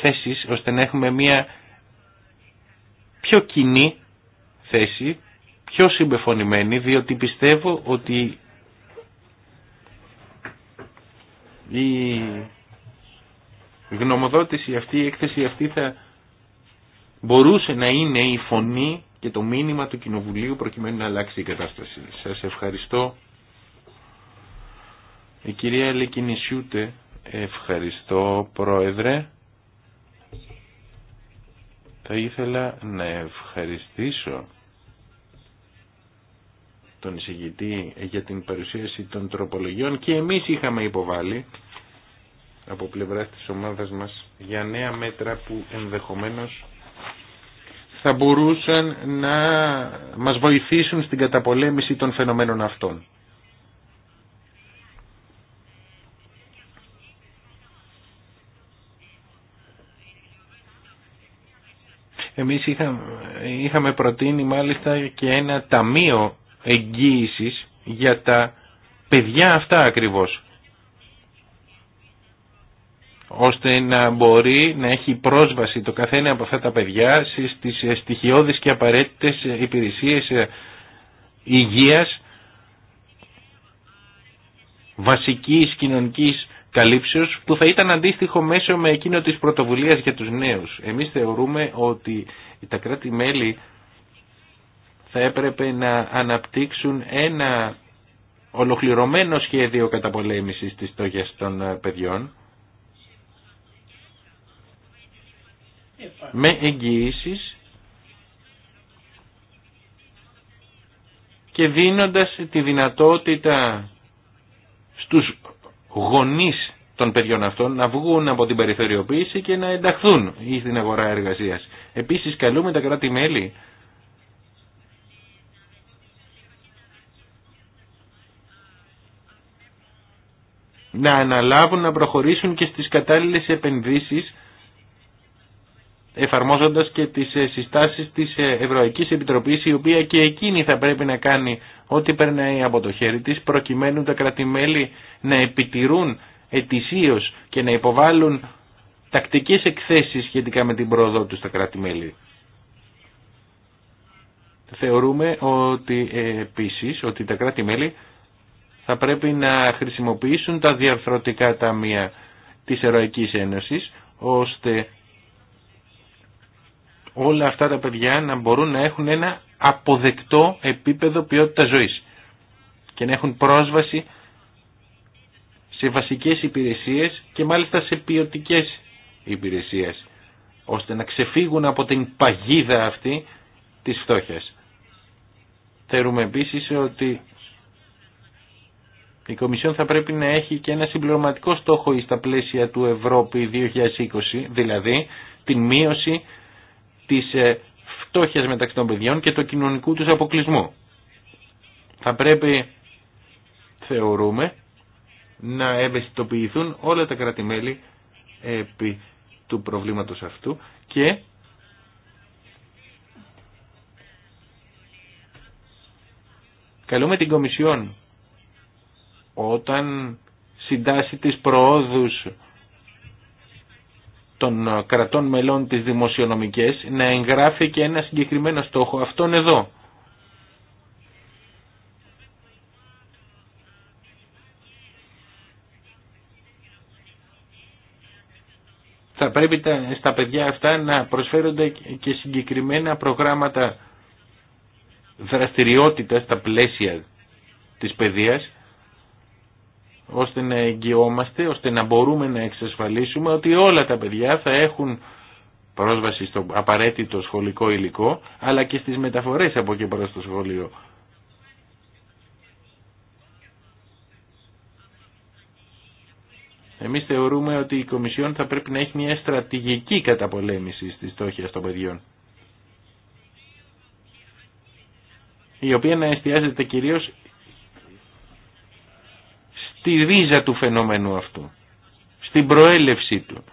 θέσεις ώστε να έχουμε μια πιο κοινή θέση πιο συμπεφωνημένη διότι πιστεύω ότι η γνωμοδότηση αυτή, η έκθεση αυτή θα μπορούσε να είναι η φωνή και το μήνυμα του Κοινοβουλίου προκειμένου να αλλάξει η κατάσταση. Σας ευχαριστώ. Η κυρία Λεκινησιούτε, ευχαριστώ πρόεδρε. Θα ήθελα να ευχαριστήσω τον εισηγητή για την παρουσίαση των τροπολογιών και εμείς είχαμε υποβάλει από πλευράς της ομάδας μας για νέα μέτρα που ενδεχομένως θα μπορούσαν να μας βοηθήσουν στην καταπολέμηση των φαινομένων αυτών. Εμείς είχα, είχαμε προτείνει μάλιστα και ένα ταμείο εγγύησης για τα παιδιά αυτά ακριβώς ώστε να μπορεί να έχει πρόσβαση το καθένα από αυτά τα παιδιά στις στοιχειώδεις και απαραίτητες υπηρεσίες ε, υγείας βασικής κοινωνικής καλύψεως που θα ήταν αντίστοιχο μέσω με εκείνο της πρωτοβουλίας για τους νέους. Εμείς θεωρούμε ότι τα κράτη-μέλη θα έπρεπε να αναπτύξουν ένα ολοκληρωμένο σχέδιο καταπολέμησης της στόχιας των ε, παιδιών με εγγυήσει και δίνοντας τη δυνατότητα στους γονείς των παιδιών αυτών να βγουν από την περιθωριοποίηση και να ενταχθούν στην αγορά εργασίας. Επίσης καλούμε τα κράτη-μέλη να αναλάβουν να προχωρήσουν και στις κατάλληλες επενδύσεις εφαρμόζοντας και τις ε, συστάσεις της ε, Ευρωπαϊκής Επιτροπής η οποία και εκείνη θα πρέπει να κάνει ό,τι περνάει από το χέρι της προκειμένου τα κρατημέλη να επιτηρούν ετησίως και να υποβάλουν τακτικές εκθέσεις σχετικά με την πρόοδό του στα κρατη Θεωρούμε ότι ε, επίσης ότι τα κράτη-μέλη θα πρέπει να χρησιμοποιήσουν τα διαρθρωτικά ταμεία της Ερωικής Ένωσης ώστε όλα αυτά τα παιδιά να μπορούν να έχουν ένα αποδεκτό επίπεδο ποιότητας ζωής και να έχουν πρόσβαση σε βασικές υπηρεσίες και μάλιστα σε ποιοτικές υπηρεσίες ώστε να ξεφύγουν από την παγίδα αυτή της φτώχειας. Θεωρούμε επίσης ότι η Κομισιόν θα πρέπει να έχει και ένα συμπληρωματικό στόχο στα πλαίσια του Ευρώπη 2020, δηλαδή την μείωση της ε, φτώχειας μεταξύ των παιδιών και του κοινωνικού τους αποκλεισμού. Θα πρέπει, θεωρούμε, να ευαισθητοποιηθούν όλα τα κρατη επί του προβλήματος αυτού και καλούμε την Κομισιόν όταν συντάσσει τις προόδους των κρατών μελών της δημοσιονομικές να εγγράφει και ένα συγκεκριμένο στόχο, αυτόν εδώ. Θα πρέπει στα παιδιά αυτά να προσφέρονται και συγκεκριμένα προγράμματα δραστηριότητα στα πλαίσια της παιδείας ώστε να εγγυόμαστε, ώστε να μπορούμε να εξασφαλίσουμε ότι όλα τα παιδιά θα έχουν πρόσβαση στο απαραίτητο σχολικό υλικό, αλλά και στις μεταφορές από και προς το σχολείο. Εμείς θεωρούμε ότι η Κομισιόν θα πρέπει να έχει μια στρατηγική καταπολέμηση στη στόχια των παιδιών. Η οποία να εστιάζεται κυρίως στη ρίζα του φαινομένου αυτού, στην προέλευση του.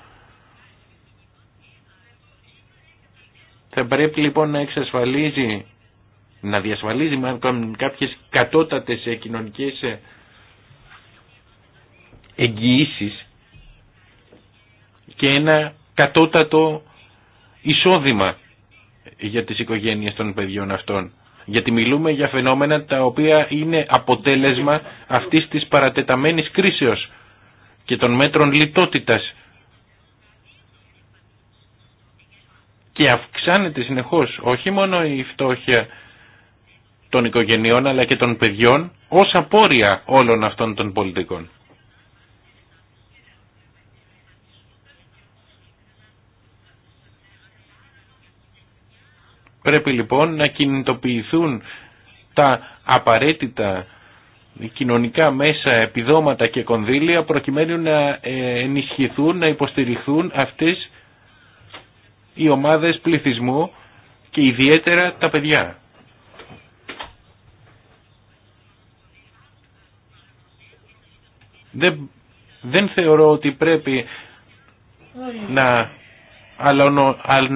Θα πρέπει λοιπόν να εξασφαλίζει, να διασφαλίζει μάλλον κάποιες κατώτατες κοινωνικές ε, εγγυήσει και ένα κατώτατο εισόδημα για τις οικογένειες των παιδιών αυτών γιατί μιλούμε για φαινόμενα τα οποία είναι αποτέλεσμα αυτής της παρατεταμένης κρίσεως και των μέτρων λιτότητας και αυξάνεται συνεχώς όχι μόνο η φτώχεια των οικογενειών αλλά και των παιδιών ως απόρρια όλων αυτών των πολιτικών. Πρέπει λοιπόν να κινητοποιηθούν τα απαραίτητα κοινωνικά μέσα, επιδόματα και κονδύλια προκειμένου να ε, ενισχυθούν, να υποστηριχθούν αυτές οι ομάδες πληθυσμού και ιδιαίτερα τα παιδιά. Δεν, δεν θεωρώ ότι πρέπει να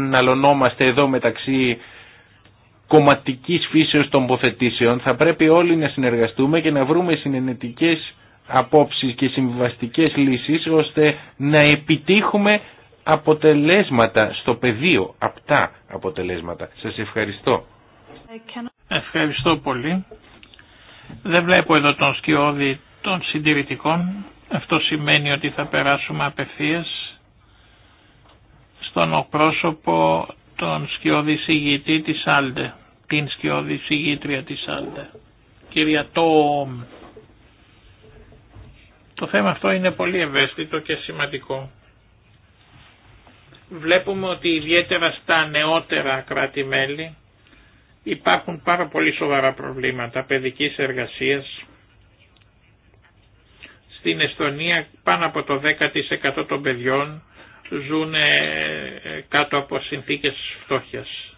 αναλωνόμαστε εδώ μεταξύ κομματικής φύσεως υποθετήσεων, θα πρέπει όλοι να συνεργαστούμε και να βρούμε συνενετικές απόψεις και συμβαστικές λύσεις ώστε να επιτύχουμε αποτελέσματα στο πεδίο, απτά αποτελέσματα. Σας ευχαριστώ. Ευχαριστώ πολύ. Δεν βλέπω εδώ τον σκιώδη των συντηρητικών. Αυτό σημαίνει ότι θα περάσουμε απευθείας στον πρόσωπο τον σκιώδη συγγητή της Άλντε την σκιώδη συγγήτρια της Άλτα. Κυρία Τόμ, το θέμα αυτό είναι πολύ ευαίσθητο και σημαντικό. Βλέπουμε ότι ιδιαίτερα στα νεότερα κράτη-μέλη υπάρχουν πάρα πολύ σοβαρά προβλήματα παιδικής εργασίας. Στην Εστονία πάνω από το 10% των παιδιών ζουν κάτω από συνθήκες φτώχειας.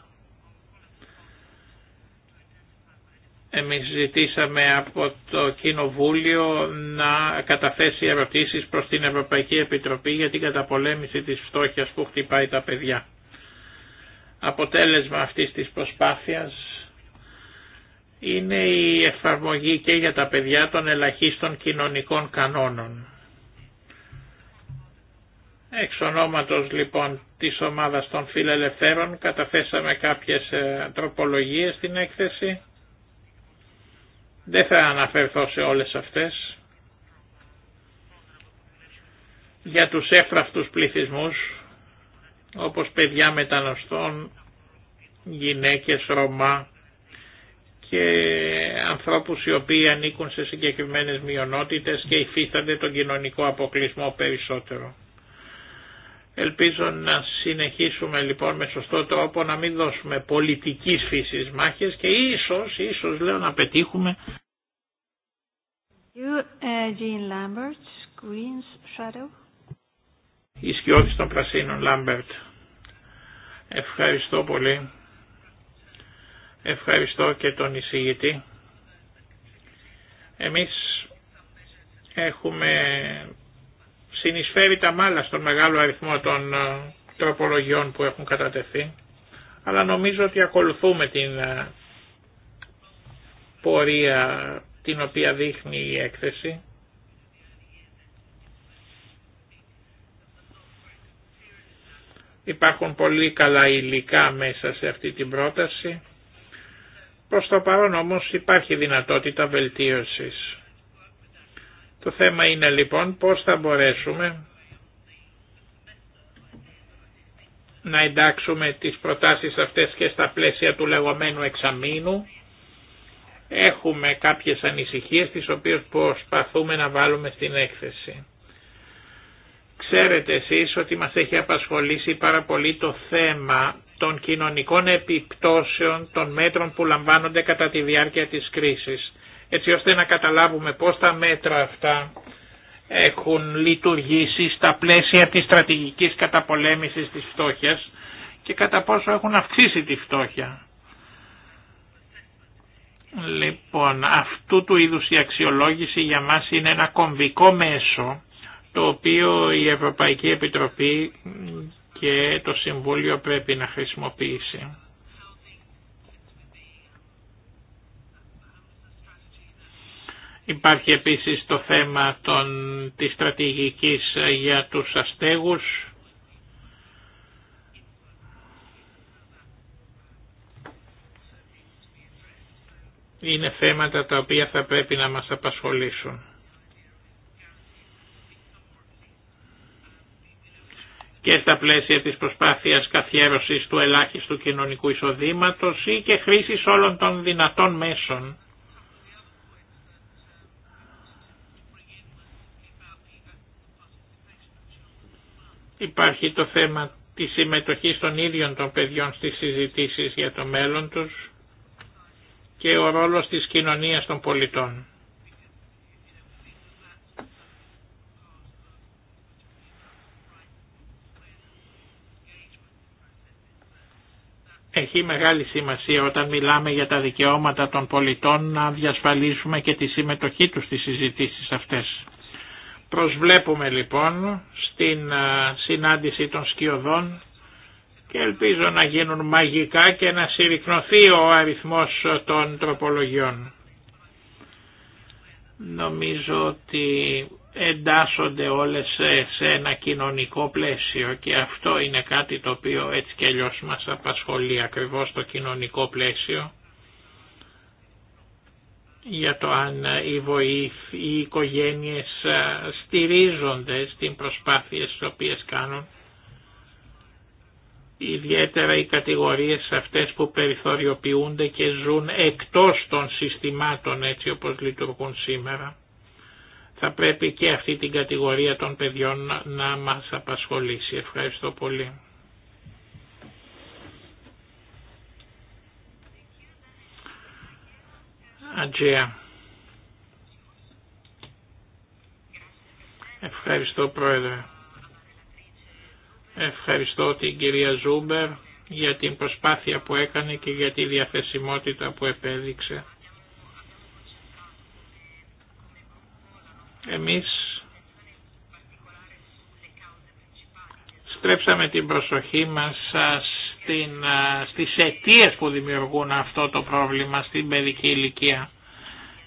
Εμείς ζητήσαμε από το Κοινοβούλιο να καταθέσει ερωτήσεις προς την Ευρωπαϊκή Επιτροπή για την καταπολέμηση της φτώχειας που χτυπάει τα παιδιά. Αποτέλεσμα αυτής της προσπάθειας είναι η εφαρμογή και για τα παιδιά των ελαχίστων κοινωνικών κανόνων. Εξ ονόματος λοιπόν της ομάδας των φιλελευθέρων καταθέσαμε κάποιες ε, τροπολογίες στην έκθεση δεν θα αναφερθώ σε όλες αυτές. Για τους έφραυτους πληθυσμούς, όπως παιδιά μετανοστών, γυναίκες, Ρωμά και ανθρώπους οι οποίοι ανήκουν σε συγκεκριμένες μειονότητες και υφίστανται τον κοινωνικό αποκλεισμό περισσότερο. Ελπίζω να συνεχίσουμε λοιπόν με σωστό τρόπο να μην δώσουμε πολιτικής φύσης μάχες και ίσως, ίσως λέω να πετύχουμε. You, ε, Jean Green's Shadow. Η σκιώδη των πρασίνων Λάμπερτ. Ευχαριστώ πολύ. Ευχαριστώ και τον εισηγητή. Εμείς έχουμε συνεισφέρει τα μάλα στον μεγάλο αριθμό των ε, τροπολογιών που έχουν κατατεθεί, αλλά νομίζω ότι ακολουθούμε την ε, πορεία την οποία δείχνει η έκθεση. Υπάρχουν πολύ καλά υλικά μέσα σε αυτή την πρόταση. Προς το παρόν όμως υπάρχει δυνατότητα βελτίωσης. Το θέμα είναι λοιπόν πώς θα μπορέσουμε να εντάξουμε τις προτάσεις αυτές και στα πλαίσια του λεγόμενου εξαμήνου. Έχουμε κάποιες ανησυχίες τις οποίες προσπαθούμε να βάλουμε στην έκθεση. Ξέρετε εσείς ότι μας έχει απασχολήσει πάρα πολύ το θέμα των κοινωνικών επιπτώσεων των μέτρων που λαμβάνονται κατά τη διάρκεια της κρίσης έτσι ώστε να καταλάβουμε πώς τα μέτρα αυτά έχουν λειτουργήσει στα πλαίσια της στρατηγικής καταπολέμησης της φτώχειας και κατά πόσο έχουν αυξήσει τη φτώχεια. Λοιπόν, αυτού του είδους η αξιολόγηση για μας είναι ένα κομβικό μέσο το οποίο η Ευρωπαϊκή Επιτροπή και το Συμβούλιο πρέπει να χρησιμοποιήσει. Υπάρχει επίσης το θέμα των, της στρατηγικής ε, για τους αστέγους. Είναι θέματα τα οποία θα πρέπει να μας απασχολήσουν. και στα πλαίσια της προσπάθειας καθιέρωσης του ελάχιστου κοινωνικού εισοδήματος ή και χρήσης όλων των δυνατών μέσων Υπάρχει το θέμα της συμμετοχής των ίδιων των παιδιών στις συζητήσεις για το μέλλον τους και ο ρόλος της κοινωνίας των πολιτών. Έχει μεγάλη σημασία όταν μιλάμε για τα δικαιώματα των πολιτών να διασφαλίσουμε και τη συμμετοχή τους στις συζητήσεις αυτές. Προσβλέπουμε λοιπόν στην συνάντηση των σκιωδών και ελπίζω να γίνουν μαγικά και να συρρυκνωθεί ο αριθμός των τροπολογιών. Νομίζω ότι εντάσσονται όλες σε ένα κοινωνικό πλαίσιο και αυτό είναι κάτι το οποίο έτσι κι αλλιώς μας απασχολεί ακριβώς το κοινωνικό πλαίσιο για το αν οι βοήθ, οι οικογένειες στηρίζονται στην προσπάθειες τις οποίες κάνουν. Ιδιαίτερα οι κατηγορίες αυτές που περιθωριοποιούνται και ζουν εκτός των συστημάτων έτσι όπως λειτουργούν σήμερα. Θα πρέπει και αυτή την κατηγορία των παιδιών να μας απασχολήσει. Ευχαριστώ πολύ. Αντζέα. Ευχαριστώ Πρόεδρε. Ευχαριστώ την κυρία Ζούμπερ για την προσπάθεια που έκανε και για τη διαθεσιμότητα που επέδειξε. Εμείς στρέψαμε την προσοχή μας στην, ε, στις που δημιουργούν αυτό το πρόβλημα στην παιδική ηλικία.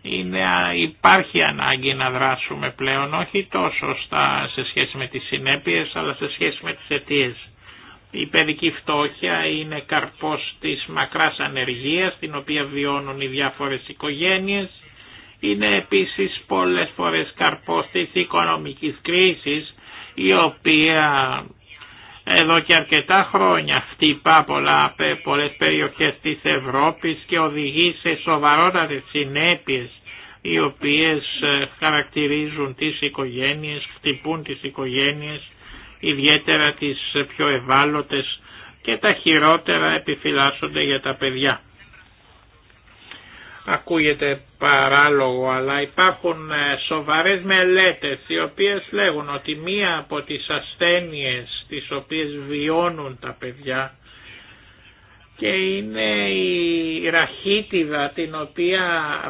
Είναι, υπάρχει ανάγκη να δράσουμε πλέον, όχι τόσο στα, σε σχέση με τις συνέπειες, αλλά σε σχέση με τις αιτίε. Η παιδική φτώχεια είναι καρπός της μακράς ανεργίας, την οποία βιώνουν οι διάφορες οικογένειες. Είναι επίσης πολλές φορές καρπός της οικονομικής κρίσης, η οποία εδώ και αρκετά χρόνια χτυπά πολλά, πολλές περιοχές της Ευρώπης και οδηγεί σε σοβαρότατες συνέπειες οι οποίες ε, χαρακτηρίζουν τις οικογένειες, χτυπούν τις οικογένειες, ιδιαίτερα τις πιο ευάλωτες και τα χειρότερα επιφυλάσσονται για τα παιδιά. Ακούγεται παράλογο, αλλά υπάρχουν ε, σοβαρές μελέτες οι οποίες λέγουν ότι μία από τις ασθένειες τις οποίες βιώνουν τα παιδιά και είναι η ραχίτιδα την οποία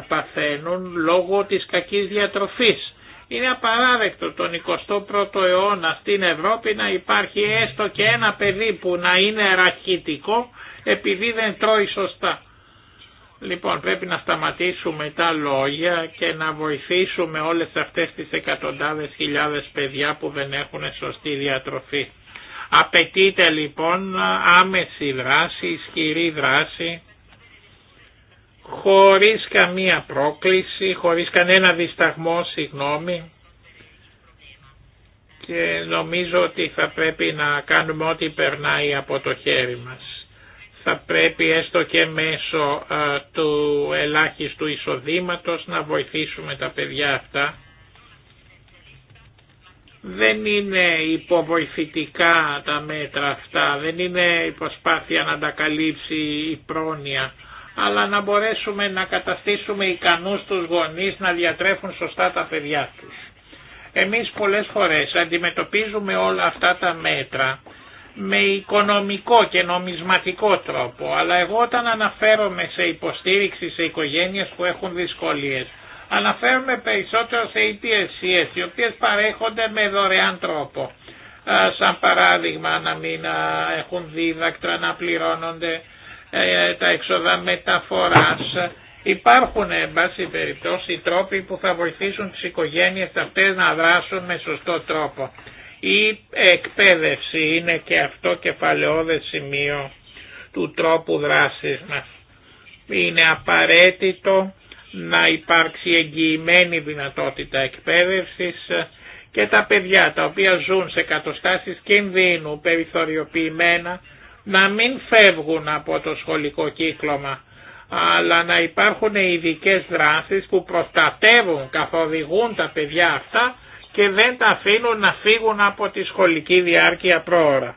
παθαίνουν λόγω της κακής διατροφής. Είναι απαράδεκτο τον 21ο αιώνα στην Ευρώπη να υπάρχει έστω και ένα παιδί που να είναι ραχιτικό επειδή δεν τρώει σωστά. Λοιπόν, πρέπει να σταματήσουμε τα λόγια και να βοηθήσουμε όλες αυτές τις εκατοντάδες χιλιάδες παιδιά που δεν έχουν σωστή διατροφή. Απαιτείται λοιπόν άμεση δράση, ισχυρή δράση, χωρίς καμία πρόκληση, χωρίς κανένα δισταγμό, συγγνώμη, και νομίζω ότι θα πρέπει να κάνουμε ό,τι περνάει από το χέρι μας θα πρέπει έστω και μέσω του ελάχιστου εισοδήματος να βοηθήσουμε τα παιδιά αυτά. Δεν είναι υποβοηθητικά τα μέτρα αυτά, δεν είναι υποσπάθεια να τα καλύψει η πρόνοια, αλλά να μπορέσουμε να καταστήσουμε ικανούς τους γονείς να διατρέφουν σωστά τα παιδιά τους. Εμείς πολλές φορές αντιμετωπίζουμε όλα αυτά τα μέτρα με οικονομικό και νομισματικό τρόπο, αλλά εγώ όταν αναφέρομαι σε υποστήριξη σε οικογένειες που έχουν δυσκολίες, αναφέρομαι περισσότερο σε υπηρεσίες οι οποίες παρέχονται με δωρεάν τρόπο. Σαν παράδειγμα να μην έχουν δίδακτρα, να πληρώνονται ε, τα έξοδα μεταφοράς. Υπάρχουν, εν πάση περιπτώσει, τρόποι που θα βοηθήσουν τις οικογένειες αυτές να δράσουν με σωστό τρόπο. Η εκπαίδευση είναι και αυτό κεφαλαιόδες σημείο του τρόπου δράσης μας. Είναι απαραίτητο να υπάρξει εγγυημένη δυνατότητα εκπαίδευσης και τα παιδιά τα οποία ζουν σε κατοστάσεις κινδύνου περιθωριοποιημένα να μην φεύγουν από το σχολικό κύκλωμα αλλά να υπάρχουν ειδικέ δράσεις που προστατεύουν, καθοδηγούν τα παιδιά αυτά και δεν τα αφήνουν να φύγουν από τη σχολική διάρκεια πρόωρα.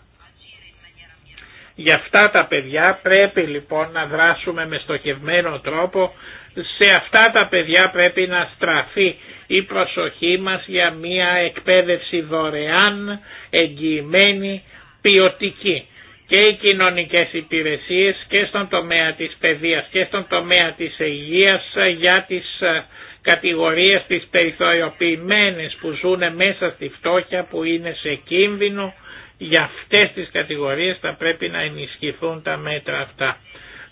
Για αυτά τα παιδιά πρέπει λοιπόν να δράσουμε με στοχευμένο τρόπο, σε αυτά τα παιδιά πρέπει να στραφεί η προσοχή μας για μια εκπαίδευση δωρεάν, εγγυημένη, ποιοτική και οι κοινωνικές υπηρεσίες και στον τομέα της παιδείας και στον τομέα της υγείας για τις ε, κατηγορίες τις περιθωριοποιημένες που ζουν μέσα στη φτώχεια που είναι σε κίνδυνο για αυτές τις κατηγορίες θα πρέπει να ενισχυθούν τα μέτρα αυτά.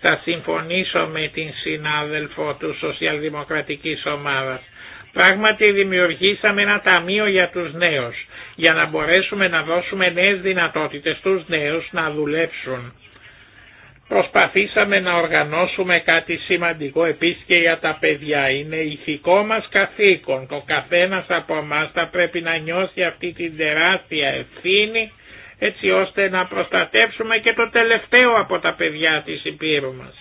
Θα συμφωνήσω με την συνάδελφο του Σοσιαλδημοκρατικής Ομάδας. Πράγματι δημιουργήσαμε ένα ταμείο για τους νέους, για να μπορέσουμε να δώσουμε νέες δυνατότητες στους νέους να δουλέψουν Προσπαθήσαμε να οργανώσουμε κάτι σημαντικό επίσης και για τα παιδιά. Είναι ηθικό μας καθήκον. Το καθένας από εμά θα πρέπει να νιώσει αυτή την τεράστια ευθύνη έτσι ώστε να προστατεύσουμε και το τελευταίο από τα παιδιά της Υπήρου μας.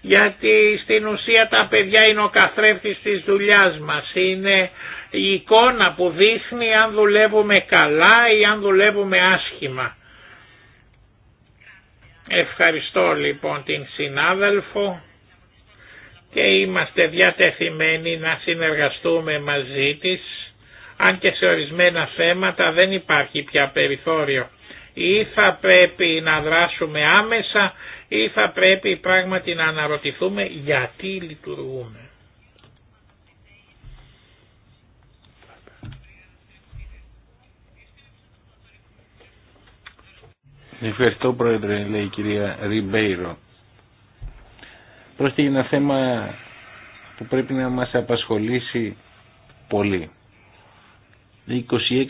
Γιατί στην ουσία τα παιδιά είναι ο καθρέφτης της δουλειάς μας, είναι η εικόνα που δείχνει αν δουλεύουμε καλά ή αν δουλεύουμε άσχημα. Ευχαριστώ λοιπόν την συνάδελφο και είμαστε διατεθειμένοι να συνεργαστούμε μαζί της αν και σε ορισμένα θέματα δεν υπάρχει πια περιθώριο. Ή θα πρέπει να δράσουμε άμεσα ή θα πρέπει πράγματι να αναρωτηθούμε γιατί λειτουργούμε. Ευχαριστώ πρόεδρε, λέει η κυρία Ριμπέιρο. Πρόκειται ένα θέμα που πρέπει να μας απασχολήσει πολύ. 26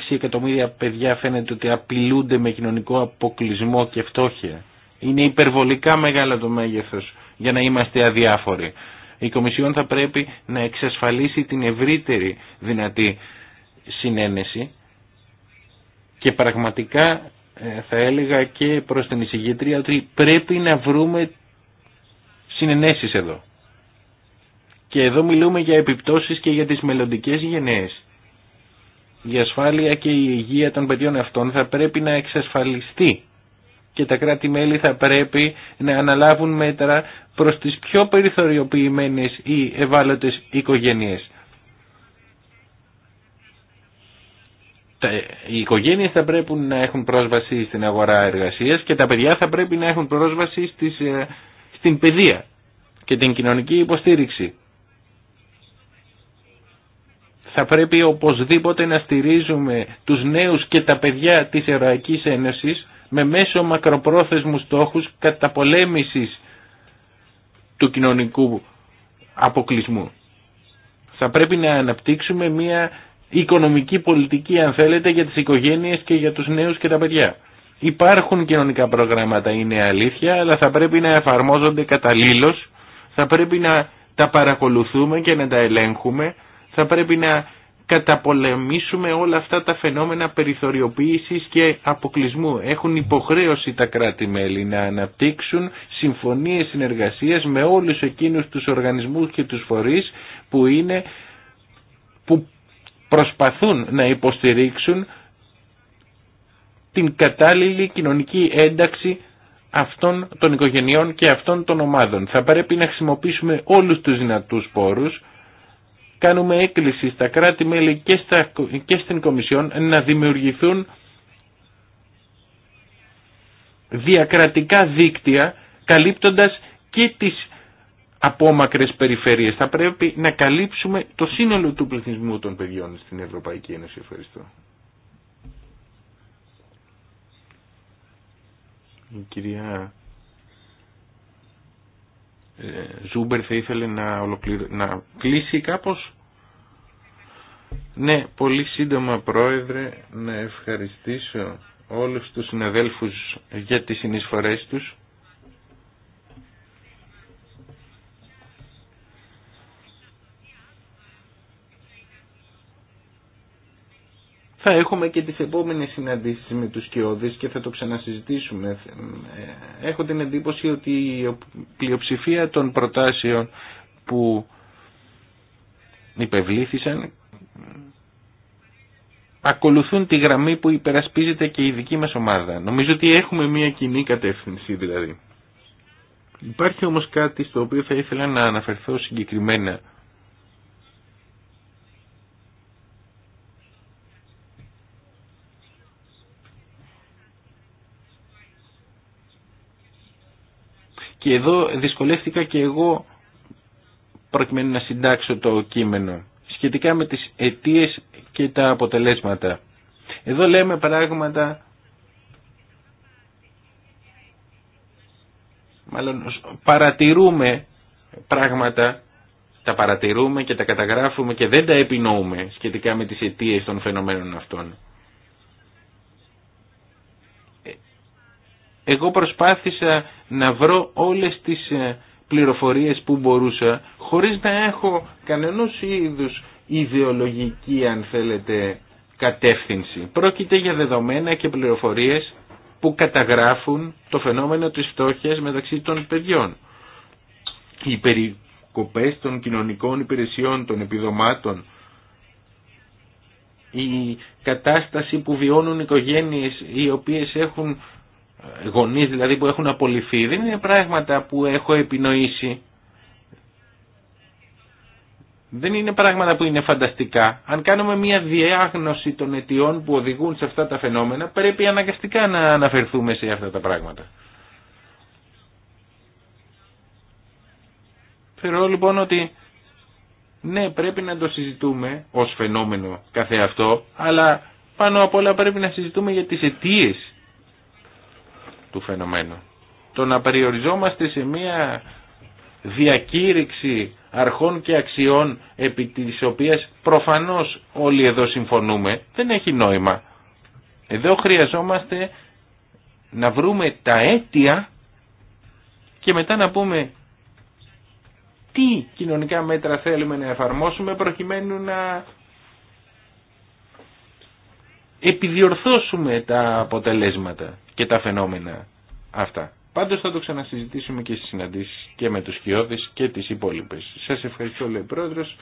εκατομμύρια παιδιά φαίνεται ότι απειλούνται με κοινωνικό αποκλεισμό και φτώχεια. Είναι υπερβολικά μεγάλο το μέγεθος για να είμαστε αδιάφοροι. Η Κομισιόν θα πρέπει να εξασφαλίσει την ευρύτερη δυνατή συνένεση και πραγματικά ε, θα έλεγα και προς την εισηγήτρια ότι πρέπει να βρούμε συνενέσεις εδώ. Και εδώ μιλούμε για επιπτώσεις και για τις μελλοντικές γενναίες. Η ασφάλεια και η υγεία των παιδιών αυτών θα πρέπει να εξασφαλιστεί και τα κράτη-μέλη θα πρέπει να αναλάβουν μέτρα προς τις πιο περιθωριοποιημένες ή ευάλωτες οικογένειες. οι οικογένειες θα πρέπει να έχουν πρόσβαση στην αγορά εργασίας και τα παιδιά θα πρέπει να έχουν πρόσβαση ε, στην παιδεία και την κοινωνική υποστήριξη. Θα πρέπει οπωσδήποτε να στηρίζουμε τους νέους και τα παιδιά της Ευρωπαϊκή Ένωσης με μέσο μακροπρόθεσμους στόχους καταπολέμησης του κοινωνικού αποκλεισμού. Θα πρέπει να αναπτύξουμε μια οικονομική πολιτική αν θέλετε για τις οικογένειες και για τους νέους και τα παιδιά. Υπάρχουν κοινωνικά προγράμματα, είναι αλήθεια, αλλά θα πρέπει να εφαρμόζονται καταλήλως, θα πρέπει να τα παρακολουθούμε και να τα ελέγχουμε, θα πρέπει να καταπολεμήσουμε όλα αυτά τα φαινόμενα περιθωριοποίησης και αποκλεισμού. Έχουν υποχρέωση τα κράτη-μέλη να αναπτύξουν συμφωνίες συνεργασίας με όλους εκείνους τους οργανισμούς και τους φορείς που είναι που προσπαθούν να υποστηρίξουν την κατάλληλη κοινωνική ένταξη αυτών των οικογενειών και αυτών των ομάδων. Θα πρέπει να χρησιμοποιήσουμε όλους τους δυνατούς πόρους. Κάνουμε έκκληση στα κράτη-μέλη και, και στην Κομισιόν να δημιουργηθούν διακρατικά δίκτυα καλύπτοντας και τις απόμακρες περιφέρειες. Θα πρέπει να καλύψουμε το σύνολο του πληθυσμού των παιδιών στην Ευρωπαϊκή Ένωση. Ευχαριστώ. Η κυρία ε, Ζούμπερ θα ήθελε να, να κλείσει κάπως. Ναι, πολύ σύντομα πρόεδρε να ευχαριστήσω όλους τους συναδέλφους για τις συνεισφορές τους Θα έχουμε και τις επόμενες συναντήσεις με τους Κιώδης και θα το ξανασυζητήσουμε. Ε, έχω την εντύπωση ότι η πλειοψηφία των προτάσεων που υπευλήθησαν ακολουθούν τη γραμμή που υπερασπίζεται και η δική μας ομάδα. Νομίζω ότι έχουμε μια κοινή κατεύθυνση δηλαδή. Υπάρχει όμως κάτι στο οποίο θα ήθελα να αναφερθώ συγκεκριμένα Και εδώ δυσκολεύτηκα και εγώ προκειμένου να συντάξω το κείμενο σχετικά με τις αιτίες και τα αποτελέσματα. Εδώ λέμε πράγματα μάλλον παρατηρούμε πράγματα τα παρατηρούμε και τα καταγράφουμε και δεν τα επινοούμε σχετικά με τις αιτίες των φαινομένων αυτών. Εγώ προσπάθησα να βρω όλες τις ε, πληροφορίες που μπορούσα χωρίς να έχω κανενός είδους ιδεολογική αν θέλετε κατεύθυνση. Πρόκειται για δεδομένα και πληροφορίες που καταγράφουν το φαινόμενο της φτώχειας μεταξύ των παιδιών. Οι περικοπές των κοινωνικών υπηρεσιών, των επιδομάτων, η κατάσταση που βιώνουν οικογένειες οι οποίες έχουν ε, γονείς δηλαδή που έχουν απολυθεί δεν είναι πράγματα που έχω επινοήσει δεν είναι πράγματα που είναι φανταστικά αν κάνουμε μια διάγνωση των αιτιών που οδηγούν σε αυτά τα φαινόμενα πρέπει αναγκαστικά να αναφερθούμε σε αυτά τα πράγματα θεωρώ λοιπόν ότι ναι πρέπει να το συζητούμε ως φαινόμενο καθεαυτό αλλά πάνω απ' όλα πρέπει να συζητούμε για τις αιτίες του φαινομένου. Το να περιοριζόμαστε σε μία διακήρυξη αρχών και αξιών επί της οποίας προφανώς όλοι εδώ συμφωνούμε δεν έχει νόημα. Εδώ χρειαζόμαστε να βρούμε τα αίτια και μετά να πούμε τι κοινωνικά μέτρα θέλουμε να εφαρμόσουμε προκειμένου να επιδιορθώσουμε τα αποτελέσματα και τα φαινόμενα αυτά. Πάντως θα το ξανασυζητήσουμε και στις συναντήσεις και με τους Χιώδης και τις υπόλοιπες. Σας ευχαριστώ λέει Πρόεδρος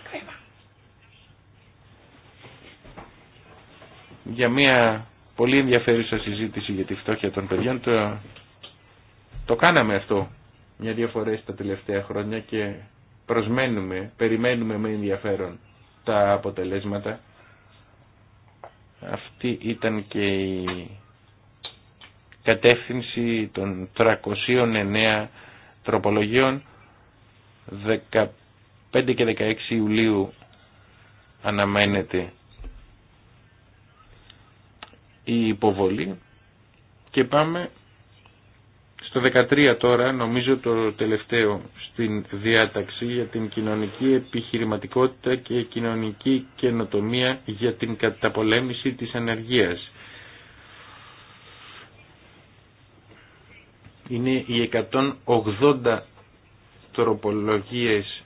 για μια πολύ ενδιαφέρουσα συζήτηση για τη φτώχεια των παιδιών. Το, το κάναμε αυτό μια-δύο φορές τα τελευταία χρόνια και προσμένουμε, περιμένουμε με ενδιαφέρον τα αποτελέσματα αυτή ήταν και η κατεύθυνση των 309 τροπολογιών 15 και 16 Ιουλίου αναμένεται η υποβολή και πάμε στο 13 τώρα, νομίζω το τελευταίο στην διάταξη για την κοινωνική επιχειρηματικότητα και κοινωνική καινοτομία για την καταπολέμηση της ανεργίας. Είναι οι 180 τροπολογίες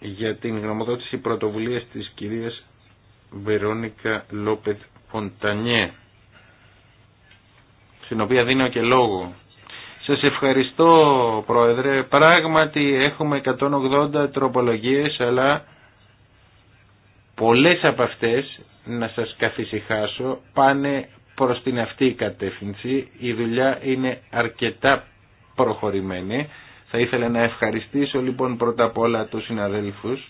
για την γνωμοδότηση πρωτοβουλίας της κυρίας Βερόνικα Λόπεθ Φοντανιέ στην οποία δίνω και λόγο. Σας ευχαριστώ Πρόεδρε. Πράγματι έχουμε 180 τροπολογίες αλλά πολλές από αυτές, να σας καθησυχάσω, πάνε προς την αυτή κατεύθυνση. Η δουλειά είναι αρκετά προχωρημένη. Θα ήθελα να ευχαριστήσω λοιπόν πρώτα απ' όλα τους συναδέλφους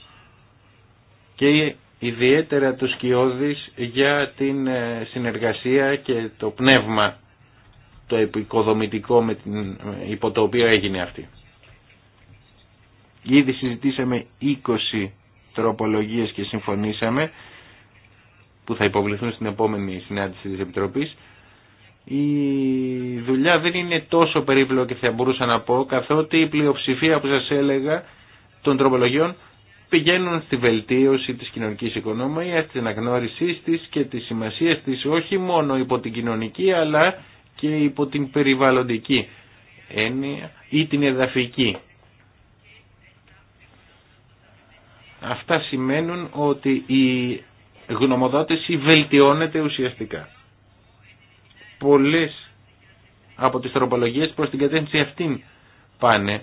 και ιδιαίτερα τους Κιώδης για την ε, συνεργασία και το πνεύμα το επικοδομητικό με την, υπό το οποίο έγινε αυτή. Ήδη συζητήσαμε 20 τροπολογίες και συμφωνήσαμε που θα υποβληθούν στην επόμενη συνάντηση της Επιτροπής. Η δουλειά δεν είναι τόσο περίπλοκη θα μπορούσα να πω καθότι η πλειοψηφία που σας έλεγα των τροπολογιών πηγαίνουν στη βελτίωση της κοινωνικής οικονομίας, της αναγνώρισής της και της σημασίας της όχι μόνο υπό την κοινωνική αλλά και υπό την περιβαλλοντική έννοια ή την εδαφική. Αυτά σημαίνουν ότι η γνωμοδότηση βελτιώνεται ουσιαστικά. Πολλές από τις τροπολογίες προς την κατεύθυνση αυτήν πάνε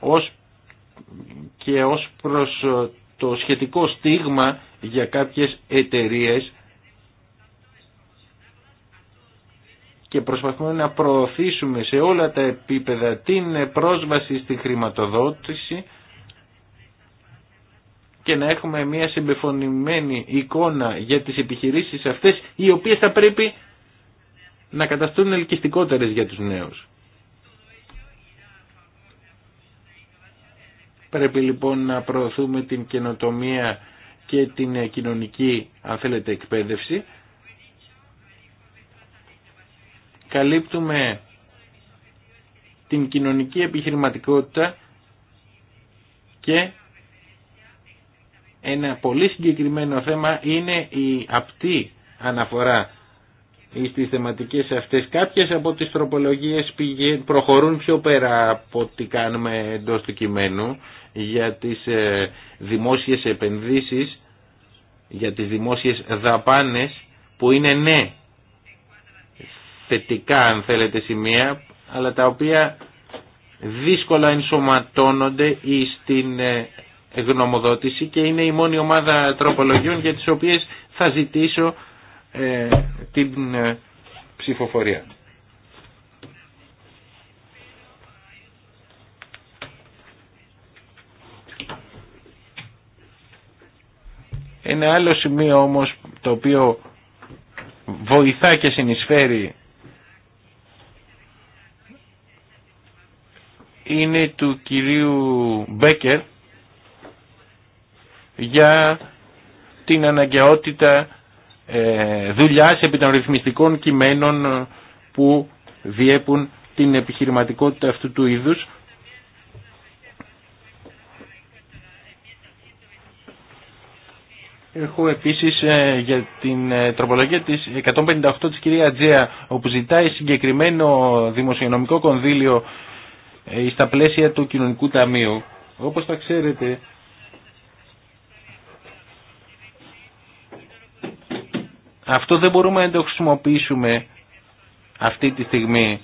ως και ως προς το σχετικό στίγμα για κάποιες εταιρείες και προσπαθούμε να προωθήσουμε σε όλα τα επίπεδα την πρόσβαση στη χρηματοδότηση και να έχουμε μια συμπεφωνημένη εικόνα για τις επιχειρήσεις αυτές οι οποίες θα πρέπει να καταστούν ελκυστικότερες για τους νέους. Πρέπει λοιπόν να προωθούμε την καινοτομία και την κοινωνική αν θέλετε εκπαίδευση καλύπτουμε την κοινωνική επιχειρηματικότητα και ένα πολύ συγκεκριμένο θέμα είναι η απτή αναφορά στις θεματικές αυτές. Κάποιες από τις τροπολογίες προχωρούν πιο πέρα από τι κάνουμε εντό του κειμένου για τις ε, δημόσιες επενδύσεις, για τις δημόσιες δαπάνες που είναι ναι θετικά αν θέλετε σημεία αλλά τα οποία δύσκολα ενσωματώνονται στην ε, γνωμοδότηση και είναι η μόνη ομάδα τροπολογιών για τις οποίες θα ζητήσω ε, την ε, ψηφοφορία. Ένα άλλο σημείο όμως το οποίο βοηθά και συνεισφέρει είναι του κυρίου Μπέκερ για την αναγκαιότητα ε, δουλειάς επί των ρυθμιστικών κειμένων ε, που διέπουν την επιχειρηματικότητα αυτού του είδους. Έχω επίσης ε, για την ε, τροπολογία της 158 της κυρία Τζέα όπου ζητάει συγκεκριμένο δημοσιονομικό κονδύλιο ε, στα πλαίσια του κοινωνικού ταμείου. Όπως τα ξέρετε, αυτό δεν μπορούμε να το χρησιμοποιήσουμε αυτή τη στιγμή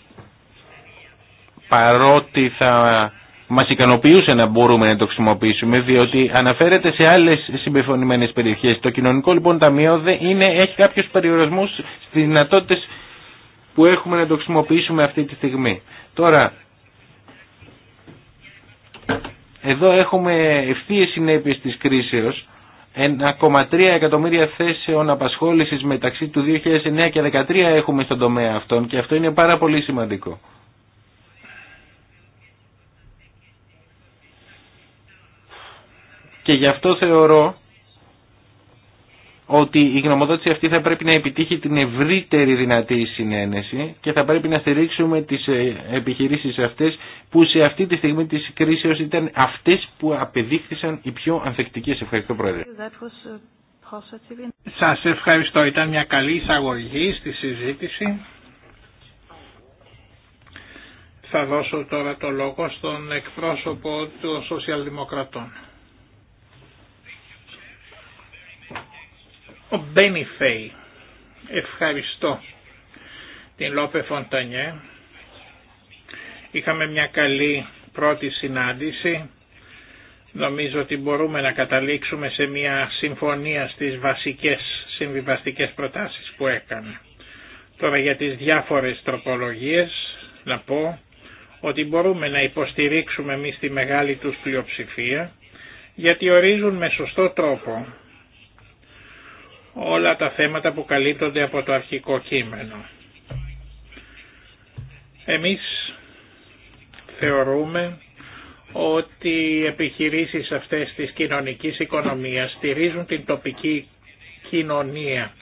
παρότι θα μας ικανοποιούσε να μπορούμε να το χρησιμοποιήσουμε διότι αναφέρεται σε άλλες συμπεφωνημένες περιοχές. Το κοινωνικό λοιπόν ταμείο είναι, έχει κάποιους περιορισμούς στις δυνατότητες που έχουμε να το χρησιμοποιήσουμε αυτή τη στιγμή. Τώρα, εδώ έχουμε ευθείε συνέπειε της κρίσεως. 1,3 εκατομμύρια θέσεων απασχόληση μεταξύ του 2009 και 2013 έχουμε στον τομέα αυτών και αυτό είναι πάρα πολύ σημαντικό. Και γι' αυτό θεωρώ ότι η γνωμοδότηση αυτή θα πρέπει να επιτύχει την ευρύτερη δυνατή συνένεση και θα πρέπει να στηρίξουμε τις ε, επιχειρήσεις αυτές που σε αυτή τη στιγμή της κρίσεως ήταν αυτές που απεδείχθησαν οι πιο ανθεκτικές. Ευχαριστώ Πρόεδρε. Ε, Σας ευχαριστώ. Ήταν μια καλή εισαγωγή στη συζήτηση. Θα δώσω τώρα το λόγο στον εκπρόσωπο των Σοσιαλδημοκρατών. Ο Φέι. Ευχαριστώ την Λόπε Φοντανιέ. Είχαμε μια καλή πρώτη συνάντηση. Νομίζω ότι μπορούμε να καταλήξουμε σε μια συμφωνία στις βασικές συμβιβαστικές προτάσεις που έκανε. Τώρα για τις διάφορες τροπολογίες να πω ότι μπορούμε να υποστηρίξουμε εμεί τη μεγάλη τους πλειοψηφία γιατί ορίζουν με σωστό τρόπο όλα τα θέματα που καλύπτονται από το αρχικό κείμενο. Εμείς θεωρούμε ότι οι επιχειρήσεις αυτές της κοινωνικής οικονομίας στηρίζουν την τοπική κοινωνία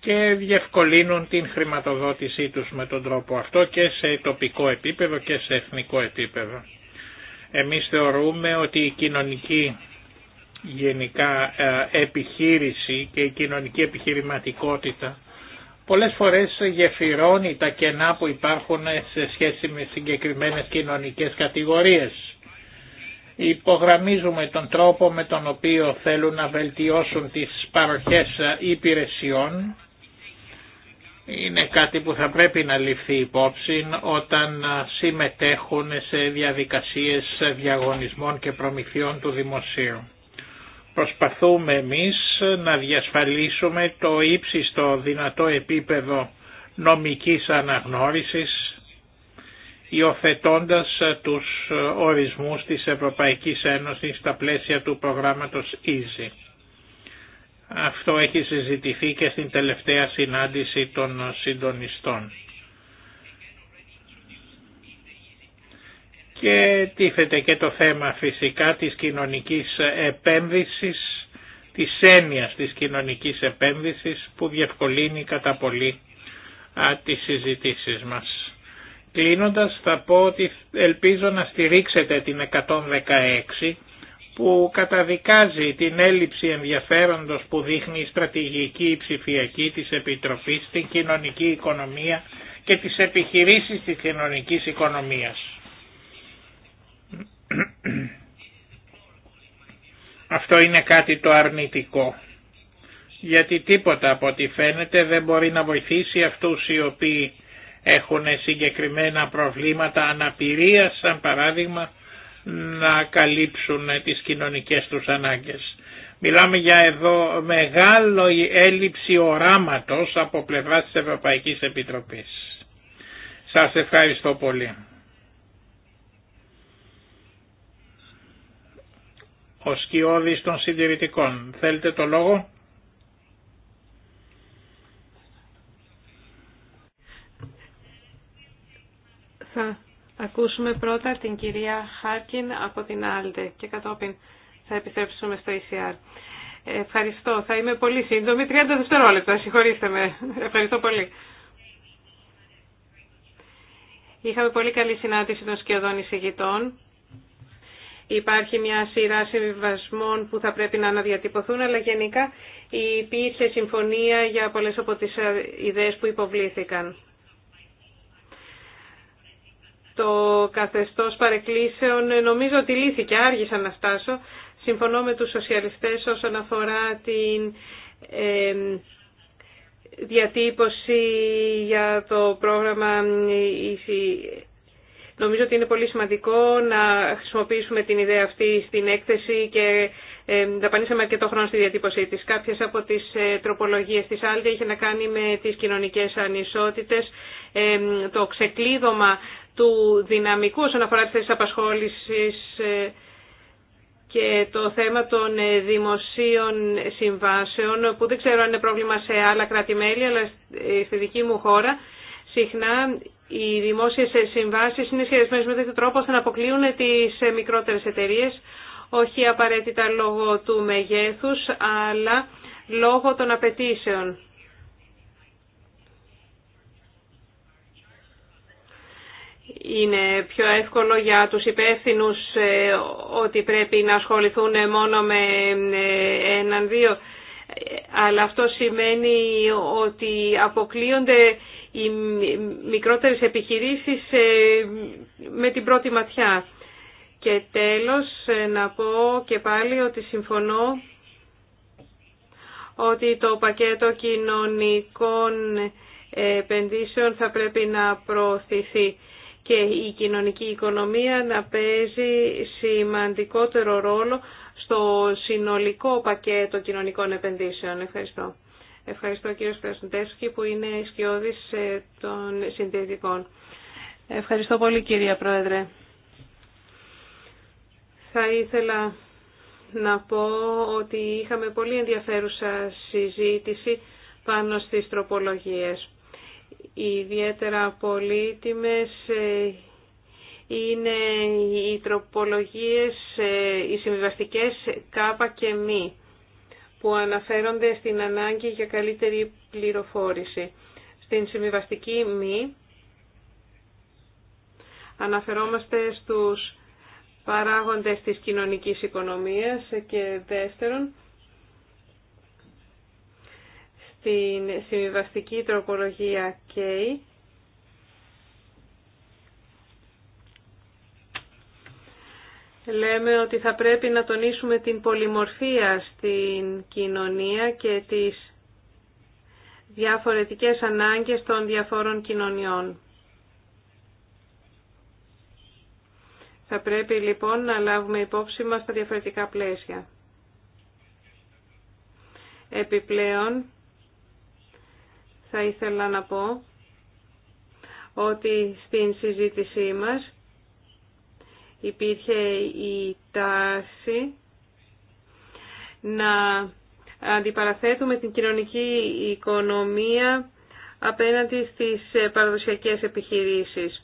και διευκολύνουν την χρηματοδότησή τους με τον τρόπο αυτό και σε τοπικό επίπεδο και σε εθνικό επίπεδο. Εμείς θεωρούμε ότι η κοινωνική γενικά ε, επιχείρηση και η κοινωνική επιχειρηματικότητα πολλές φορές γεφυρώνει τα κενά που υπάρχουν σε σχέση με συγκεκριμένες κοινωνικές κατηγορίες. Υπογραμμίζουμε τον τρόπο με τον οποίο θέλουν να βελτιώσουν τις παροχές υπηρεσιών. Είναι κάτι που θα πρέπει να ληφθεί υπόψη όταν συμμετέχουν σε διαδικασίες διαγωνισμών και προμηθειών του δημοσίου. Προσπαθούμε εμείς να διασφαλίσουμε το ύψιστο δυνατό επίπεδο νομικής αναγνώρισης υιοθετώντα τους ορισμούς της Ευρωπαϊκής Ένωσης στα πλαίσια του προγράμματος EASY. Αυτό έχει συζητηθεί και στην τελευταία συνάντηση των συντονιστών. και τίθεται και το θέμα φυσικά της κοινωνικής επένδυσης, της έννοιας της κοινωνικής επένδυσης που διευκολύνει κατά πολύ α, τις συζητήσεις μας. Κλείνοντας θα πω ότι ελπίζω να στηρίξετε την 116 που καταδικάζει την έλλειψη ενδιαφέροντος που δείχνει η στρατηγική ψηφιακή της Επιτροπής στην κοινωνική οικονομία και τις επιχειρήσεις της κοινωνικής οικονομίας. Αυτό είναι κάτι το αρνητικό. Γιατί τίποτα από ό,τι φαίνεται δεν μπορεί να βοηθήσει αυτούς οι οποίοι έχουν συγκεκριμένα προβλήματα αναπηρίας, σαν παράδειγμα, να καλύψουν τις κοινωνικές τους ανάγκες. Μιλάμε για εδώ μεγάλο έλλειψη οράματος από πλευράς της Ευρωπαϊκής Επιτροπής. Σας ευχαριστώ πολύ. ο σκιώδης των συντηρητικών. Θέλετε το λόγο. Θα ακούσουμε πρώτα την κυρία Χάρκιν από την Άλτε και κατόπιν θα επιστρέψουμε στο ECR. Ευχαριστώ. Θα είμαι πολύ σύντομη. 30 δευτερόλεπτα. Συγχωρήστε με. Ευχαριστώ πολύ. Είχαμε πολύ καλή συνάντηση των σκιωδών εισηγητών. Υπάρχει μια σειρά συμβιβασμών που θα πρέπει να αναδιατυπωθούν, αλλά γενικά υπήρχε συμφωνία για πολλές από τις ε, ιδέες που υποβλήθηκαν. Το καθεστώς παρεκκλήσεων ε, νομίζω ότι λύθηκε, άργησα να φτάσω. Συμφωνώ με τους σοσιαλιστές όσον αφορά την διατύπωση για το πρόγραμμα ε, Νομίζω ότι είναι πολύ σημαντικό να χρησιμοποιήσουμε την ιδέα αυτή στην έκθεση και ε, δαπανίσαμε αρκετό χρόνο στη διατύπωσή της. Κάποιες από τις ε, τροπολογίες της Άλγα είχε να κάνει με τις κοινωνικές ανισότητες, ε, το ξεκλείδωμα του δυναμικού όσον αφορά τις θέσεις απασχόλησης και το θέμα των δημοσίων συμβάσεων που δεν ξέρω αν είναι πρόβλημα σε άλλα κράτη-μέλη αλλά στη δική μου χώρα συχνά οι δημόσιες συμβάσεις είναι σχεδιασμένες με τέτοιο τρόπο ώστε να αποκλείουν τις μικρότερες εταιρείες, όχι απαραίτητα λόγω του μεγέθους, αλλά λόγω των απαιτήσεων. είναι πιο εύκολο για τους υπεύθυνους ε, ότι πρέπει να ασχοληθούν μόνο με ε, έναν δύο. Ε, αλλά αυτό σημαίνει ότι αποκλείονται οι μικρότερες επιχειρήσεις ε, με την πρώτη ματιά. Και τέλος ε, να πω και πάλι ότι συμφωνώ ότι το πακέτο κοινωνικών ε, επενδύσεων θα πρέπει να προωθηθεί και η κοινωνική οικονομία να παίζει σημαντικότερο ρόλο στο συνολικό πακέτο κοινωνικών επενδύσεων. Ευχαριστώ. Ευχαριστώ κύριο Κρασντέσκη που είναι ισχυώδης ε, των συντηρητικών. Ευχαριστώ πολύ κυρία Πρόεδρε. Θα ήθελα να πω ότι είχαμε πολύ ενδιαφέρουσα συζήτηση πάνω στις τροπολογίες. Ιδιαίτερα πολύτιμες ε, είναι οι τροπολογίες, ε, οι συμβιβαστικές κάπα και μη που αναφέρονται στην ανάγκη για καλύτερη πληροφόρηση. Στην συμβιβαστική μη αναφερόμαστε στους παράγοντες της κοινωνικής οικονομίας και δεύτερον στην συμβιβαστική τροπολογία K λέμε ότι θα πρέπει να τονίσουμε την πολυμορφία στην κοινωνία και τις διαφορετικές ανάγκες των διαφόρων κοινωνιών. Θα πρέπει λοιπόν να λάβουμε υπόψη μας τα διαφορετικά πλαίσια. Επιπλέον, θα ήθελα να πω ότι στην συζήτησή μας υπήρχε η τάση να αντιπαραθέτουμε την κοινωνική οικονομία απέναντι στις παραδοσιακές επιχειρήσεις.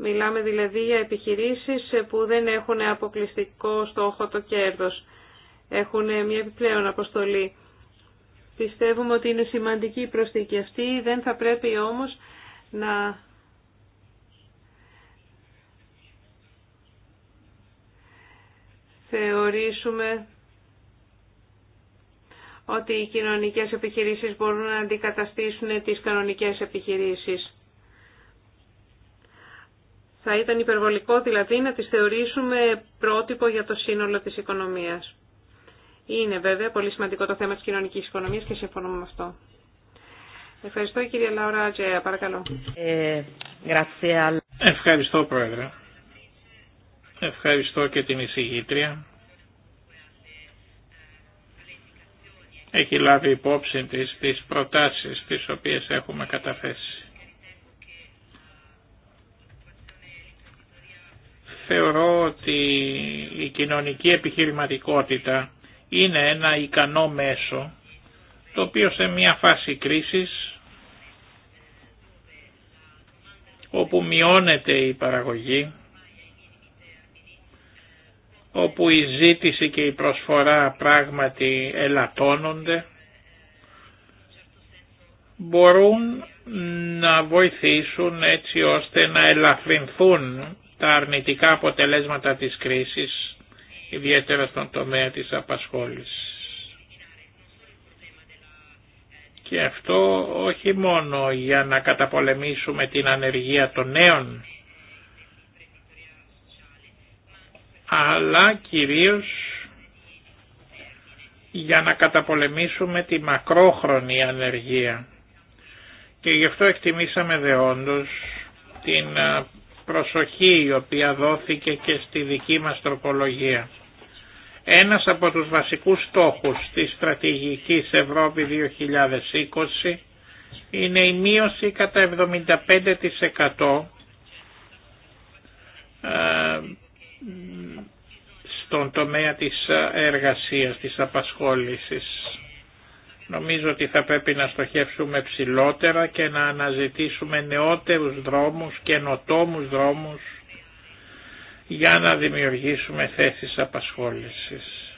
Μιλάμε δηλαδή για επιχειρήσεις που δεν έχουν αποκλειστικό στόχο το κέρδος. Έχουν μια επιπλέον αποστολή. Πιστεύουμε ότι είναι σημαντική η προσθήκη αυτή, δεν θα πρέπει όμως να θεωρήσουμε ότι οι κοινωνικές επιχειρήσεις μπορούν να αντικαταστήσουν τις κανονικές επιχειρήσεις. Θα ήταν υπερβολικό δηλαδή να τις θεωρήσουμε πρότυπο για το σύνολο της οικονομίας. Είναι βέβαια πολύ σημαντικό το θέμα της κοινωνικής οικονομίας και συμφωνώ με αυτό. Ευχαριστώ κυρία Λαούρα Ατζέα, παρακαλώ. Ε, Ευχαριστώ πρόεδρε. Ευχαριστώ και την εισηγήτρια. Έχει λάβει υπόψη τη τις προτάσεις τις οποίες έχουμε καταθέσει. Θεωρώ ότι η κοινωνική επιχειρηματικότητα είναι ένα ικανό μέσο το οποίο σε μια φάση κρίσης όπου μειώνεται η παραγωγή, όπου η ζήτηση και η προσφορά πράγματι ελαττώνονται, μπορούν να βοηθήσουν έτσι ώστε να ελαφρυνθούν τα αρνητικά αποτελέσματα της κρίσης ιδιαίτερα στον τομέα της απασχόλησης. Και αυτό όχι μόνο για να καταπολεμήσουμε την ανεργία των νέων, αλλά κυρίως για να καταπολεμήσουμε τη μακρόχρονη ανεργία. Και γι' αυτό εκτιμήσαμε δεόντως την προσοχή η οποία δόθηκε και στη δική μας τροπολογία. Ένας από τους βασικούς στόχους της στρατηγικής Ευρώπη 2020 είναι η μείωση κατά 75% ε, στον τομέα της εργασίας, της απασχόλησης. Νομίζω ότι θα πρέπει να στοχεύσουμε ψηλότερα και να αναζητήσουμε νεότερους δρόμους, καινοτόμους δρόμους για να δημιουργήσουμε θέσεις απασχόλησης.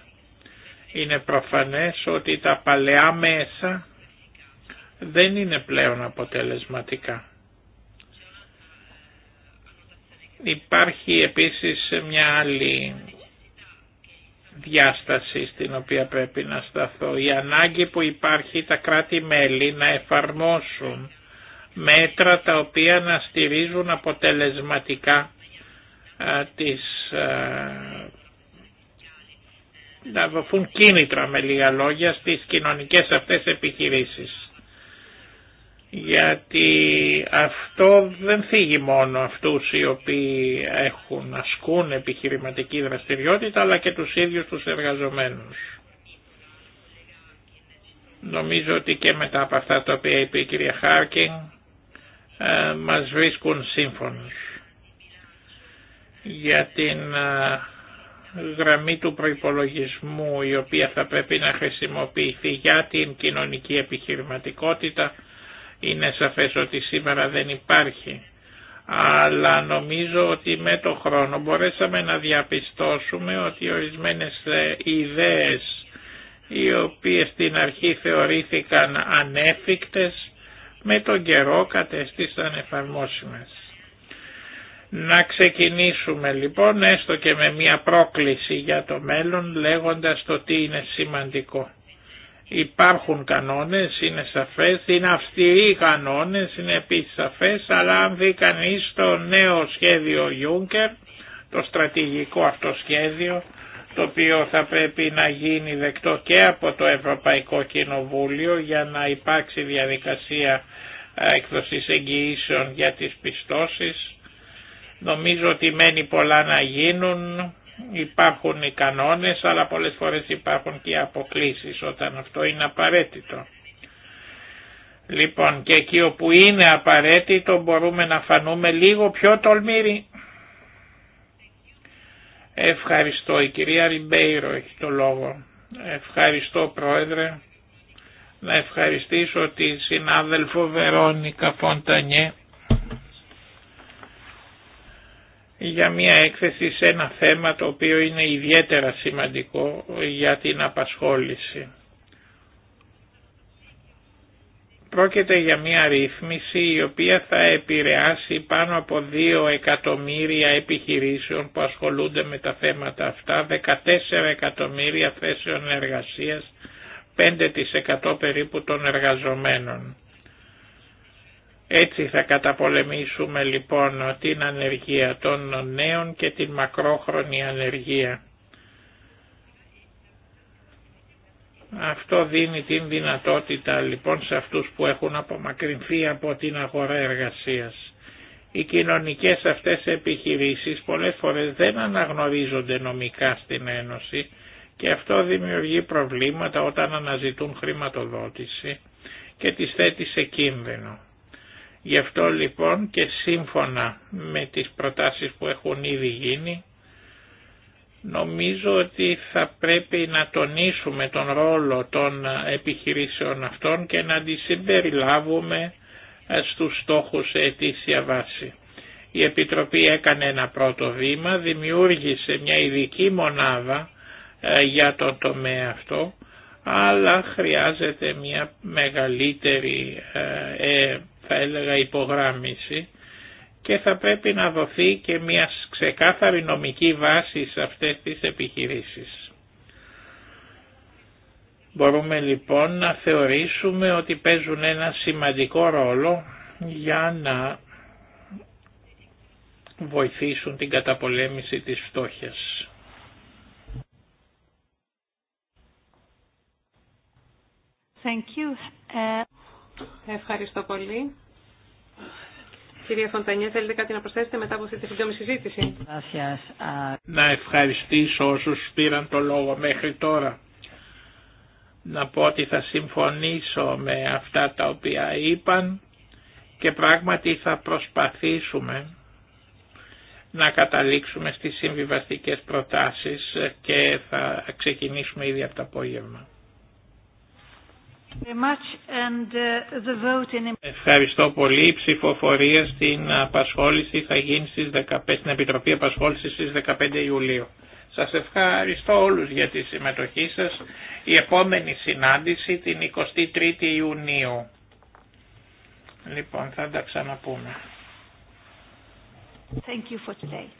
Είναι προφανές ότι τα παλαιά μέσα δεν είναι πλέον αποτελεσματικά. Υπάρχει επίσης μια άλλη διάσταση στην οποία πρέπει να σταθώ. Η ανάγκη που υπάρχει τα κράτη-μέλη να εφαρμόσουν μέτρα τα οποία να στηρίζουν αποτελεσματικά ε, ε, να δοθούν κίνητρα με λίγα λόγια στις κοινωνικές αυτές επιχειρήσεις. Γιατί αυτό δεν θίγει μόνο αυτούς οι οποίοι έχουν ασκούν επιχειρηματική δραστηριότητα αλλά και τους ίδιους τους εργαζομένους. Νομίζω ότι και μετά από αυτά τα οποία είπε η κυρία Χάρκινγκ ε, μας βρίσκουν σύμφωνος για την γραμμή του προϋπολογισμού η οποία θα πρέπει να χρησιμοποιηθεί για την κοινωνική επιχειρηματικότητα είναι σαφές ότι σήμερα δεν υπάρχει αλλά νομίζω ότι με το χρόνο μπορέσαμε να διαπιστώσουμε ότι ορισμένες ε, ιδέες οι οποίες στην αρχή θεωρήθηκαν ανέφικτες με τον καιρό κατέστησαν εφαρμόσιμες. Να ξεκινήσουμε λοιπόν έστω και με μια πρόκληση για το μέλλον λέγοντας το τι είναι σημαντικό. Υπάρχουν κανόνες, είναι σαφές, είναι αυστηροί κανόνες, είναι επίσης σαφές, αλλά αν δει κανείς το νέο σχέδιο Juncker, το στρατηγικό αυτό σχέδιο, το οποίο θα πρέπει να γίνει δεκτό και από το Ευρωπαϊκό Κοινοβούλιο για να υπάρξει διαδικασία εκδοσής εγγυήσεων για τις πιστώσεις, Νομίζω ότι μένει πολλά να γίνουν, υπάρχουν οι κανόνες αλλά πολλές φορές υπάρχουν και αποκλήσεις όταν αυτό είναι απαραίτητο. Λοιπόν και εκεί όπου είναι απαραίτητο μπορούμε να φανούμε λίγο πιο τολμήροι. Ευχαριστώ η κυρία Ριμπέιρο έχει το λόγο. Ευχαριστώ πρόεδρε. Να ευχαριστήσω τη συνάδελφο Βερόνικα Φοντανιέ για μια έκθεση σε ένα θέμα το οποίο είναι ιδιαίτερα σημαντικό για την απασχόληση. Πρόκειται για μια ρύθμιση η οποία θα επηρεάσει πάνω από 2 εκατομμύρια επιχειρήσεων που ασχολούνται με τα θέματα αυτά, 14 εκατομμύρια θέσεων εργασίας, 5% περίπου των εργαζομένων. Έτσι θα καταπολεμήσουμε λοιπόν την ανεργία των νέων και την μακρόχρονη ανεργία. Αυτό δίνει την δυνατότητα λοιπόν σε αυτούς που έχουν απομακρυνθεί από την αγορά εργασίας. Οι κοινωνικές αυτές επιχειρήσεις πολλές φορές δεν αναγνωρίζονται νομικά στην Ένωση και αυτό δημιουργεί προβλήματα όταν αναζητούν χρηματοδότηση και τις θέτει σε κίνδυνο. Γι' αυτό λοιπόν και σύμφωνα με τις προτάσεις που έχουν ήδη γίνει, νομίζω ότι θα πρέπει να τονίσουμε τον ρόλο των επιχειρήσεων αυτών και να τις συμπεριλάβουμε ε, στους στόχους σε αιτήσια βάση. Η Επιτροπή έκανε ένα πρώτο βήμα, δημιούργησε μια ειδική μονάδα ε, για τον τομέα αυτό, αλλά χρειάζεται μια μεγαλύτερη ε, θα έλεγα υπογράμμιση και θα πρέπει να δοθεί και μια ξεκάθαρη νομική βάση σε αυτές τις επιχειρήσεις. Μπορούμε λοιπόν να θεωρήσουμε ότι παίζουν ένα σημαντικό ρόλο για να βοηθήσουν την καταπολέμηση της φτώχειας. Thank you. Ε, Ευχαριστώ πολύ. Κυρία Φωντανιέ, θέλετε κάτι να προσθέσετε μετά από αυτή τη σύντομη συζήτηση. Να ευχαριστήσω όσους πήραν το λόγο μέχρι τώρα. Να πω ότι θα συμφωνήσω με αυτά τα οποία είπαν και πράγματι θα προσπαθήσουμε να καταλήξουμε στις συμβιβαστικές προτάσεις και θα ξεκινήσουμε ήδη από το απόγευμα. Uh, ευχαριστώ πολύ. Η ψηφοφορία στην απασχόληση θα γίνει στις 15, στην Επιτροπή Απασχόλησης στις 15 Ιουλίου. Σας ευχαριστώ όλους για τη συμμετοχή σας. Η επόμενη συνάντηση την 23η Ιουνίου. Λοιπόν, θα τα ξαναπούμε. Thank you for today.